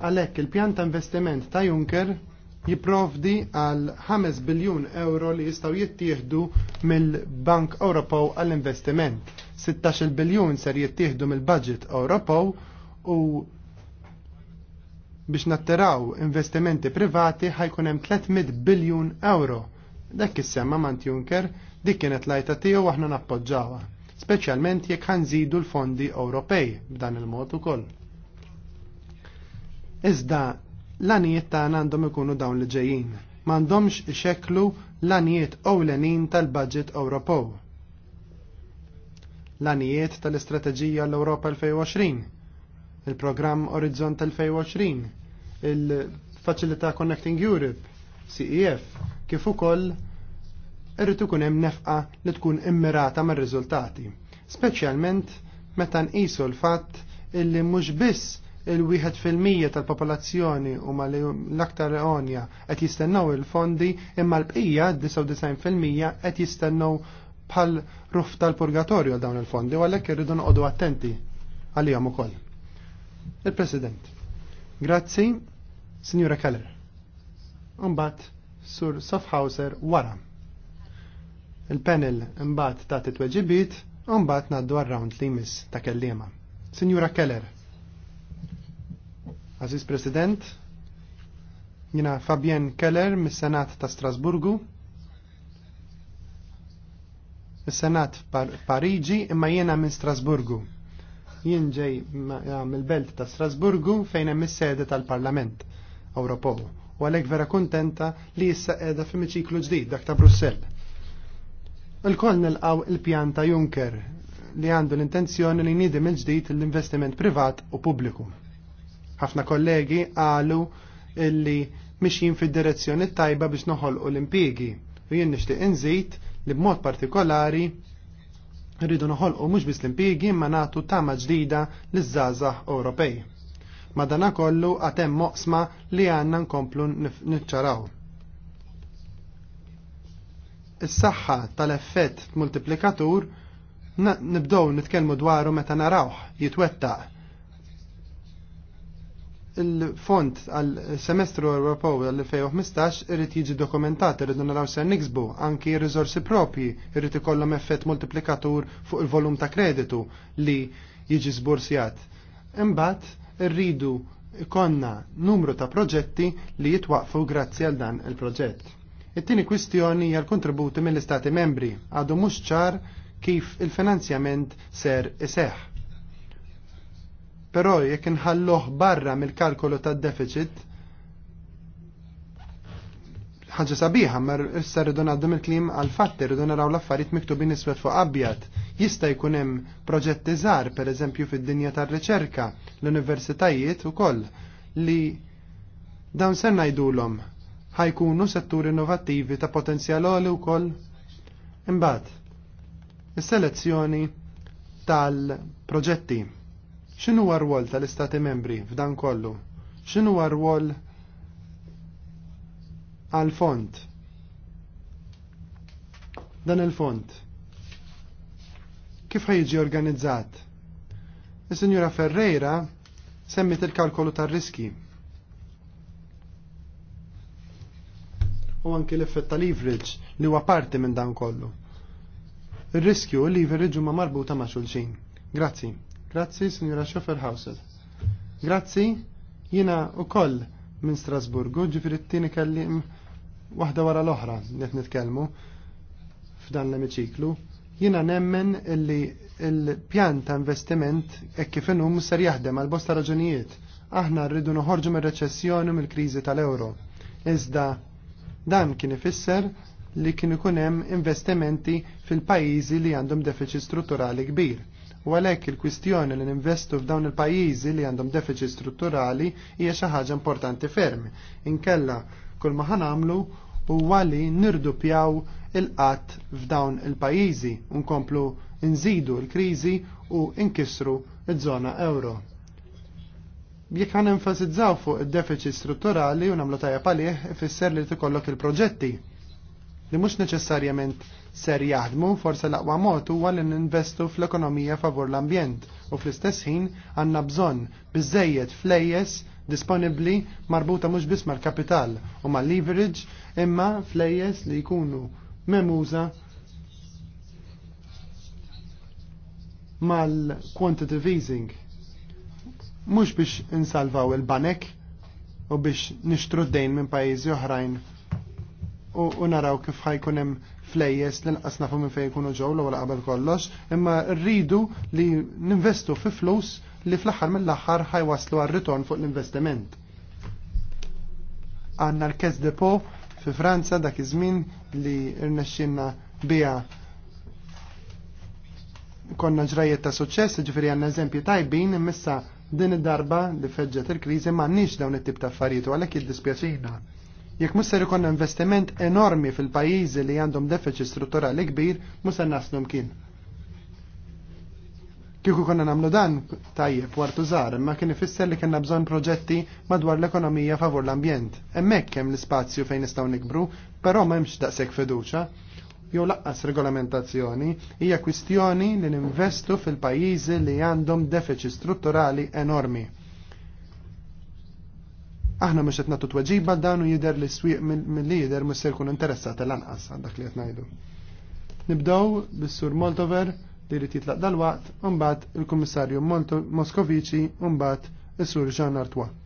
Għalhekk il-pjan ta' investiment ta' Juncker jipprovdi għal 5 biljun euro li jistgħu jittieħdu mill-Bank Ewropew għall-investiment. 16 biljun ser jittieħdu mill-Budget Ewropew u biex natteraw investimenti privati ħajkun hemm 300 biljun euro. Dak is-semma Mant Juncker dik kienet lajta tiegħu aħna nappoġġawha, speċjalment jekk ħanżidu l-fondi Ewropej b'dan il-mod ukoll. Iżda l-anijiet tagħna għandhom ikunu dawn li ġejjin. M'għandhomx ixekklu l-anijiet ewlenin tal-budget Ewropew. L-anijiet tal-Istrateġija l-Ewropa 2020, il-programm Orizzont 2020, il-Faċilità Connecting Europe, CEF, kif ukoll irrid ikun hemm nefqa li tkun immirata mar-riżultati, speċjalment meta nqisu l-fatt illi mhux biss il-1 fil-mija tal-popolazzjoni u ma l-aktar onja qed jistennew il-fondi imma l-bqija 99 fil-mija qed jistennew bħal ruf tal-purgatorju dawn il-fondi u għalhekk irridu noqogħdu attenti għalihom ukoll. Il-President. Grazzi, Signora Keller. Imbagħad, Sur Sofhauser wara. Il-panel imbat ta' titweġibit, u naddu ngħaddu round li jmiss ta' kellima. Signora Keller. Aziz President, jina Fabien Keller mis-Senat ta' Strasburgu, mis-Senat Par Parigi imma jena minn Strasburgu jien ġej mill-belt ta' Strasburgu fejn hemm is-sede tal-Parlament Ewropew. U għalhekk vera kuntenta li issa qiegħda f'imiċiklu ġdid dak ta' Brussell. Il-koll nilqaw il-pjan ta' Juncker li għandu l-intenzjoni li nidim il-ġdid l-investiment privat u pubbliku. Ħafna kollegi qalu illi mixjin fid-direzzjoni tajba biex noħolqu l-impjiegi u jien nixtieq inżid li b'mod partikolari Rridu noħolqu mhux biss l-impjiegi imma nagħtu tama ġdida liż-żgħażagħ Ewropej. Madanakollu għad hemm moqsma li għandna nkomplu niċċaraw. Is-saħħa tal-effett multiplikatur nibdow nitkellmu dwaru meta narawh jitwettaq il-font għal-semestru Ewropew għal-2015 irrid jiġi dokumentat, irrid naraw ser niksbu, anki riżorsi propji irrid ikollhom effett multiplikatur fuq il-volum ta' kreditu li jiġi sborsjat. Imbagħad irridu ikonna numru ta' proġetti li jitwaqfu grazzi għal dan il-proġett. It-tieni kwistjoni hija l-kontributi mill-Istati membri għadu mhux ċar kif il-finanzjament ser iseħħ Però jekk inħalluh barra mill-kalkolu tad-deficit ħaġa sabiħa, ma issa rridu ngħaddu mill-klim għal-fatti, rridu naraw l-affarijiet miktubin nisbet fuq abjad. Jista' jkun hemm proġetti żgħar, pereżempju fid-dinja tar-riċerka, l-universitajiet ukoll li dawn se ngħidulhom ħajkunu setturi innovattivi ta' potenzjal għoli wkoll. Imbagħad, is-selezzjoni tal-proġetti X'inhu rwol tal-Istati Membri f'dan kollu? X'inhu rwol għal fond? Dan il-fond kif ħajġi organizzat? Is-Sinjura Ferreira semmit il-kalkolu tar-riski. u anki l-effett tal-leverage li huwa parti minn dan kollu. Ir-riskju u l-leverage huma marbuta ma' xulxin. Grazzi. Grazzi, Signora Schofferhauser. Grazzi, jina u koll minn Strasburgu, ġifirittini kellim wahda wara l-oħra li qed nitkellmu f'dan l emiciklu Jina nemmen illi il-pjan ta' investiment hekk kif inhu ser jaħdem għal bosta raġunijiet. Aħna rridu noħorġu mir-reċessjoni mill-kriżi tal-euro. Iżda dan kien ifisser li kien ikun hemm investimenti fil-pajjiżi li għandhom deficit strutturali kbir U għalhekk il-kwistjoni li ninvestu f'dawn il-pajjiżi li għandhom deficit strutturali hija xi ħaġa importanti ferm. Inkella kull ma ħanamlu għali nirdu nirdupjaw il-qatt f'dawn il-pajjiżi u nkomplu nżidu l-kriżi u nkissru iż-żona euro jekk ħan enfasizzaw fuq id deficit strutturali u namlu tajja palih, ifisser li tikollok il-proġetti li mhux neċessarjament ser jaħdmu forse l-aqwa mod huwa li ninvestu fl-ekonomija favur l-ambjent u fl-istess ħin għandna bżonn biżejjed flejjes disponibbli marbuta mhux biss mal-kapital u mal-leverage imma flejjes li jkunu memuża mal-quantitative easing. Mhux biex insalvaw il-banek u biex nixtru d-dejn minn pajjiżi oħrajn u naraw kif ħajkun hemm flejjes li nqas nafu minn fejn jkunu ġew l-ewwel qabel kollox, imma rridu li ninvestu fi flus li fl-aħħar mill-aħħar ħajwaslu għar-ritorn fuq l-investiment. Għandna l-Kes Depot fi Franza dak iż-żmien li rnexxinna biha konna ġrajiet ta' suċċess, ġifieri għandna eżempji tajbin, imissa din id-darba li feġġet il-kriżi m'għandniex dawn it-tip ta' affarijiet u għalhekk id-dispjaċina. Jekk musser ikon investiment enormi fil-pajjiżi li għandhom deficit strutturali kbir, musser naslu mkien. Kieku konna namlu dan tajjeb wartu żgħar, imma kien ifisser li kellna bżonn proġetti madwar l-ekonomija favur l-ambjent. Hemmhekk hemm l-ispazju fejn nistgħu nikbru, però m'hemmx daqshekk fiduċa jew laqqas regolamentazzjoni hija kwistjoni li ninvestu fil-pajjiżi li għandhom deficit strutturali enormi. Aħna mhux qed nagħtu tweġiba dan u jidher li swieq milli jidher mhux se jkun interessat lanqas għal dak li qed ngħidu. Nibdew bis-Sur Moltover li jrid jitlaq dal-waqt, u mbagħad il-Kummissarju Moskovici u mbagħad is-Sur Jean Artois.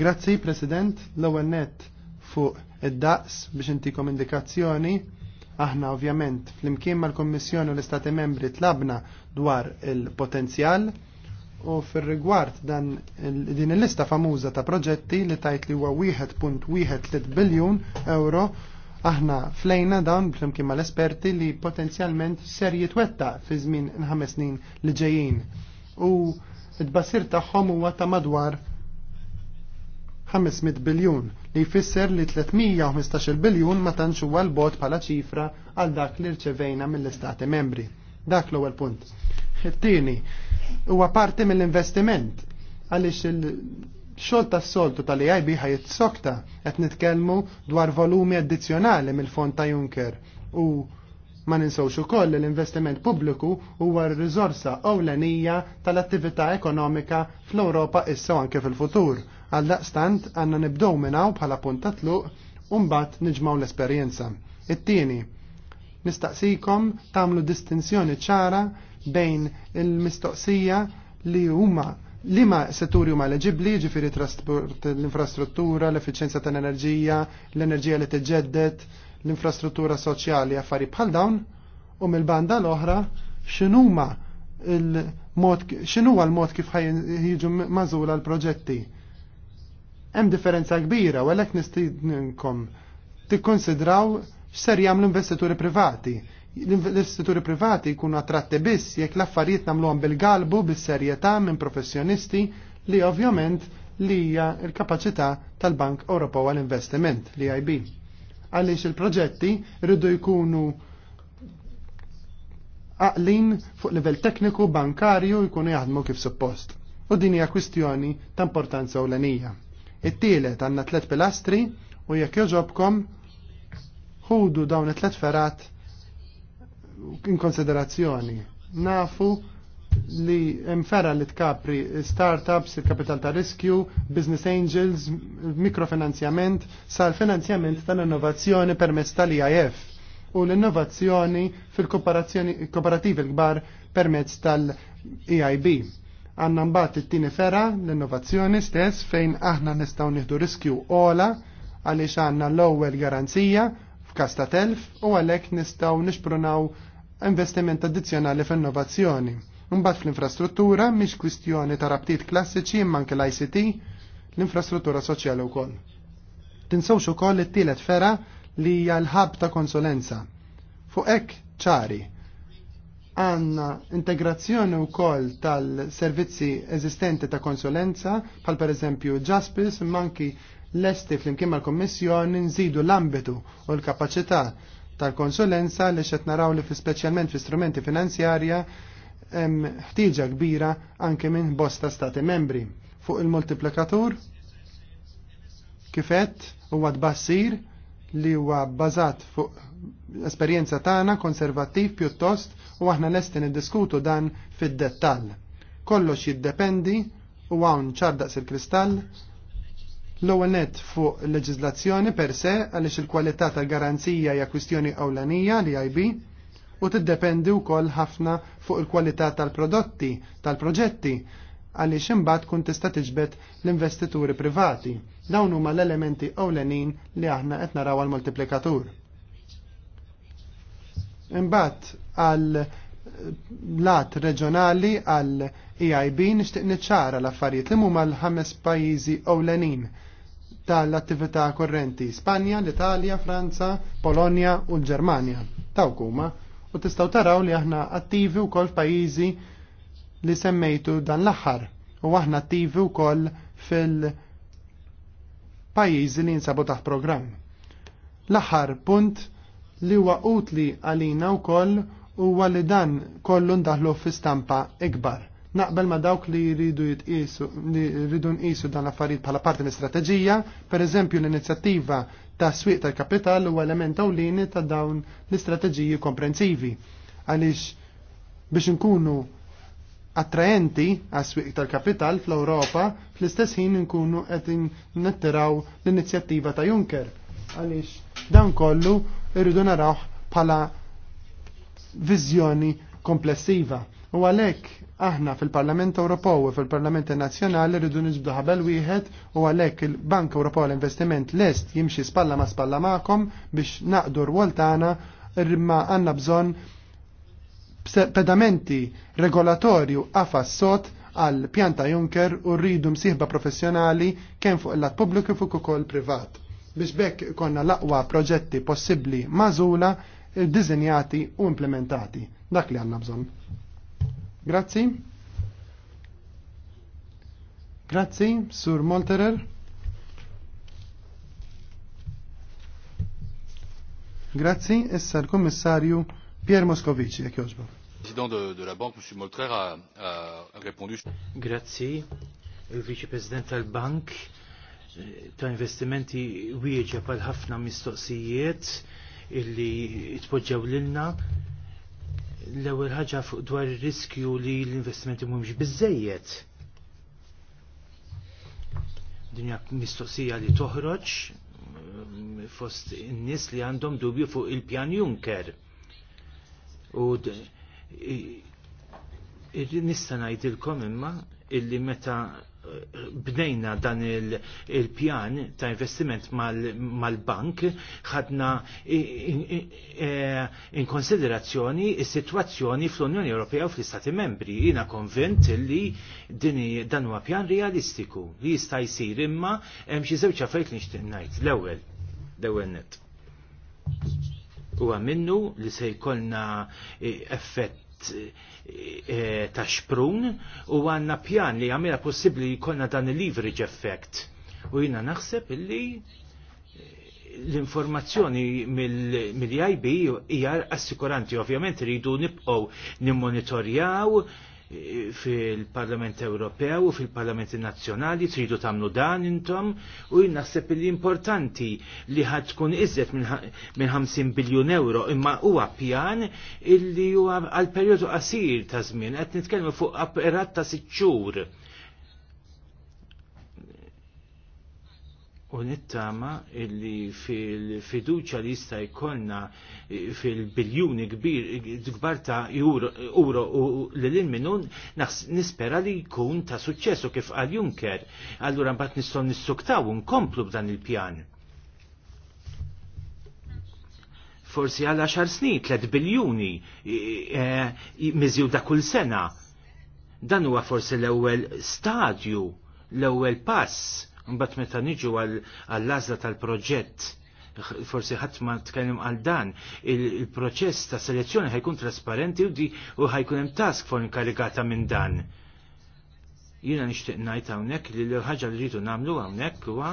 Grazzi, President, l-ewwel nett fuq id-daqs biex intikom indikazzjoni aħna ovvjament fl-imkien mal-Kommissjoni u l-Istati membri tlabna dwar il-potenzjal U fil-rigward dan din il-lista famuża ta' proġetti li tajt li huwa 1.13 biljun euro aħna flejna dawn flimkien mal esperti li potenzjalment ser jitwetta fi żmien ħames snin li ġejjin. U id-basir tagħhom huwa ta' madwar 500 biljun li jfisser li 315 biljun ma tantx huwa l-bot bħala ċifra għal dak li rċevejna mill-Istati membri. Dak l-ewwel punt. It-tieni, huwa parti mill-investiment għaliex il-xogħol tas-soltu tal-EIB ħajt sokta qed nitkellmu dwar volumi addizzjonali mill-fond ta' Juncker u ma ninsawx ukoll l-investiment pubbliku huwa r-riżorsa ewlenija tal-attività ekonomika fl-Ewropa issa anke fil-futur. Għaldaqstant għandna nibdew minnaw bħala punta tluq u mbagħad niġmaw l-esperjenza. It-tieni, nistaqsikom tagħmlu distinzjoni ċara bejn il-mistoqsija li huma li ma setturi huma eleġibbli, ġifieri trasport, l-infrastruttura, l efficienza tal-enerġija, l-enerġija li tiġġedded, l-infrastruttura soċjali, affari bħal dawn, u mill-banda l-oħra x'inhuma il-mod x'inhuwa l-mod kif jiġu mażula l-proġetti. Hemm differenza kbira u għalhekk nistidnkom tikkonsidraw x'ser jagħmlu investituri privati l-istituri privati jkunu attratti biss jekk l-affarijiet nagħmluhom bil-galbu bis-serjetà minn professjonisti li ovvjament li hija l-kapaċità tal-Bank Ewropew għall-Investiment, l-EIB. Għaliex il-proġetti rridu jkunu għaqlin fuq livell tekniku bankarju jkunu jaħdmu kif suppost. U din hija kwistjoni ta' importanza ewlenija. It-tielet għandna tliet pilastri u jekk joġobkom ħudu dawn it-tlet ferat in konsiderazzjoni. Nafu li mferra li tkapri startups, il-kapital ta' riskju, business angels, mikrofinanzjament, sal-finanzjament tal-innovazzjoni permess tal-IAF u l-innovazzjoni fil-kooperativi l-kbar permezz tal-EIB. Għanna mbagħad it-tieni fera l-innovazzjoni stess fejn aħna nistgħu nieħdu riskju ola għaliex għandna l-ewwel garanzija f'kas ta' telf u għalhekk nistgħu nixprunaw investiment addizzjonali f'innovazzjoni. Mbagħad fl-infrastruttura mhix kwistjoni ta' rabtiet klassiċi imma anke l-ICT, l-infrastruttura soċjali wkoll. Tinsewx ukoll it-tielet fera li hija l-ħab ta' konsulenza. Fuq hekk ċari għanna integrazzjoni u koll tal-servizzi eżistenti ta' konsulenza, pal per eżempju Jaspis, manki l-esti fl-imkien mal-Kommissjoni nżidu l-ambitu u l-kapacità tal-konsulenza li xet naraw li specialment fi strumenti finanzjarja ħtieġa kbira anke minn bosta stati membri. Fuq il-multiplikatur, kifet huwa tbassir li huwa bbażat fuq esperjenza tagħna konservattiv pjuttost u aħna lesti niddiskutu dan fid-dettall. Kollox jiddependi u hawn ċardaqs il-kristall L-ewwel nett fuq leġiżlazzjoni per se għaliex il-kwalità tal-garanzija hija kwistjoni ewlenija li IB u tiddependi wkoll ħafna fuq il-kwalità tal-prodotti, tal-proġetti għaliex imbagħad tkun tista' tiġbed l-investituri privati. Dawn huma l-elementi ewlenin li aħna qed naraw għall-multiplikatur. Imbagħad għal lat reġjonali għal EIB nixtieq niċċara l-affarijiet li huma l-ħames pajjiżi ewlenin tal-attività korrenti Spanja, l-Italja, Franza, Polonja u l-Ġermanja. Taw kuma, u tistaw taraw li aħna attivi u kol pajizi li semmejtu dan l-axar u aħna attivi u kol fil-pajizi li nsabu taħ program. L-axar punt li huwa utli għalina u kol huwa li dan kollu ndaħlu fi stampa ikbar. Naqbel ma dawk li jridu jitqisu li jridu nqisu dan l-affarijiet bħala parti mill-istrateġija, pereżempju l-inizjattiva ta' swieq tal-kapital huwa element ewlieni ta' dawn l-istrateġiji komprensivi. Għaliex biex inkunu attraenti għas swieq tal-kapital fl-Ewropa, fl-istess ħin nkunu qed nittiraw l-inizjattiva ta' Juncker. Għaliex dan kollu irridu narawh bħala viżjoni komplessiva. U għalhekk Aħna fil-Parlament Ewropew u fil-Parlament Nazzjonali rridu nisbdu ħabel wieħed u għalhekk il-Bank Ewropew l-Investiment lest jimxi spalla ma spalla magħkom biex naqdu rwol tagħna imma għandna bżonn pedamenti regolatorju afas sot għal pjanta Juncker u rridu msiħba professjonali kemm fuq il-lat pubbliku fuq ukoll privat. Biex bekk konna l-aqwa proġetti possibbli mażula, dizinjati u implementati. Dak li għanna bżonn. Grazzi. Grazzi, Sur Molterer. Grazzi, issa l-Kommissarju Pier Moscovici, jek joġba. Presidente della banca, M. Moltrer, Grazzi, il vicepresidente President tal-Bank eh, ta' investimenti wieġa pal ħafna mistoqsijiet illi tpoġġaw lilna l-ewwel ħaġa fuq dwar ir-riskju li l-investimenti mhumiex biżejjed. Dinja mistoqsija li toħroġ mm, fost in-nies li għandhom dubju fuq il-pjan Juncker. U nista' ngħidilkom imma illi meta bnejna dan il-pjan il ta' investiment mal-bank mal ħadna e, in konsiderazzjoni il sitwazzjoni fl-Unjoni Ewropea u fl-Istati Membri. Jina konvent li dini dan huwa pjan realistiku li jista' jsir imma hemm xi żewġ affarijiet li nixtieq ngħid. L-ewwel, l-ewwel net. Huwa minnu li se jkollna e, effett Eh, eh, ta' xprun u għanna pjan li għamela possibli jkollna dan il-leverage effect. U jina naħseb li eh, l-informazzjoni mill-IB hija assikuranti, ovvjament rridu nibqgħu nimmonitorjaw fil-Parlament Ewropew u fil-Parlamenti Nazzjonali tridu tamlu dan intom u jinnaħseb li importanti li ħad tkun izzet minn 50 biljun euro imma huwa pjan illi huwa għal perjodu qasir ta' żmien qed nitkellmu fuq apparat ta' sitt u nittama illi fil-fiduċa li jista jkollna eh, fil-biljuni kbir kbar ta' euro u l-lin minun nispera li jkun ta' suċċessu kif għal Juncker. Allura mbagħad nistgħu nissuktaw nkomplu b'dan il-pjan. Forsi għal 10 snin, 3 biljuni, eh, eh, miżju da' kull sena. Dan huwa forsi l-ewwel stadju, l-ewwel pass Mbagħad meta niġu għall-għażla tal-proġett forsi ħadd ma tkellem għal dan, il-proċess ta' selezzjoni ħajkun trasparenti u di u ħajkun hemm task for inkarigata minn dan. Jiena nixtieq ngħid hawnhekk li l-ħaġa li rridu nagħmlu hawnhekk huwa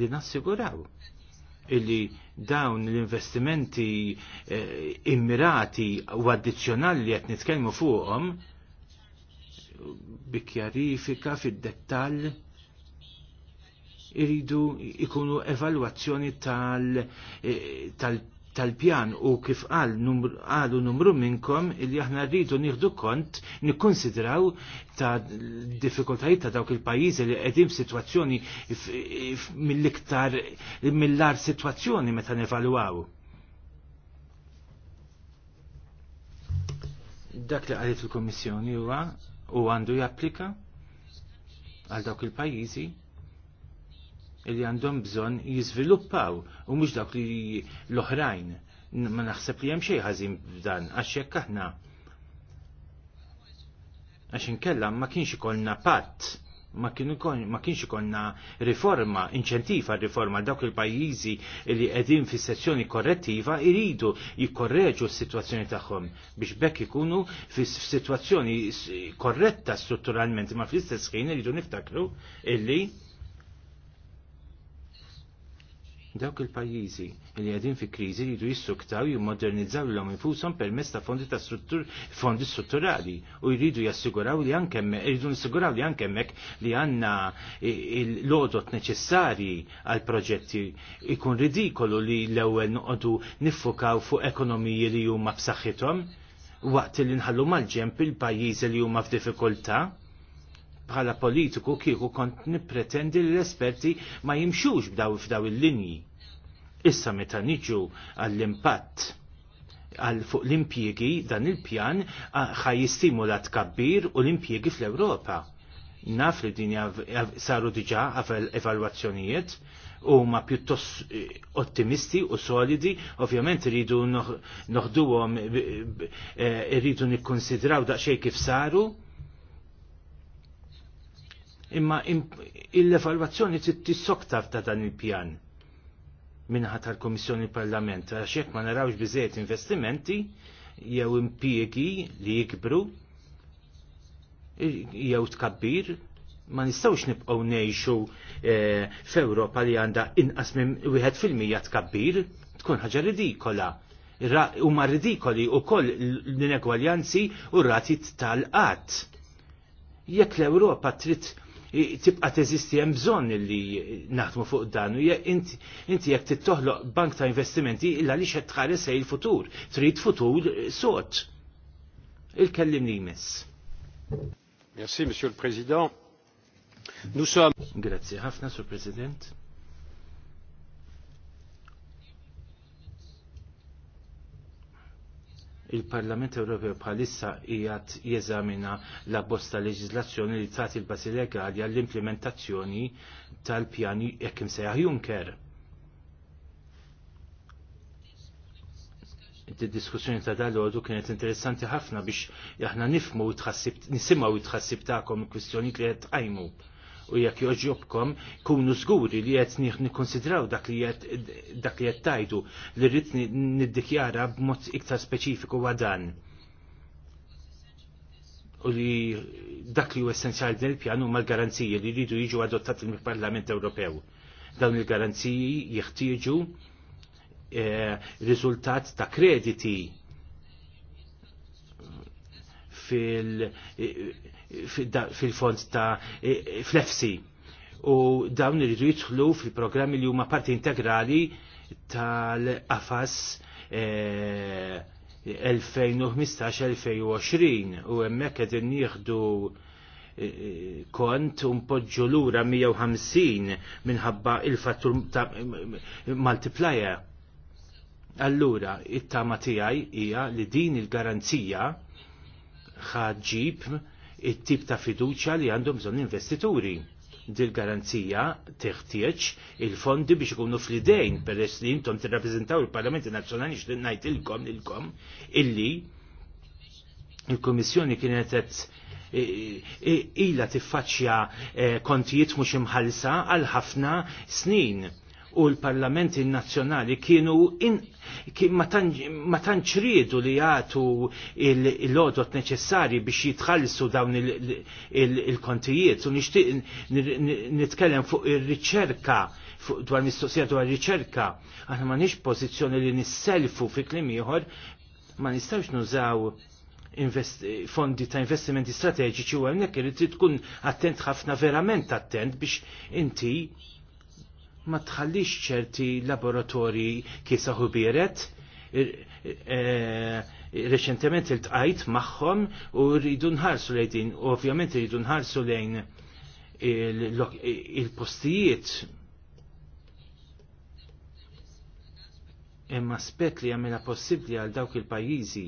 li nassiguraw illi dawn l-investimenti eh, immirati u addizzjonali li qed nitkellmu fuqhom bikjarifika fid-dettall iridu ikunu evalwazzjoni eh, tal-pjan tal, u kif għal numru, għalu numru minnkom li aħna rridu nieħdu kont nikkonsidraw ta' diffikultajiet ta' dawk il-pajjiżi li qegħdin f'sitwazzjoni mill-iktar mill-ar sitwazzjoni meta nevalwaw. dak li għalit il-Komissjoni huwa u għandu japplika għal dawk il-pajjiżi li għandhom bżonn jiżviluppaw u mhux dak li l-oħrajn ma naħseb li hemm xejn ħażin f'dan għax jekk aħna għax inkella ma kienx ikollna patt ma kienx ikollna riforma, inċentiva riforma dawk il-pajjiżi li qegħdin fis sezzjoni korrettiva iridu jikkorreġu s-sitwazzjoni tagħhom biex bekk ikunu fis-sitwazzjoni korretta strutturalment ma fl-istess ħin iridu niftakru illi Dawk il-pajjiżi li għedin fi kriżi li jridu jissuktaw jimmodernizzaw l infushom permezz ta' fondi ta' struttur, fondi strutturali u jridu jassiguraw li anke jridu nissiguraw li anke hemmhekk li għandna l odot neċessarji għal proġetti ikun ridikolu li l-ewwel noqogħdu niffokaw fuq ekonomiji li huma b'saħħithom waqt li nħallu mal-ġemp il-pajjiżi li huma f'diffikultà bħala politiku kieku kont nippretendi l-esperti ma jimxux b'daw f'daw il-linji. Issa meta niġu għall-impatt għal fuq l-impjiegi dan il-pjan ħaj jistimula tkabbir u l-impjiegi fl-Ewropa. Naf li din saru diġa għavel evalwazzjonijiet u ma pjuttost eh, ottimisti u solidi, ovvjament rridu noħduhom eh, eh, rridu nikkonsidraw daqsxejn kif saru. Imma l-evalwazzjoni t-tissoktaf ta' dan il-pjan minnaħat tal-Komissjoni Parlament. Għaxek ma narawx bizzejt investimenti jew impiegi li jikbru jew tkabbir ma nistawx nibqgħu ngħixu eh, f'Ewropa li għandha inqas minn wieħed fil-mija tkabbir tkun ħaġa ridikola. ma ridikoli koll l-inegwaljanzi u rati tal-qatt. Jekk l-Ewropa trid tibqa teżisti hemm bżonn li naħdmu fuq dan u inti jekk tittoħloq bank ta' investimenti illa li xed tħares sej il-futur, trid futur sod. Il-kellimni jmiss. Merci, Monsieur le Président. Nous sommes... Grazie, ħafna, Sur President il-Parlament Ewropew bħalissa qiegħed jeżamina la bosta leġislazzjoni li tagħti l-bażi legali għall-implementazzjoni tal-pjani jekk imsejjaħ Juncker. Id-diskussjoni ta' dal-għodu kienet interessanti ħafna biex aħna nifmu u tħassib, nisimaw u tħassib ta'kom il-kwistjoni li qed tqajmu u jekk joġobkom kunu żguri li qed nikkonsidraw dak li qed tajdu li rrid niddikjara b'mod iktar speċifiku wa dan. U li dak li hu essenzjali din il-pjan huma l-garanziji li jridu jiġu adottati mill-Parlament Ewropew. Dawn il-garanziji jeħtieġu eh, riżultat ta' krediti fil fil-fond ta' e, e, flefsi u dawn irridu jidħlu fil-programmi li huma parti integrali tal afas 2015-2020 u hemmhekk qegħdin nieħdu e, kont un poġġu lura 150 minħabba il-fattur ta' multiplier. Allura, it-tama tiegħi hija li din il-garanzija ħaġġib it-tip ta' fiduċja li għandhom bżonn investituri. Dil garanzija teħtieċ il-fondi biex ikunu fl-idejn peress li t tirrappreżentaw il-Parlamenti Nazzjonali kom ngħidilkom kom illi il-Kummissjoni kienet qed e, e, ilha tiffaċċja e, kontijiet mhux imħallsa għal ħafna snin u l-parlamenti nazzjonali kienu in, kien ma tantx riedu li jgħatu l-odot neċessari biex jitħallsu dawn il-kontijiet u nixtieq nitkellem fuq ir-riċerka dwar mistoqsija dwar riċerka aħna nix pożizzjoni li nisselfu fi kliem ieħor ma nistgħux nużaw fondi ta' investimenti strateġiċi u għemnek irrid tkun attent ħafna verament attent biex inti ma tħallix ċerti laboratori kisaħu biret, e, e, Reċentement il-tqajt maħħom u rridu nħarsu lejn, ovvjament rridu nħarsu lejn il-postijiet. Imma spett li għamela possibli għal dawk il-pajizi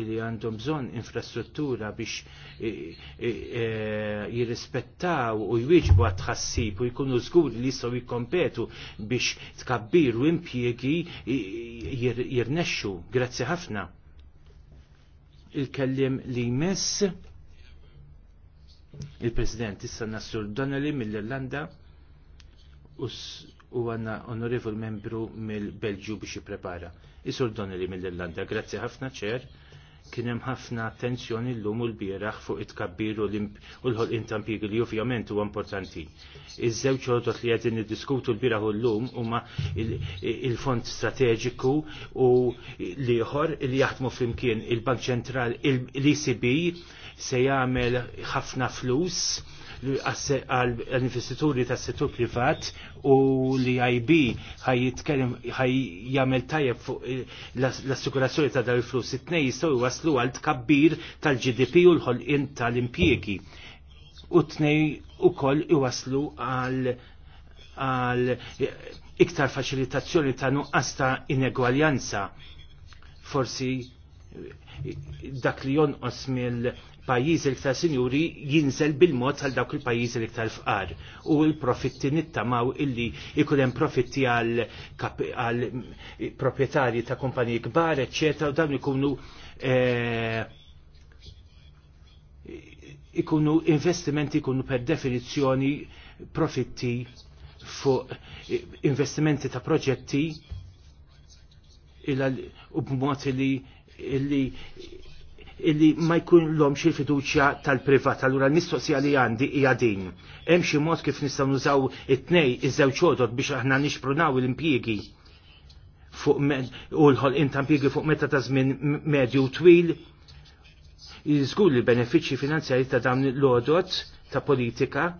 Illi għandhom bżonn infrastruttura biex e, e, e, jirrispettaw u jwieġbu għat u jkunu żgur li jistgħu jikkompetu biex tkabbir u impjiegi jirnexxu. Grazzi ħafna. Il-kellim li jmess il-President issa Nassur Donnelly mill-Irlanda u għanna onorevol membru mill-Belġu biex jiprepara. Isur Donnelly mill-Irlanda, grazzi ħafna ċer kien hemm ħafna attenzjoni llum u l-bieraħ fuq it-kabbir u l ħol ta' li ovvjament huwa importanti. Iż-żewġ ħodot li qegħdin niddiskutu l-bieraħ u llum huma il-fond strateġiku u l-ieħor li jaħdmu flimkien il-Bank ċentral, l-ECB se jagħmel ħafna flus għall-investituri tas settur privat u li IB ħaj jitkellem ħaj jagħmel tajjeb fuq l-assikurazzjoni ta' dawn il-flus it-tnej jistgħu jwaslu għal tkabbir tal-GDP u l-ħolqien tal-impjiegi. U t tnej ukoll iwaslu għal għal iktar faċilitazzjoni ta' nuqqas ta' inegwaljanza. Forsi dak li jonqos mill pajjiżi l-iktar sinjuri jinżel bil-mod għal dawk il-pajjiżi l-iktar fqar u l-profitti nittamaw illi ikun hemm profitti għal, proprietari proprjetarji ta' kumpaniji kbar, eċċetera, u dawn ikunu eh, ikunu investimenti ikunu per definizzjoni profitti fuq eh, investimenti ta' proġetti u b'mod li illi illi ma jkun l-om fiduċja tal-privat. Allura l-mistoqsija li għandi hija din. Hemm xi mod kif nistgħu nużaw it-tnej iż-żewġ għodot biex aħna nixprunaw l-impjiegi fuq u l-ħolqien ta' impjiegi fuq meta ta' żmien medju twil. Żgur li benefiċċji finanzjari ta' dawn l-għodot ta' politika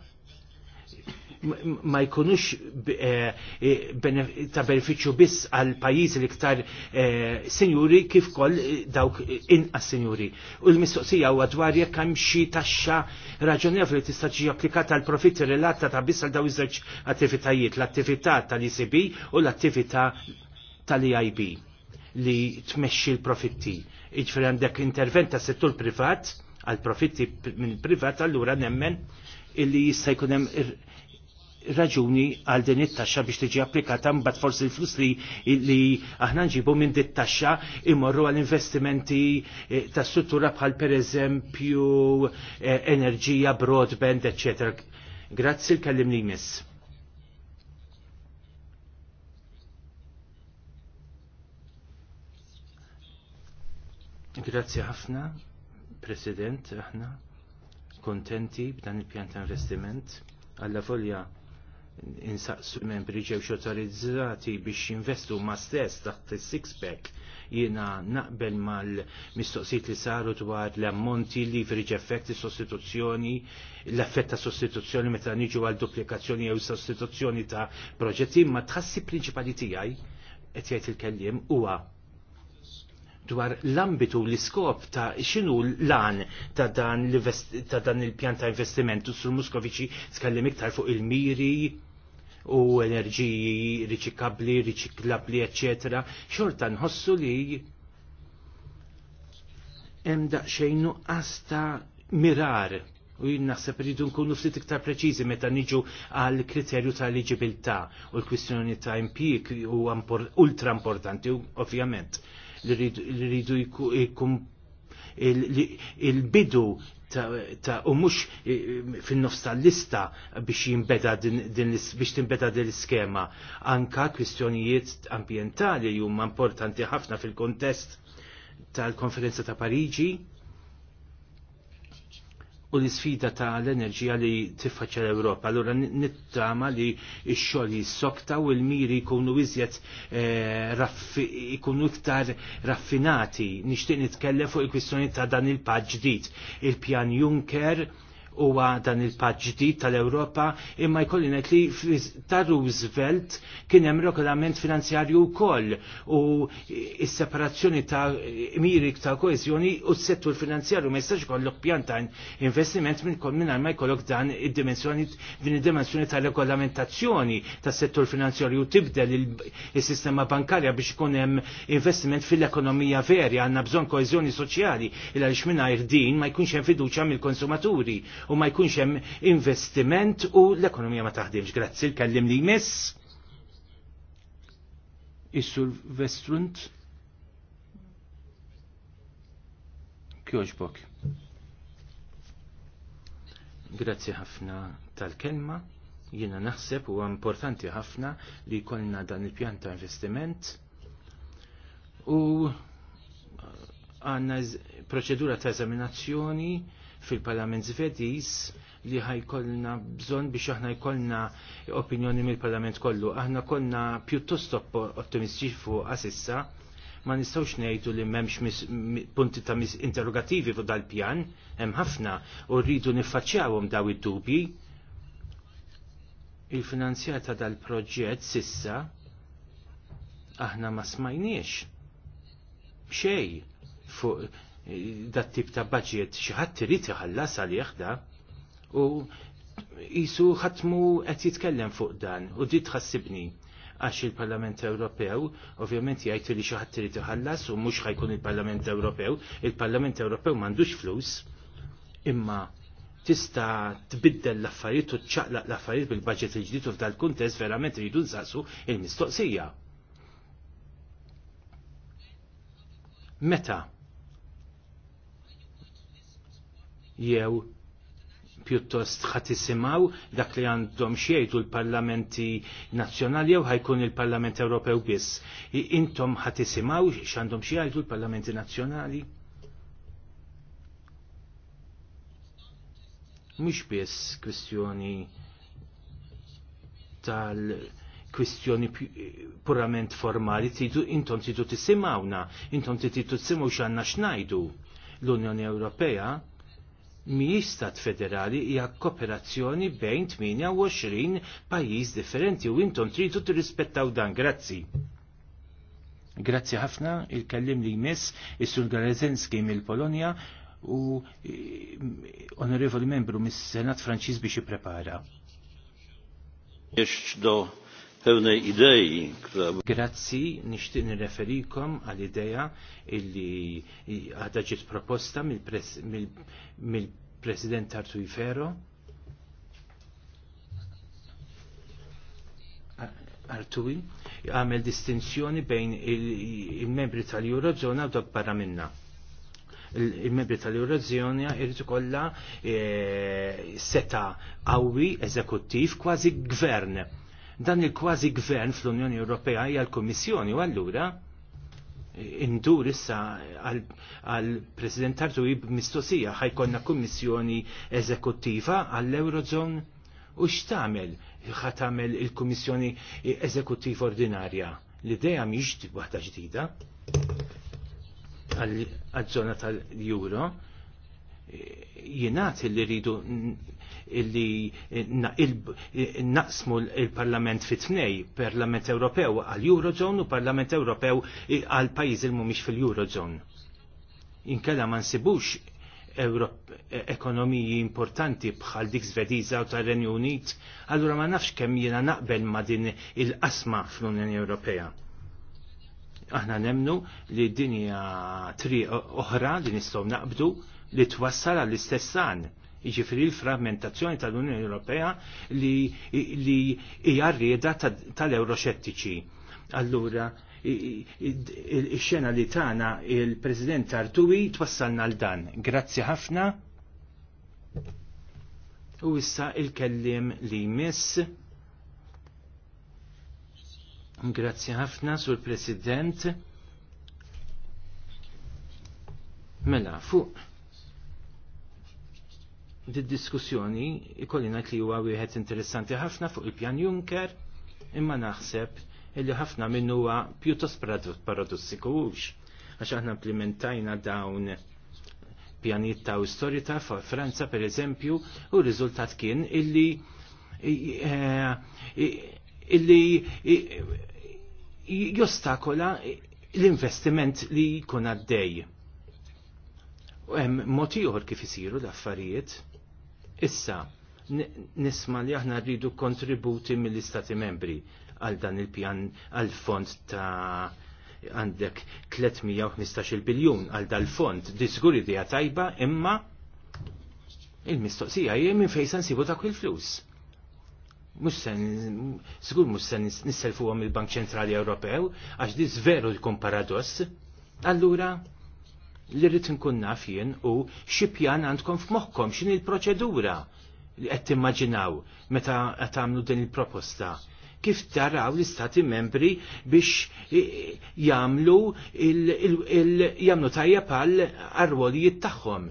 ma jkunux eh, eh, ta' benefiċu biss għal pajjiż l-iktar eh, sinjuri kif koll dawk inqas sinjuri. U l-mistoqsija huwa dwar jekk hemm xi taxxa raġonevoli tista' ġi applikata għal profitt relata ta' biss għal daw iż-żewġ attivitajiet, l-attività tal icb u l-attività tal-EIB li tmexxi l-profitti. Iġifieri għandek intervent tas settur privat għal profitti minn privat allura nemmen illi jista' jkun hemm raġuni għal din it-taxxa biex tiġi applikata mbagħad forsi l-flus li, li aħna nġibu minn dit taxxa imorru għal investimenti eh, ta' struttura bħal pereżempju eh, enerġija, broadband, etc. Grazzi l-kellimni miss. Grazzi ħafna, President, aħna kontenti b'dan il-pjan ta' investiment għalla volja insaqsu membri ġew autorizzati biex jinvestu ma stess taħt is-six pack jiena naqbel mal-mistoqsijiet li saru dwar l-ammonti li friġ effetti sostituzzjoni, l-effett ta' sostituzzjoni meta niġu għal duplikazzjoni jew sostituzzjoni ta' proġetti, ma tħassi prinċipali tiegħi qed jgħid il-kelliem huwa dwar l-ambitu l-iskop ta' xinu l-an ta' dan, ta dan il-pjan ta' investimentu sul Muskoviċi tkellim iktar fuq il-miri u enerġiji riċikabli, riċiklabli, ecc. xorta nħossu li hemm daqsxejn asta mirar u jinnaħseb rridu nkunu ftit iktar preċiżi meta niġu għal kriterju ta' eligibilità u l-kwistjoni ta' impik u ultra importanti ovvjament li rridu jkun il-bidu ta' u mux eh, fin-nofs tal-lista biex jimbeda din biex timbeda din l-iskema. Anka kwistjonijiet ambientali huma importanti ħafna fil-kontest tal-konferenza ta' Pariġi u l-isfida ta' l-enerġija li tiffaċċa l-Ewropa. Allura nittama li x-xogħol jissokta u l-miri jkunu iżjed eh, ikunu iktar raffinati. Nixtieq nitkellem fuq il-kwistjoni ta' dan il-paġġ Il-pjan Juncker huwa dan il-paġġ ġdid tal-Ewropa imma jkolli ngħid li ta' Roosevelt kien hemm regolament finanzjarju wkoll u s-separazzjoni ta' mirik ta' koeżjoni u s-settur finanzjarju ma jistax ikollok pjan ta' investiment minn kol minn ma jkollok dan id-dimensjoni din id-dimensjoni ta' regolamentazzjoni tas-settur finanzjarju tibdel il-sistema bankarja biex ikun hemm investiment fil-ekonomija veri għandna bżonn koeżjoni soċjali il għaliex mingħajr din ma jkunx hemm fiduċja mill-konsumaturi u ma jkunx hemm investiment u l-ekonomija ma taħdimx. Grazzi l-kellim li jmiss. Is-sur Vestrunt. bok. Grazzi ħafna tal-kelma jina naħseb u importanti ħafna li kollna dan il-pjan ta' investiment u uh, għanna proċedura ta' eżaminazzjoni fil-Parlament Zvediż li ħajkollna bżonn biex aħna jkollna opinjoni mill-Parlament kollu. Aħna konna pjuttost ottimistiċi fuq għasissa, ma nistgħux ngħidu li m'hemmx punti ta' interrogativi fuq dal-pjan, hemm ħafna u rridu niffaċċjawhom daw id-dubji. Il-finanzjata dal-proġett sissa aħna ma smajniex xej fuq dat tip ta' budget xi ħadd irid iħallas għalih da u jisu ħatmu qed jitkellem fuq dan u di tħassibni għax il-Parlament Ewropew ovvjament jgħid li xi ħadd irid iħallas u mhux ħajkun il-Parlament Ewropew, il-Parlament Ewropew m'għandux flus imma tista tbiddel l-affarijiet u tċaqlaq l-affarijiet bil-budget il-ġdid u f'dal kuntest verament rridu nsaqsu il-mistoqsija. Meta jew pjuttost ħatisimaw dak li għandhom xiejdu l-parlamenti nazzjonali jew ħajkun il-Parlament Ewropew biss. Intom ħatisimaw x'għandhom jgħidu l-parlamenti nazzjonali? Mhux biss kwistjoni tal kwistjoni purament formali, tidu, intom tidu tisimawna, intom tidu tisimaw x'għandna x'ngħidu. L-Unjoni Ewropea mhijiex stat federali hija kooperazzjoni bejn 28 pajjiż differenti u intom tridu tirrispettaw dan, grazzi. Grazzi ħafna il-kellim li jmiss is-Sur Garezenski mill-Polonja u e, onorevoli membru mis-Senat Franċiż biex jipprepara. Jiex do pewnej idei, uh, Grazzi, nishtiq nireferikom għal-ideja illi għadha ġiet proposta mill-President mil Artui Ferro. Artui għamel distinzjoni bejn il-membri il tal-Eurozona u barra minna il-membri tal-Eurozjonja irritu ikollha eh, seta qawwi eżekuttiv kważi gvern Dan il-kważi gvern fl-Unjoni Ewropea hija l-Kummissjoni u allura indur issa għal-President Tartuib mistoqsija ħajkonna kummissjoni eżekuttiva għall-Eurozone u x'tagħmel ħatamel il-Kummissjoni Eżekuttiv Ordinarja. L-idea mhix waħda ġdida għal-żona tal-Euro jingħad li rridu illi eh, eh, naqsmu il-Parlament fit-tnej, Parlament Ewropew għal-Eurozone u Parlament Ewropew eh, għal-pajiz il mhumiex fil-Eurozone. Inkella ma nsibux ekonomiji importanti bħal dik Svediża u tar-Renju Unit, allura ma nafx kemm jiena naqbel ma din il-qasma fl-Unjoni Ewropea aħna nemnu li dinja tri oħra li nistgħu naqbdu li twassal għall-istessan Jiġifieri l fragmentazzjoni tal-Unjoni Ewropea li hija rrieda tal-Euroxettiċi. Allura, ix-xena li tagħna il-President Artui twassalna l dan. Grazzi ħafna. U issa il-kellim li jmiss. Grazzi ħafna sur President. Mela, fuq Did-diskussjoni ikolli ngħid li huwa wieħed interessanti ħafna fuq il-pjan Juncker, imma naħseb illi ħafna minn huwa pjuttost paradossiku hux għax aħna implementajna dawn pjanijiet ta' storita fuq Franza per eżempju u r-riżultat kien illi eh, illi jostakola l-investiment li jkun għaddej. U hemm mod ieħor kif isiru l-affarijiet Issa, nisma li aħna rridu kontributi mill-istati membri għal dan il-pjan għal fond ta' għandek 315 biljun għal dal-fond disguri di tajba imma il-mistoqsija jie minn fejn nsibu ta' kull flus. Mux sen, sigur nisselfu għom il-Bank Ċentrali Ewropew, għax dis veru jkun paradoss. Allura, li rrit nkun naf jien u xi pjan għandkom f'moħħkom x'in il-proċedura li qed timmaġinaw meta qed tagħmlu din il-proposta. Kif taraw l-istati membri biex jagħmlu jagħmlu tajja pal arwolijiet tagħhom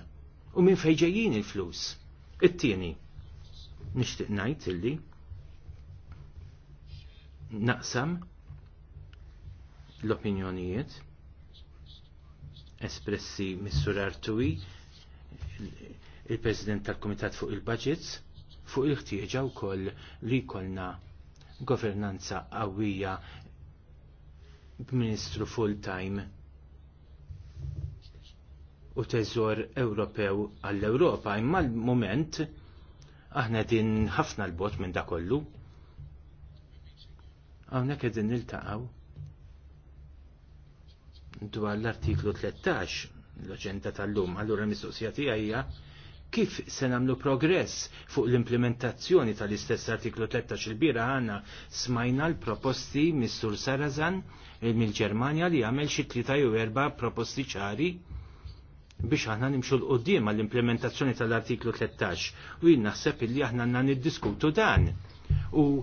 u minn fejn ġejjin il-flus. It-tieni nixtieq ngħid illi naqsam l-opinjonijiet espressi Missur Artui, il-President tal-Komitat fuq il-Budgets, fuq il-ħtieġa wkoll li jkollna governanza qawwija b'Ministru full-time u teżor Ewropew għall-Ewropa. Imma l-moment aħna din ħafna l-bot minn da kollu. Hawnhekk qegħdin taqaw dwar l-artiklu 13 l-oġenda tal-lum, allura mistoqsija tiegħi hija kif se nagħmlu progress fuq l-implementazzjoni tal-istess artiklu 13 il-bira għandna smajna l-proposti mis-Sur Sarazan eh, mill-Ġermanja li għamel xi tlieta jew erba' proposti ċari biex aħna nimxu l-qoddim għall-implementazzjoni tal-artiklu 13 u jien naħseb illi aħna għandna niddiskutu dan. U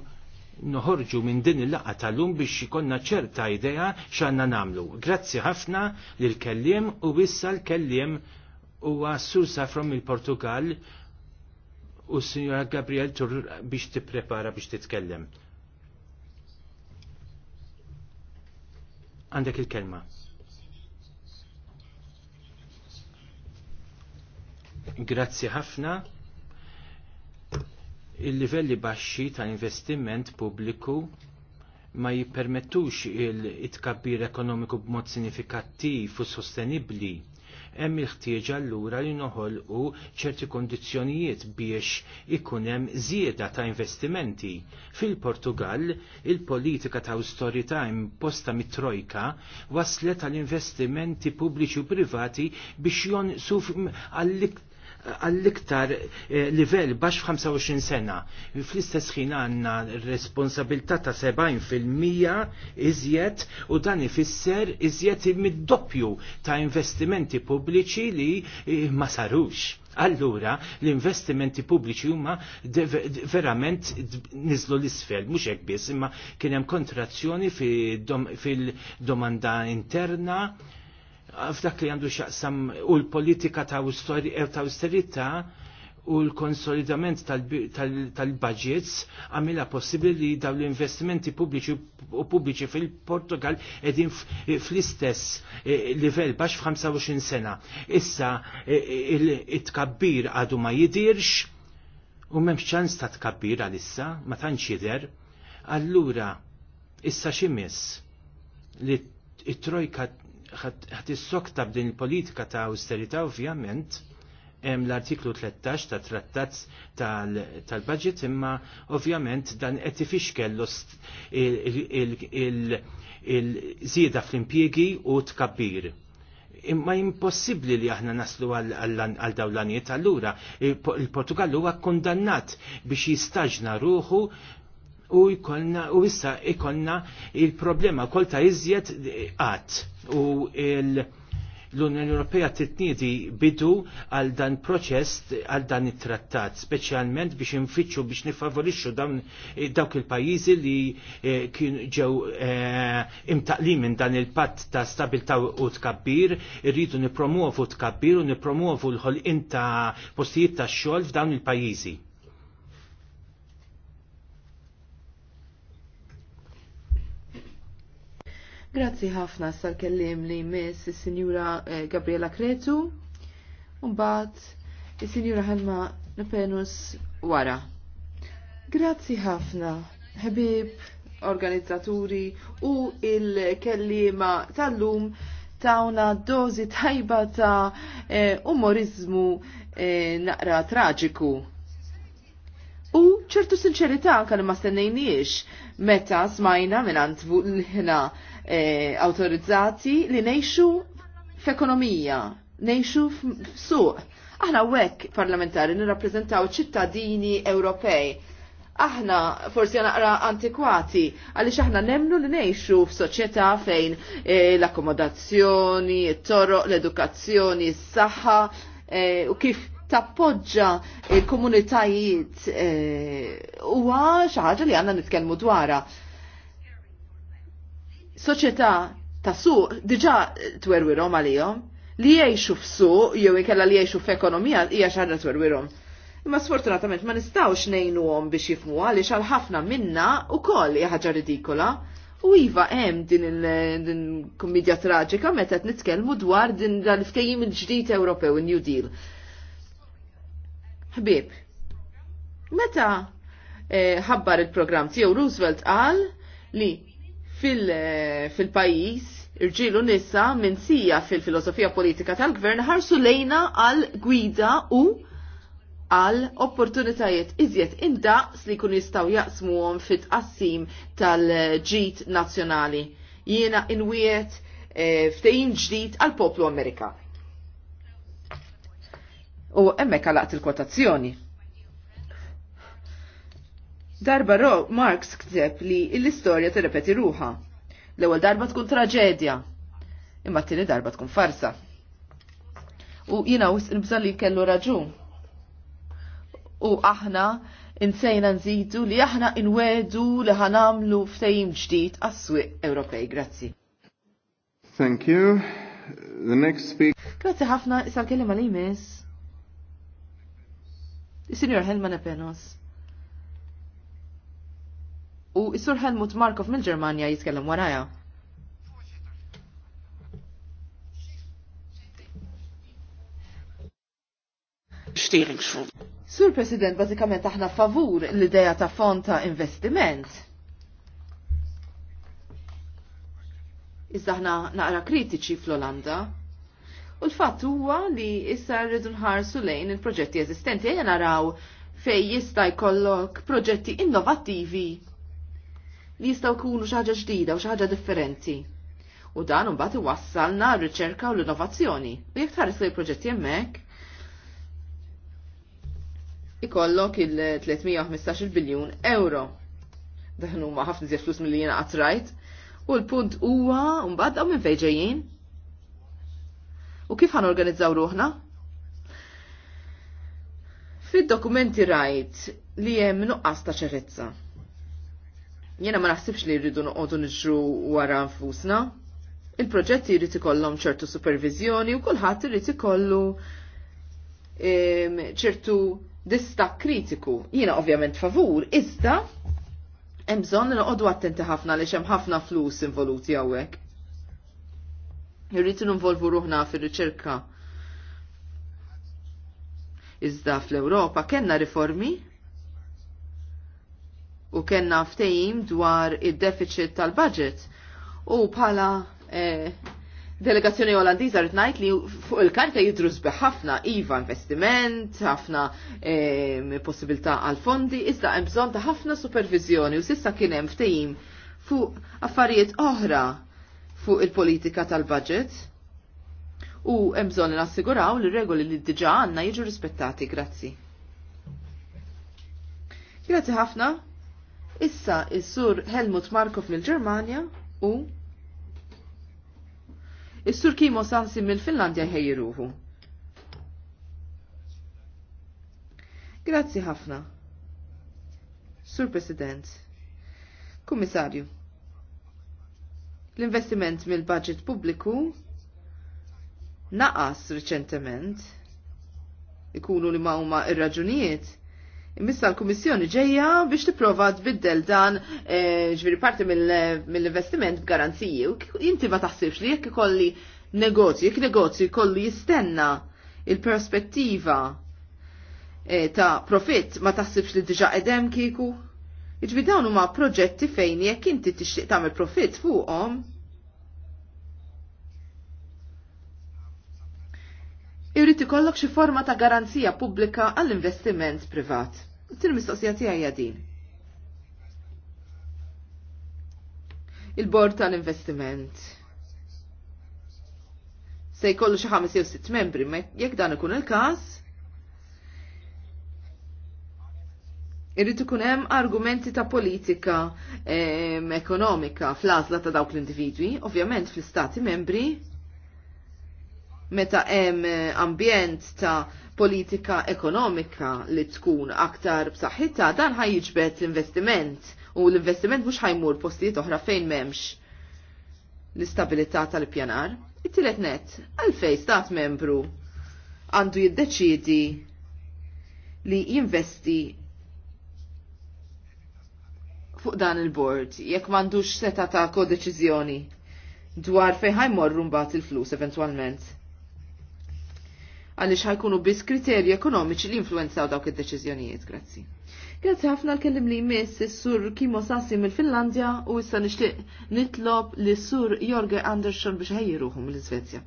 noħorġu minn din il laqqa tal-lum biex ikonna ċerta idea x'għandna namlu. Grazzi ħafna lil kelliem u bissa l-kelliem huwa Susa from il-Portugal u s-Sinjora Gabriel Tur biex tipprepara biex titkellem. Għandek il-kelma. Grazzi ħafna il-livelli baxxi ta' investiment pubbliku ma jippermettux il-tkabbir ekonomiku b'mod sinifikattiv u sostenibbli. Hemm il-ħtieġ allura li noħolqu ċerti kondizzjonijiet biex ikun hemm żieda ta' investimenti. Fil-Portugal, il-politika ta' awstorità imposta mit-trojka waslet għal investimenti pubbliċi u privati biex jonqsu għall għall-iktar eh, livell bax 25 sena. Fl-istess ħin għanna responsabilità ta' 70% iżjed u dan ifisser iżjed mid-doppju ta' investimenti pubbliċi li eh, ma sarux. Allura l-investimenti pubbliċi huma verament niżlu l-isfel, mhux hekk biss, imma kien hemm kontrazzjoni fil-domanda interna f'dak li għandu xaqsam u l-politika ta' eh, austerita u l-konsolidament tal-budgets għamila possibli li daw l-investimenti pubbliċi u pubbliċi fil-Portugal edin fl-istess eh, livell bax f-25 sena. Issa eh, il tkabbir għadu ma jidirx u memx ċans ta' tkabbir għal-issa, ma tantx jider. Allura, issa ximis li it-trojka ħat issokta b'din il-politika ta' austerita' ovvjament hemm l-artiklu 13 ta' trattat tal-budget imma ovvjament dan qed ifixkel il-żieda fl-impjiegi u tkabbir imma impossibli li aħna naslu għal dawlaniet allura il portugallu huwa kondannat biex jistaġna ruħu u jkollna u issa ikonna il-problema kol ta' iżjed qatt u l-Unjoni Ewropea titniedi bidu għal dan proċess għal dan it-trattat, speċjalment biex infittxu biex nifavorixxu dawn eh, dawk il-pajjiżi li eh, kien ġew eh, imtaqli minn dan il-patt ta' stabilità u tkabbir, irridu nipromuovu tkabbir u nipromuovu l-ħolqien ta' postijiet ta' xogħol f'dawn il-pajjiżi Grazzi ħafna sal-kellim li jmiss il-Sinjura eh, Gabriela Kretu, un-bat il-Sinjura Helma Nepenus wara. Grazzi ħafna, ħbib, organizzaturi u il-kellima tal-lum tawna dozi tajba ta' eh, umorizmu eh, naqra traġiku. U ċertu sinċerità anka ma stennejniex meta smajna minn antvu l-ħna eh, autorizzati li nejxu f'ekonomija, nejxu f'suq. Aħna wek parlamentari nirrappreżentaw ċittadini Ewropej. Aħna forsi naqra antikwati, għaliex aħna nemnu li ngħixu f'soċjetà fejn eh, l-akkomodazzjoni, it-toroq, l-edukazzjoni, s-saħħa eh, u kif tappoġġa il-komunitajiet eh, huwa xi ħaġa li għandna nitkellmu dwarha soċjetà ta' suq diġà twerwirhom għalihom li jgħixu f'suq jew inkella li jgħixu f'ekonomija hija xi ħaġa twerwirhom. Imma sfortunatament ma nistgħux ngħinuhom biex jifmu għaliex għal ħafna minna wkoll hija ħaġa ridikola. U iva hemm din il-kummedja traġika meta qed nitkellmu dwar din dal-ftehim il-ġdid Ewropew in-New Deal. Ħbieb, meta eh, ħabbar il-programm tiegħu Roosevelt qal li fil-pajis irġilu nissa minn sija fil-filosofija politika tal-gvern ħarsu lejna għal gwida u għal opportunitajiet iżjed indaqs li kun jistaw jaqsmuhom fit-qassim tal-ġit nazzjonali. Jiena inwiet e, eh, ftejn ġdid għal poplu Amerika. U emmek għalaqt il-kotazzjoni. Darba ro Marx kzeb li l-istorja tirrepeti ruha. L-ewwel darba tkun traġedja, imma t-tieni darba tkun farsa. U jina nibżal li kellu raġun. U aħna insejna nżidu li aħna inwedu li ħanamlu ftejim ġdid għas-swieq Ewropej. Grazzi. Thank you. The next speaker. Grazzi ħafna, issa l-kelima li jmiss. Signor Helman Epenos u s-sur Helmut Markov mill-Ġermanja jitkellem waraja. Sur President, bazzikament aħna favur l-ideja ta' fond ta' investiment. Iżda aħna naqra kritiċi fl-Olanda. U l-fatt huwa li issa rridu nħarsu lejn il-proġetti eżistenti ejja naraw fej jista' jkollok proġetti innovattivi li jistaw kunu xaħġa ġdida u xaħġa differenti. U dan mbagħad iwassalna r-riċerka u l-innovazzjoni. U jekk tħares li proġetti hemmhekk, ikollok il-315 biljun euro. Daħnu huma ħafna ziet flus mill-li U l-punt huwa mbagħad dawn minn fejn ġejjin. U kif ħan organizzaw ruħna? Fid-dokumenti rajt li hemm nuqqas ta' ċerezza Jena ma naħsibx li rridu noqogħdu niġru wara nfusna. Il-proġetti jrid ikollhom ċertu supervizjoni u kulħadd irid ikollu ċertu distak kritiku. Jiena ovvjament favur, iżda hemm bżonn noqogħdu attenti ħafna għaliex hemm ħafna flus involuti hawnhekk. Irrid nvolvu ruħna fir-riċerka. Iżda fl-Ewropa kellna riformi u kena ftejim dwar id-deficit tal-budget u bħala eh, delegazzjoni olandiza rritnajt li fuq il-karta jidrus ħafna IVA investiment, ħafna eh, possibilità għal-fondi, iżda hemm bżonn ta' ħafna supervizjoni u sissa kien hemm ftehim fuq affarijiet oħra fuq il-politika tal-budget. U hemm bżonn nassiguraw li regoli li diġà għandna jiġu rispettati, grazzi. Grazzi ħafna. Issa is-sur Helmut Markov mill-Ġermanja u is-sur Kimo Sansi mill-Finlandja ħejjiruhu. Grazzi ħafna. Sur President. Kummissarju. L-investiment mill-budget pubbliku naqas reċentement ikunu li ma huma ir-raġunijiet Missa l-Kummissjoni ġejja biex tipprova tbiddel dan eh, ġviri parti mill-investiment b'garanziji. Inti ma taħsibx li jekk ikolli negozju, jekk negozju jkollu jistenna il-perspettiva eh, ta' profitt ma taħsibx li diġa edem kieku? Iġbi dawn huma proġetti fejn jekk inti tixtieq tagħmel profitt fuqhom. Irrid ikollok xi forma ta' garanzija pubblika għall-investiment privat. Til-mistoqsija tiegħi din. Il-bord tal-investiment se jkollu xi ħames jew sitt membri, ma jekk dan ikun il-każ, irrid ikun hemm argumenti ta' politika ekonomika fl-għażla ta' dawk l-individwi, ovvjament fl-istati membri, meta hemm eh, ambjent ta' politika ekonomika li tkun aktar b'saħħitha dan ħajġbet investiment u l-investiment mhux ħajmur postijiet oħra fejn m'hemmx l-istabilità tal-pjanar. It-tielet net, għalfej stat membru għandu jiddeċidi li jinvesti fuq dan il-bord jekk m'għandux seta ta' kodeċiżjoni dwar fejn ħajmorru mbagħad il-flus eventwalment għaliex ħajkunu biss kriterji ekonomiċi li influenzaw dawk id-deċiżjonijiet. Grazzi. Grazzi ħafna l-kellim li jmiss is-sur Kimo Sassi mill-Finlandja u issa nixtieq nitlob li sur Jorge Andersson biex ħejjiruhom l-Iżvezja.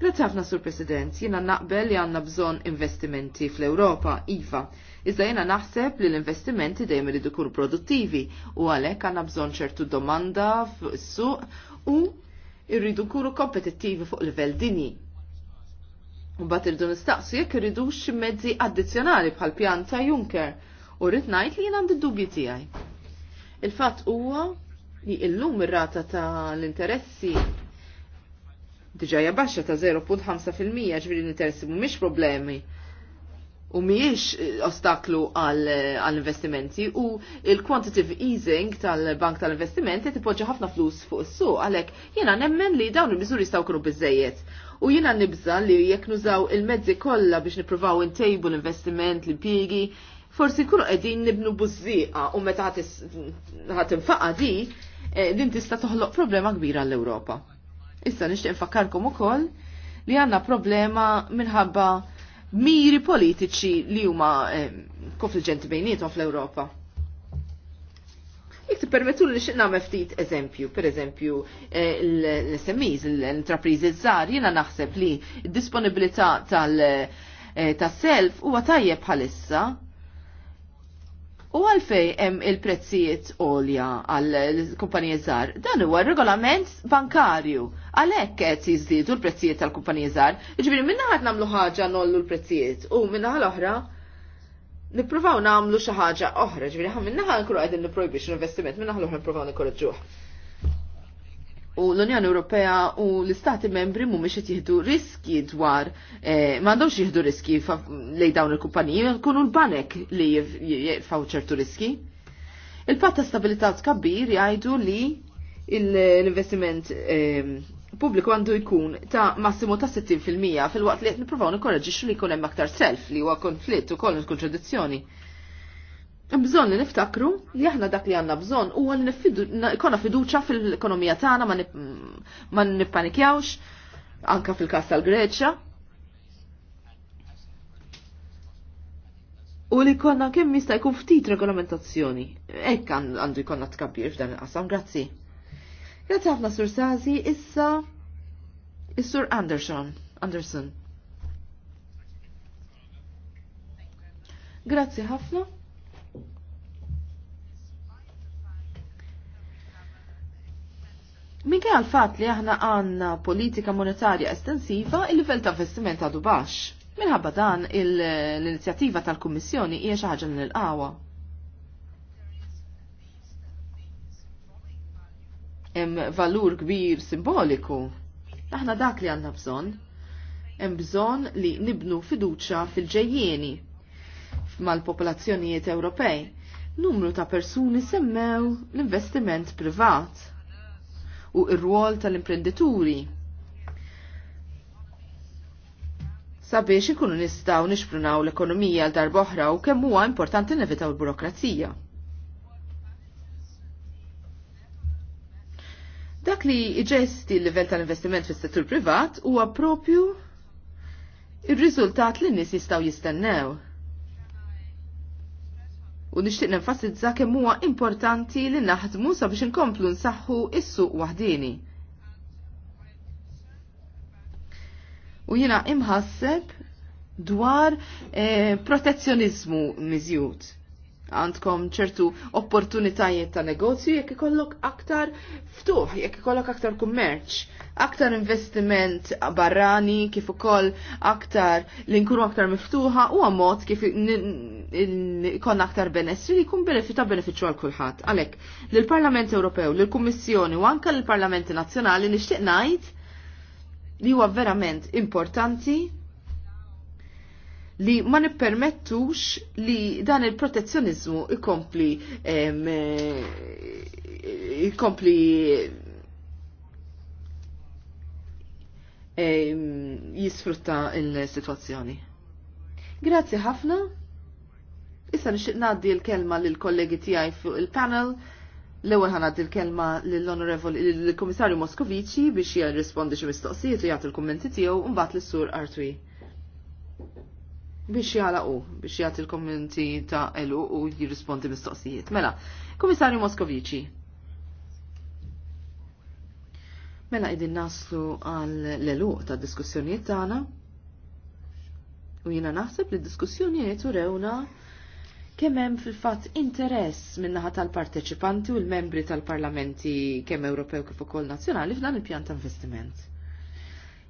Grazzi ħafna sur President, jiena naqbel li għandna bżonn investimenti fl-Ewropa, iva, iżda jena naħseb li l-investimenti dejjem li ikunu produttivi u għalhekk għandna bżonn ċertu domanda fuq is-suq u irridu nkunu kompetittivi fuq livell dinji. Mbagħad irdu nistaqsu jekk iridux xi mezzi addizzjonali bħal pjan ta' Juncker u rrid ngħid li jien għandi dubji tiegħi. Il-fatt huwa li llum ir-rata ta' l-interessi diġà hija baxxa ta' 0.5 ġifieri l-interessi mhumiex problemi u miex eh, ostaklu għall-investimenti u il-quantitative easing tal-bank tal-investimenti tipoġġa ħafna flus fuq is-suq għalhekk jiena nemmen li dawn il-miżuri jistgħu kienu biżejjed u jina nibza li jekk nużaw il-mezzi kollha biex nippruvaw intejbu l-investiment, l-impjiegi, forsi kunu qegħdin nibnu buzziqa u meta ħat infaqa di eh, din tista' toħloq problema kbira l-Ewropa. Issa nixtieq nfakkarkom ukoll li għandna problema minħabba miri politiċi li huma eh, konfliġenti bejnietom fl-Ewropa Jek permettu li xinna ftit eżempju, per eżempju, eh, l-SMEs, l entrapriżi żgħar, jiena naħseb li disponibilità tal-self eh, huwa tajjeb bħalissa. U għalfej hemm il-prezzijiet għolja għal kumpanija żgħar, dan huwa regolament bankarju. Għalhekk qed jiżdiedu l-prezzijiet tal-kumpanija żgħar, jiġifieri minna ħadd nagħmlu ħaġa nollu l-prezzijiet u minna l-oħra nippruvaw nagħmlu xi ħaġa oħra, ġifieri ħa minnaħa nkunu qegħdin niprojbix investiment minn l-oħra nippruvaw U l-Unjoni Ewropea u l-Istati membri mhumiex qed jieħdu riski dwar eh, m'għandhomx jieħdu riski lejn dawn il-kumpaniji, jkunu l-banek li jiefaw ċertu riski. il patta ta' stabilità tkabbir jgħidu li l-investiment ehm, pubbliku għandu jkun ta' massimo ta' 60% fil-waqt li qed nippruvaw nikkoraġġixxu li jkun hemm aktar self li huwa konflitt ukoll kontradizzjoni. Bżon li niftakru li aħna dak li għanna bżon u għan ikona fiduċa fil-ekonomija tagħna ma nippanikjawx, anka fil-kas tal-Greċja. U li konna kemm jista' jkun ftit regolamentazzjoni. Hekk għandu jkollna tkabbir f'dan il-qasam, grazzi. Grazzi ħafna Sur Sazi, issa is-Sur Anderson. Anderson. Grazzi ħafna. Minkej għal fatt li aħna għanna politika monetarja estensiva, il-livell ta' investiment għadu baxx. Minħabba dan l-inizjattiva tal-Kummissjoni hija xi ħaġa qawwa. hemm valur kbir simboliku. Aħna dak li għandna bżonn. Hemm bżonn li nibnu fiduċa fil-ġejjieni mal-popolazzjonijiet Ewropej. Numru ta' persuni semmew l-investiment privat u ir-rwol tal-imprenditori. Sabiex ikunu nistaw nixprunaw l-ekonomija l darboħra u kemm huwa importanti nevitaw l-burokrazija. Dak li iġesti l-level tal-investiment fis settur privat huwa propju il-riżultat li nis jistaw jistennew. U nixtieq nenfasizza kemm huwa importanti li naħdmu sabiex inkomplu nsaħħu is-suq waħdini. U jiena imħasseb dwar eh, protezzjonizmu miżjud għandkom ċertu opportunitajiet ta' negozju jekk ikollok aktar ftuħ, jekk ikollok aktar kummerċ, aktar investiment barrani kif ukoll aktar li nkunu aktar miftuħa u mod kif ikon aktar benessri li jkun benefita benefiċċju għal kulħadd. Għalhekk lill-Parlament Ewropew, lill-Kummissjoni u anke lill-Parlamenti Nazzjonali nixtieq ngħid li huwa verament importanti li ma nippermettux li dan il-protezzjonizmu ikompli e, ikompli jisfrutta il-situazzjoni. Grazzi ħafna. Issa nixtieq ngħaddi l-kelma lil kollegi tiegħi fuq il-panel. L-ewwel ħanad il-kelma lill-Onorevoli il-Kummissarju Moskovici biex jirrispondi xi mistoqsijiet u jagħti l-kummenti tiegħu u mbagħad lis-Sur Artwi biex jalaqu, biex jagħti l-kommenti ta' elu u jirrispondi mistoqsijiet. Mela, Komissarju Moskovici. Mela idin naslu għal l-eluq ta' diskussjonijiet tagħna. U jina naħseb li diskussjonijiet urewna kemm hemm fil-fatt interess min-naħa tal-parteċipanti u l-membri tal-parlamenti kemm Ewropew kif ukoll nazzjonali f'dan il-pjan ta' investiment.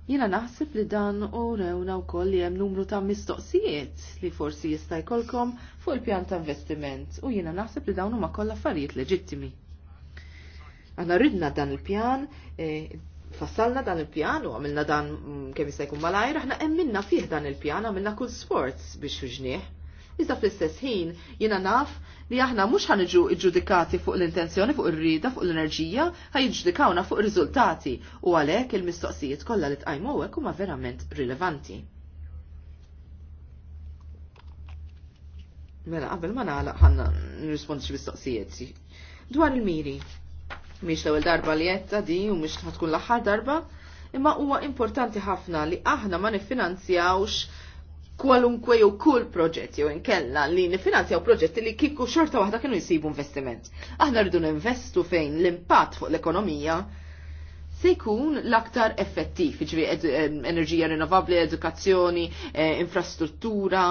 Jina naħseb li dan u rewna u koll jem numru ta' mistoqsijiet li forsi jista' kolkom fuq il-pjan ta' investiment u jina naħseb li dawn huma koll affarijiet leġittimi. Għanna ridna dan il-pjan, e, fassalna dan il-pjan u għamilna dan mm, kemm jista' jkun malajr, aħna emminna fih dan il-pjan, għamilna kull sforz biex uġniħ. Iżda fl-istess ħin jiena naf li aħna mhux ħaniġu iġġudikati fuq l-intenzjoni fuq ir-rida fuq l-enerġija ħajġudikawna fuq ir-riżultati u għalhekk il-mistoqsijiet kollha li tqajmu hekk huma verament rilevanti. Mela qabel ma nagħlaq ħanna nirrispondi xi mistoqsijiet. Dwar il-miri. mhiex l-ewwel darba li qed di u mhix ħatkun l-aħħar darba, imma huwa importanti ħafna li aħna ma niffinanzjawx kwalunkwe jew kull proġett jew inkella li nifinanzjaw proġetti li kieku xorta waħda kienu jsibu investiment. Aħna rridu ninvestu fejn l-impatt fuq l-ekonomija se jkun l-aktar effettiv, jiġri enerġija rinnovabli, edukazzjoni, eh, infrastruttura.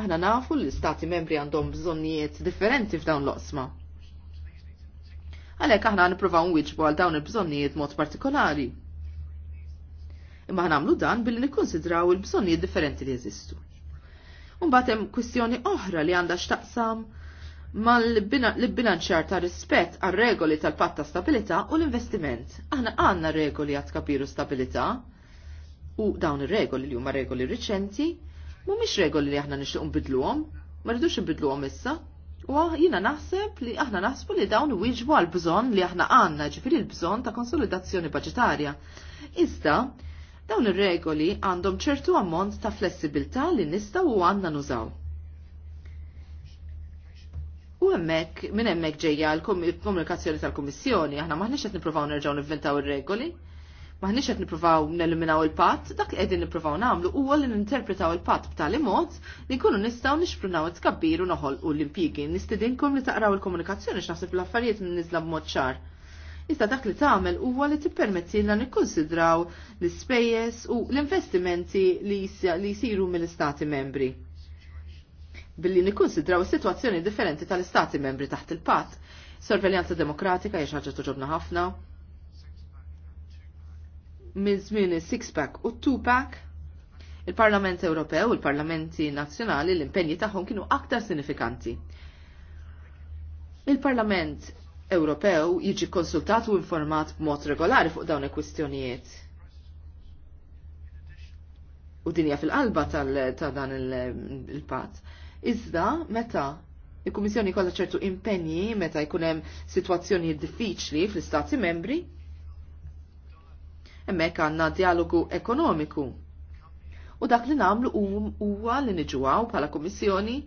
Aħna nafu li stati membri għandhom bżonnijiet differenti f'dawn l-osma. Għalek aħna nippruvaw nwiġbu għal dawn il-bżonnijiet mod partikolari imma ħnamlu dan billi nikkonsidraw il-bżonnijiet differenti li jeżistu. Mbagħad hemm kwistjoni oħra li għandha x'taqsam mal bilanċar ta' rispett għal regoli tal-patta stabilita u l-investiment. Aħna għanna regoli għat kapiru stabilita u dawn ir-regoli li huma regoli riċenti, mhumiex regoli li aħna nixtieq nbidluhom, ma rridux nbidluhom issa. U jina naħseb li aħna naħsbu li dawn wieġbu għal bżonn li aħna għandna ġifieri l-bżonn ta' konsolidazzjoni budġetarja. Iżda, Dawn ir-regoli għandhom ċertu ammont ta' flessibilità li nistgħu u għandna nużaw. U hemmhekk minn hemmhekk ġejja l-komunikazzjoni tal-Kummissjoni, aħna maħniex qed nippruvaw nerġgħu nivvintaw ir-regoli, maħniex qed nippruvaw neliminaw il-patt, dak li qegħdin nippruvaw nagħmlu huwa li ninterpretaw il-patt b'tali mod li nkunu nistgħu nixprunaw it-tkabbir u noħolqu l-impjiegi. Nistidinkom li taqraw il-komunikazzjoni x'naħseb l-affarijiet minn niżla b'mod ċar Iżda dak li tagħmel huwa li tippermettilna nikkonsidraw l-ispejjeż u l-investimenti li jsiru mill-istati membri billi nikkonsidraw is-sitwazzjoni differenti tal-istati membri taħt il-patt. Sorveljanza demokratika hija ħaġa toġobna ħafna. Minn żmien six pack u two-pack, il-Parlament Ewropew u l-Parlamenti Nazzjonali l-impenji tagħhom kienu aktar sinifikanti. Il-Parlament Ewropew jiġi konsultat u informat b'mod regolari fuq dawn il-kwistjonijiet. U dinja fil-qalba ta' dan il-pat. Iżda, meta il-Kummissjoni kollha ċertu impenji meta jkun hemm sitwazzjonijiet diffiċli fl-Istati membri, hemmhekk għandna dialogu ekonomiku. U dak li nagħmlu huwa li niġuaw bħala Kummissjoni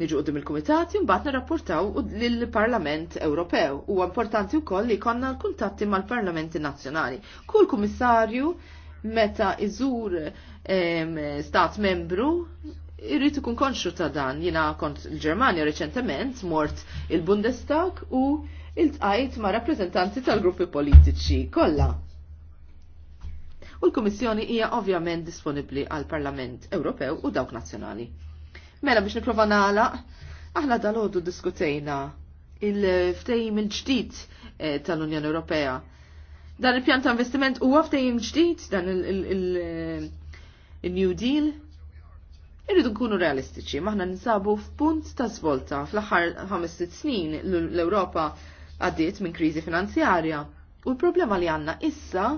niġu għoddim il-Kumitati mbagħad nirrapportaw lill-Parlament Ewropew. Huwa importanti wkoll li jkollna l-kuntatti mal-Parlamenti Nazzjonali. Kull kummissarju meta iżur stat membru irrid ikun konxu ta' dan. jina kont il-Ġermanja reċentement mort il-Bundestag u l-tqajt ma' rappreżentanti tal-gruppi politiċi kollha u l-Kummissjoni hija ovvjament disponibbli għal Parlament Ewropew u dawk nazzjonali. Mela biex niprofa nagħlaq, aħna dal-ħodu diskutejna il-ftejim il-ġdid eh, tal-Unjoni Ewropea. Dan il-pjan ta' investiment huwa ftejim ġdid dan eh, il-New Deal. Irridu nkunu realistiċi, maħna ninsabu f'punt ta' svolta fl-aħħar 5 snin l-Ewropa għaddiet minn kriżi finanzjarja. U l-problema li għanna issa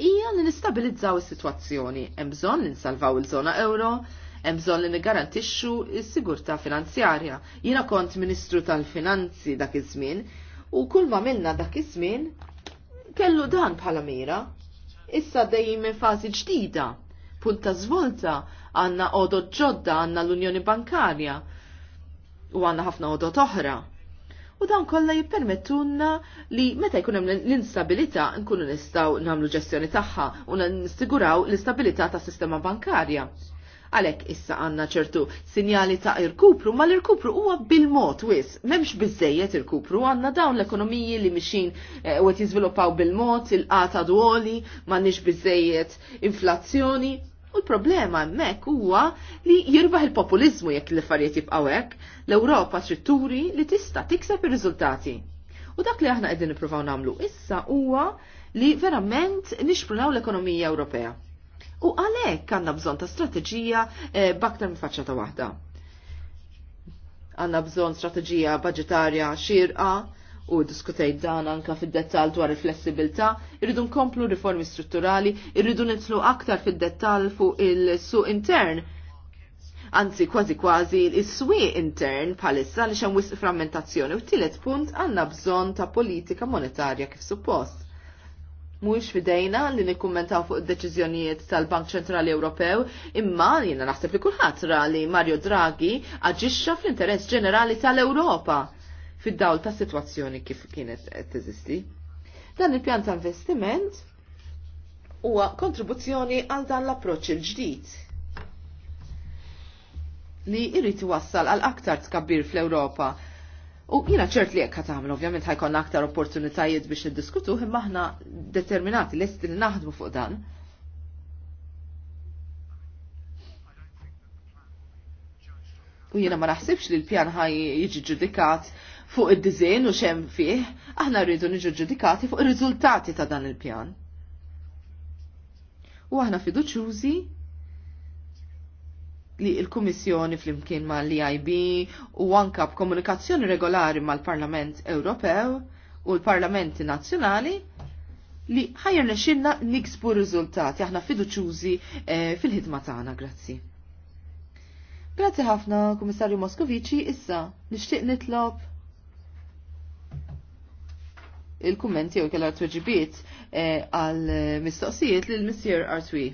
hija li nistabilizzaw is-sitwazzjoni. Hemm bżonn ninsalvaw il-żona euro, hemm bżonn li niggarantixxu s-sigurtà finanzjarja. Jiena kont Ministru tal-Finanzi dak iż-żmien u kull ma minna dak iż-żmien kellu dan bħala mira. Issa dejjem minn fażi ġdida, punta żvolta għandna għodod ġodda għandna l-Unjoni Bankarja u għandna ħafna għodod oħra u dan kollha jippermettunna li meta jkun hemm l-instabilità nkunu nistgħu nagħmlu ġestjoni tagħha u nistiguraw l-istabilità tas-sistema bankarja. Għalek issa għanna ċertu sinjali ta' irkupru, ma l-irkupru huwa bil-mod wis, memx bizzejiet irkupru, għanna dawn l-ekonomiji li mixin eh, u għet jizvilupaw bil-mod, il-qata dwoli ma nix bizzejiet inflazzjoni, U l-problema hemmhekk huwa li jirbaħ il-populizmu jekk l-affarijiet jibqgħu hekk, l-Ewropa trid li tista' tikseb ir-riżultati. U dak li aħna qegħdin nippruvaw nagħmlu issa huwa li verament nixprunaw l-ekonomija Ewropea. U għalhekk għandna bżonn ta' strateġija eh, baktar minn faċċata waħda. Għandna bżonn strateġija budġetarja xirqa u diskutejt dan anka fid-dettal dwar il-flessibilità, irridu nkomplu riformi strutturali, irridu nitlu aktar fid-dettal fuq il-suq intern anzi kważi kważi is-swieq intern bħalissa li xan wis frammentazzjoni u t-tielet punt għandna bżonn ta' politika monetarja kif suppost mhuwiex fidejna li nikkummentaw fuq id-deċiżjonijiet tal-Bank Ċentrali Ewropew, imma jiena naħseb li kulħadd ra li Mario Draghi aġixxa fl-interess ġenerali tal-Ewropa fid-dawl ta' sitwazzjoni kif kienet teżisti. Dan il-pjan ta' investiment huwa kontribuzzjoni għal dan l-approċċ il-ġdid li jrid iwassal għal aktar tkabbir fl-Ewropa U jina ċert li jekk ħatamlu, ovvjament ħajkon aktar opportunitajiet biex id-diskutu, imma aħna determinati lest li naħdmu fuq dan. U jina ma naħsibx li l-pjan ħaj jiġi ġudikat fuq id-dizin u xem fih, aħna rridu niġu ġudikati fuq ir-riżultati ta' dan il-pjan. U aħna fiduċjużi li il-Kummissjoni fl-imkien ma l-IIB u anka b'komunikazzjoni regolari mal-Parlament Ewropew u l-Parlamenti Nazzjonali li ħajjer nexinna niksbu riżultati aħna fiduċjużi eh, fil-ħidma tagħna, grazzi. Grazzi ħafna, Kummissarju Moskovici, issa nixtieq nitlob il-kummenti jew kellha tweġibiet eh, għal mistoqsijiet lil Missier Artwi.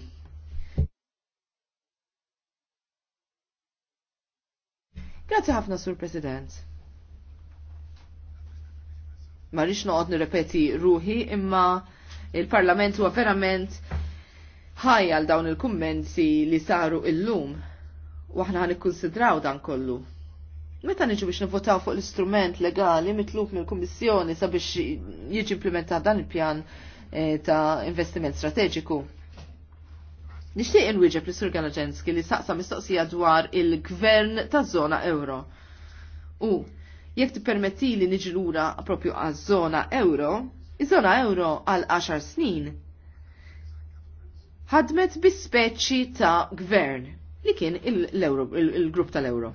Grazzi ħafna, Sur President. Ma rix noqod nirrepeti ruħi, imma il-Parlament huwa verament ħaj għal dawn il-kummenti li saru illum. aħna ħan ikkonsidraw dan kollu. Meta niġu biex nivotaw fuq l-istrument legali mitlub mill-Kummissjoni sabiex jiġi implementat dan il-pjan eh, ta' investiment strateġiku Nixtieq il-wieġeb li Sur Galaġenski li saqsa mistoqsija dwar il-gvern taż-żona euro. U jekk permetti li niġi lura propju għaż-żona euro, iż-żona euro għal 10 snin ħadmet speċi ta' gvern li kien il-grupp tal-euro,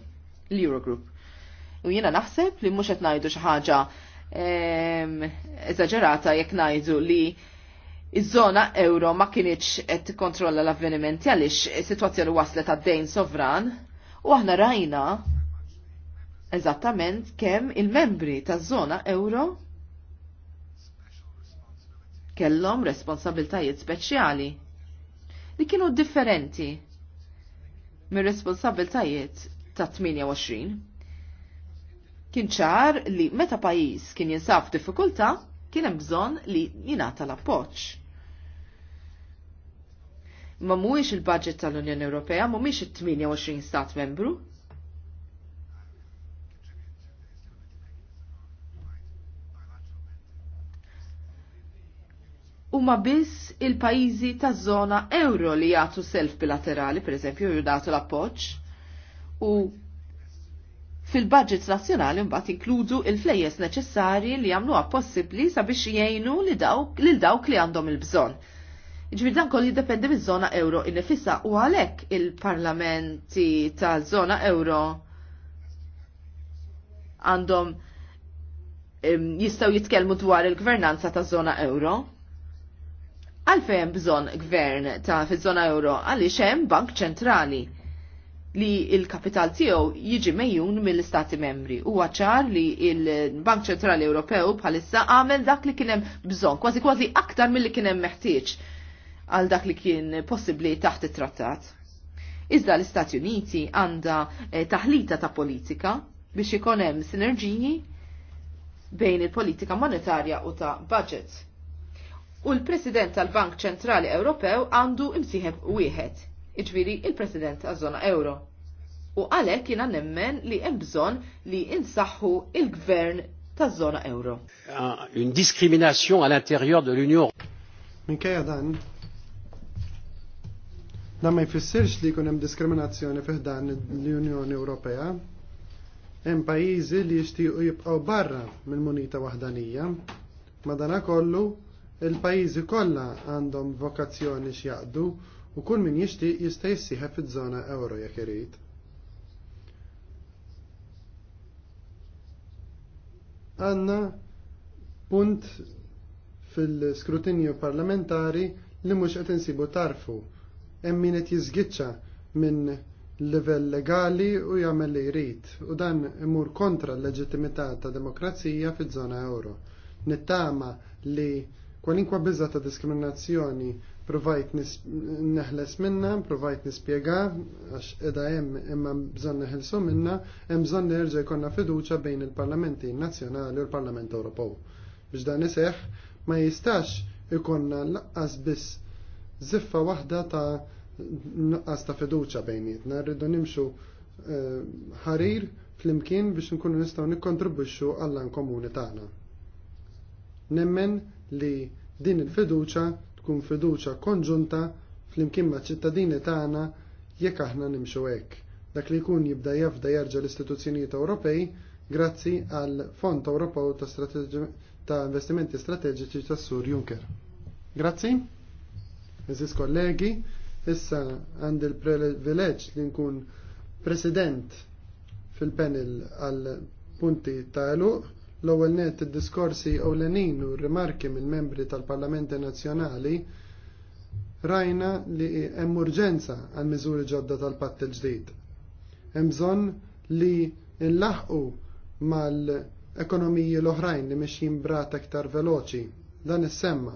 l-Eurogroup. U jiena naħseb li mhux qed ngħidu xi ħaġa ehm, eżaġerata jekk ngħidu li Iż-żona euro ma kienieċ qed tikkontrolla l-avvenimenti għaliex situazzjoni sitwazzjoni waslet għad-dejn sovran u aħna rajna eżattament kemm il-membri taż-żona euro kellhom responsabiltajiet speċjali li kienu differenti mir-responsabiltajiet ta' 28. Kien ċar li meta pajis kien jinsab f'diffikultà kien hemm bżonn li jingħata l-appoġġ ma mhuwiex il-budget tal-Unjoni Ewropea, mhumiex it-28 stat membru. Huma biss il-pajjiżi taż-żona euro li jagħtu self bilaterali, pereżempju, jgħatu l-appoġġ u fil-budget nazzjonali mbagħad inkludu il-flejjes neċessarji li jagħmluha possibbli sabiex jgħinu lil dawk li għandhom il-bżonn Ġbir dan kolli jiddependi miż-żona euro innifissa u għalhekk il-parlamenti ta' Zona euro għandhom jistaw jitkellmu dwar il-gvernanza ta' żona euro. Għalfejn bżon gvern ta' fi żona euro għaliex hemm bank ċentrali li il-kapital tiegħu jiġi mejjun mill-Istati Membri. Huwa ċar li il-Bank Ċentrali Ewropew bħalissa għamel dak li kien hemm bżonn, kważi kważi aktar milli kien hemm meħtieġ għal dak li kien possibbli taħt it-trattat. Iżda l-Istati Uniti għandha eh, taħlita ta' politika biex ikun hemm sinerġiji bejn il-politika monetarja u ta' budget. U l-President tal-Bank Ċentrali Ewropew għandu imsieħeb wieħed, iġviri il-President taż-żona Euro. U għalhekk jiena nemmen li hemm bżonn li insaħħu il-Gvern taż-żona Euro. Ah, Un discrimination à l'intérieur de l'Union. Minkejja dan, Da ma jfissirx li jkun hemm diskriminazzjoni fih dan l-Unjoni Ewropea. Hemm pajjiżi li jixtiequ jibqgħu barra mill-munita waħdanija. Madanakollu il-pajjiżi kollha għandhom vokazzjoni x'jaqdu u kull min jixtieq jista' jissieħeb fiż-żona euro jekk irid. Għanna punt fil-skrutinju parlamentari li mhux qed insibu tarfu hemm min qed jiżgiċċa minn livell legali u jagħmel li jrid u dan imur kontra l-leġittimità ta' demokrazija fiż-żona euro. Nittama li kwalinkwa biża ta' diskriminazzjoni provajt neħles minna, provajt nispiega, għax edha hemm imma bżonn neħelsu minna, hemm bżonn nerġa' jkollna fiduċa bejn il-Parlamenti Nazzjonali u l-Parlament Ewropew. Biex dan iseħħ ma jistax ikonna laqqas biss ziffa waħda ta' nuqqas ta' fiduċa bejnietna, rridu nimxu eh, ħarir fl-imkien biex nkunu nistgħu nikkontribwixxu għall komuni tagħna. Nemmen li din il-fiduċa tkun fiduċa konġunta fl-imkien ma' ċittadini tagħna jekk aħna nimxu hekk. Dak li jkun jibda jafda jarġa l-istituzzjonijiet Ewropej grazzi għal Fond Ewropew ta', ta investimenti strateġiċi tas-Sur Juncker. Grazzi. Eżis kollegi, Issa għand il privileġ li nkun president fil-panel għal punti ta' eluq l-ewwel net id-diskorsi ewlenin u r-rimarki mill-membri tal-Parlamenti Nazzjonali rajna li hemm urġenza għal miżuri ġodda tal-patt il-ġdid. Hemm bżonn li nlaħqu mal-ekonomiji l-oħrajn li mexjin brat aktar veloċi. Dan is-semma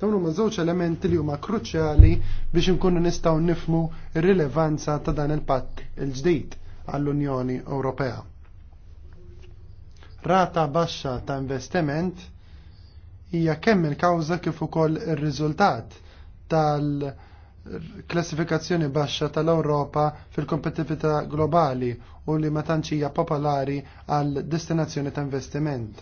Dawn huma żewġ elementi li huma kruċjali biex inkunu nistgħu nifmu r-rilevanza ta' dan il-patt il-ġdid għall-Unjoni Ewropea. Rata baxxa ta' investiment hija kemm il-kawża kif ukoll ir-riżultat tal-klassifikazzjoni baxxa tal-Ewropa fil-kompetitività globali u li ma tantx hija popolari għal destinazzjoni ta' investiment.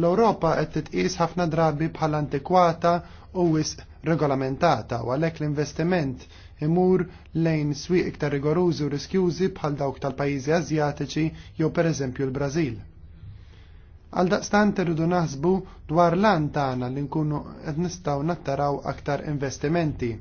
L-Europa qed titqis ħafna drabi bħala antikwata u wisq regolamentata u għalhekk l-investiment imur lejn swieq iktar rigorużi u riskjużi bħal dawk tal-pajjiżi Azjatiċi jew pereżempju l-Brażil. Għal daqstant irridu naħsbu dwar lan tagħna li nkunu qed nistgħu nattaraw aktar investimenti.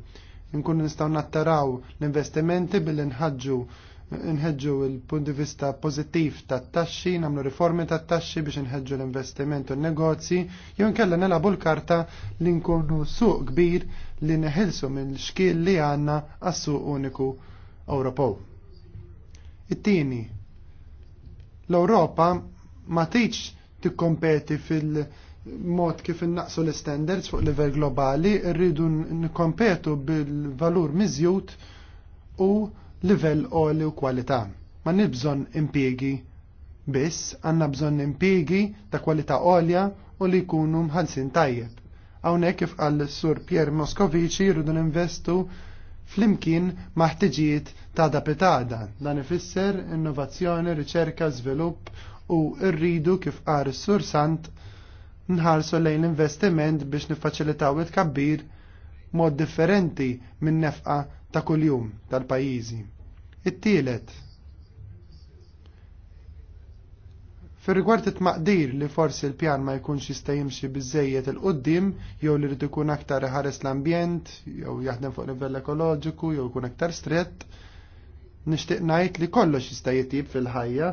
Nkunu nistgħu nattaraw l-investimenti billi nħaġġu nħedġu il-punt di vista pozittiv tat taxxi, namlu riformi tat taxxi biex nħedġu l-investiment u n-negozji, jew nkella nelabu l-karta li nkunu suq kbir li neħilsu minn xkiel li għanna għas-suq uniku Ewropew. It-tieni, l-Ewropa ma tiċ tikkompeti fil- mod kif innaqsu l-standards fuq livell globali, rridu nkompetu bil-valur miżjut u livell oli u kwalità. Ma nibżon impiegi biss, għanna bżon impiegi ta' kwalità olja u li jkunu mħalsin tajjeb. Hawnhekk kif għall sur Pier Moskovici jridu ninvestu flimkien maħtiġijiet ta' dapitada. Dan ifisser innovazzjoni, riċerka, żvilupp u rridu kif qar sur Sant nħarsu lejn investiment biex nifaċilitaw it-kabbir mod differenti minn nefqa ta' kuljum tal-pajjiżi. It-tielet Fir rigward it-maqdir li forsi l-pjan ma jkunx jista' jimxi biżejjed il-qoddim, jew li rid ikun aktar ħares l-ambjent, jew jaħdem fuq livell ekoloġiku, jew ikun aktar strett, nixtieq ngħid li kollox jista' jitib fil-ħajja,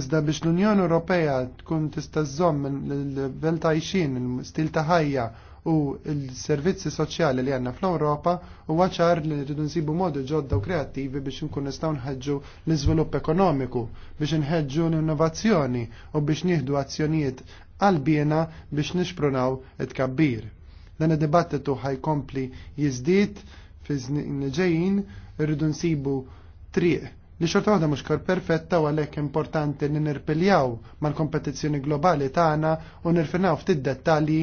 iżda biex l-Unjoni Ewropea tkun tista' żomm il-livell ta' għajxin, stil ta' ħajja u l-servizzi soċjali li għanna fl-Ewropa u għacħar li rridu nsibu modi ġodda u kreativi biex nkun nistgħu nħeġġu l-iżvilupp ekonomiku, biex nħedġu l-innovazzjoni u biex nieħdu azzjonijiet għalbjena biex nixprunaw it-kabbir. Dan id-dibattitu ħajkompli jiżdied fi żnien ġejjin rridu nsibu triq li xorta għada mux kar perfetta u għalek importanti li nirpiljaw mal kompetizzjoni globali tagħna u nirfinaw ftit dettalji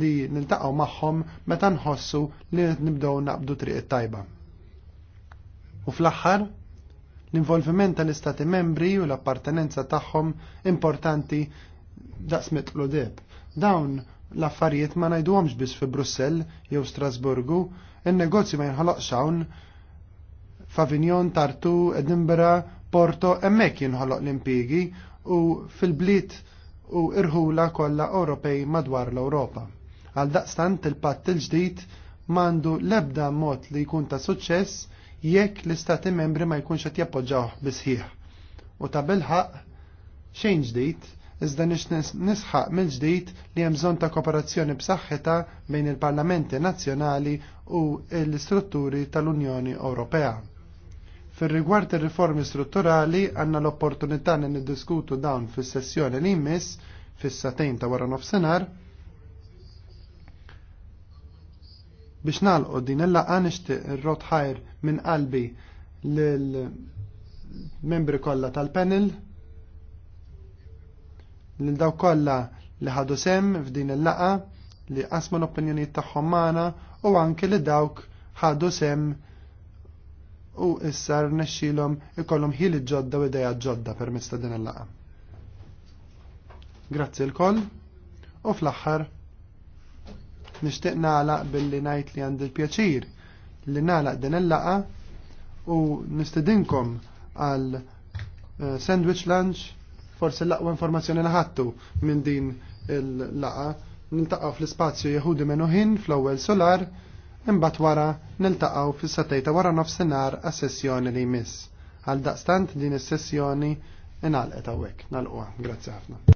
li niltaqgħu magħhom meta nħossu li nibdew naqbdu triq tajba. U fl-aħħar, l-involviment tal-Istati membri u l-appartenenza tagħhom importanti daqsmet l deb. Dawn l-affarijiet ma ngħiduhomx biss fi Brussell jew Strasburgu, il negozju ma jinħoloqx hawn f'Avignon, Tartu, Edinburgh, Porto, hemmhekk jinħoloq l-impjiegi u fil-bliet u irħula kollha Ewropej madwar l-Ewropa. Għal daqstant il-patt il-ġdid mandu lebda mod li jkun ta' suċċess jekk l-istati membri ma jkunx qed jappoġġawh bisħieħ. U ta' bilħaq xejn ġdid iżda nix nisħaq mill-ġdid li hemm bżonn ta' kooperazzjoni b'saħħitha bejn il-parlamenti nazzjonali u l-istrutturi tal-Unjoni Ewropea. Fir rigward ir-riformi strutturali għandna l-opportunità li niddiskutu dawn fis-sessjoni li jmiss fis-satejn ta' wara nofsinhar. Biex nagħlqu din il-laqgħa nixtieq rot ħajr minn qalbi lil membri kollha tal-panel lil daw kollha li ħadu sem f'din il-laqgħa li qasmu l-opinjonijiet tagħhom magħna u anke li dawk ħadu sem u issa rnexxilhom ikollhom ħil ġodda u ideja ġodda permezz ta' din il-laqa. Grazzi l-koll u fl-aħħar nixtieq nagħlaq billi ngħid li għandi l-pjaċir li nagħlaq din il-laqa u nistedinkom għal eh, sandwich lunch forse l laqwa informazzjoni laħattu minn din il-laqa nintaqaw fl-ispazju Jehudi Menuhin fl-ewwel solar imbagħad wara niltaqgħu fis satajta wara nofsinar a sessjoni li jmiss. Għal daqstant din is-sessjoni inalqet għawek. nalquha. Grazzi ħafna.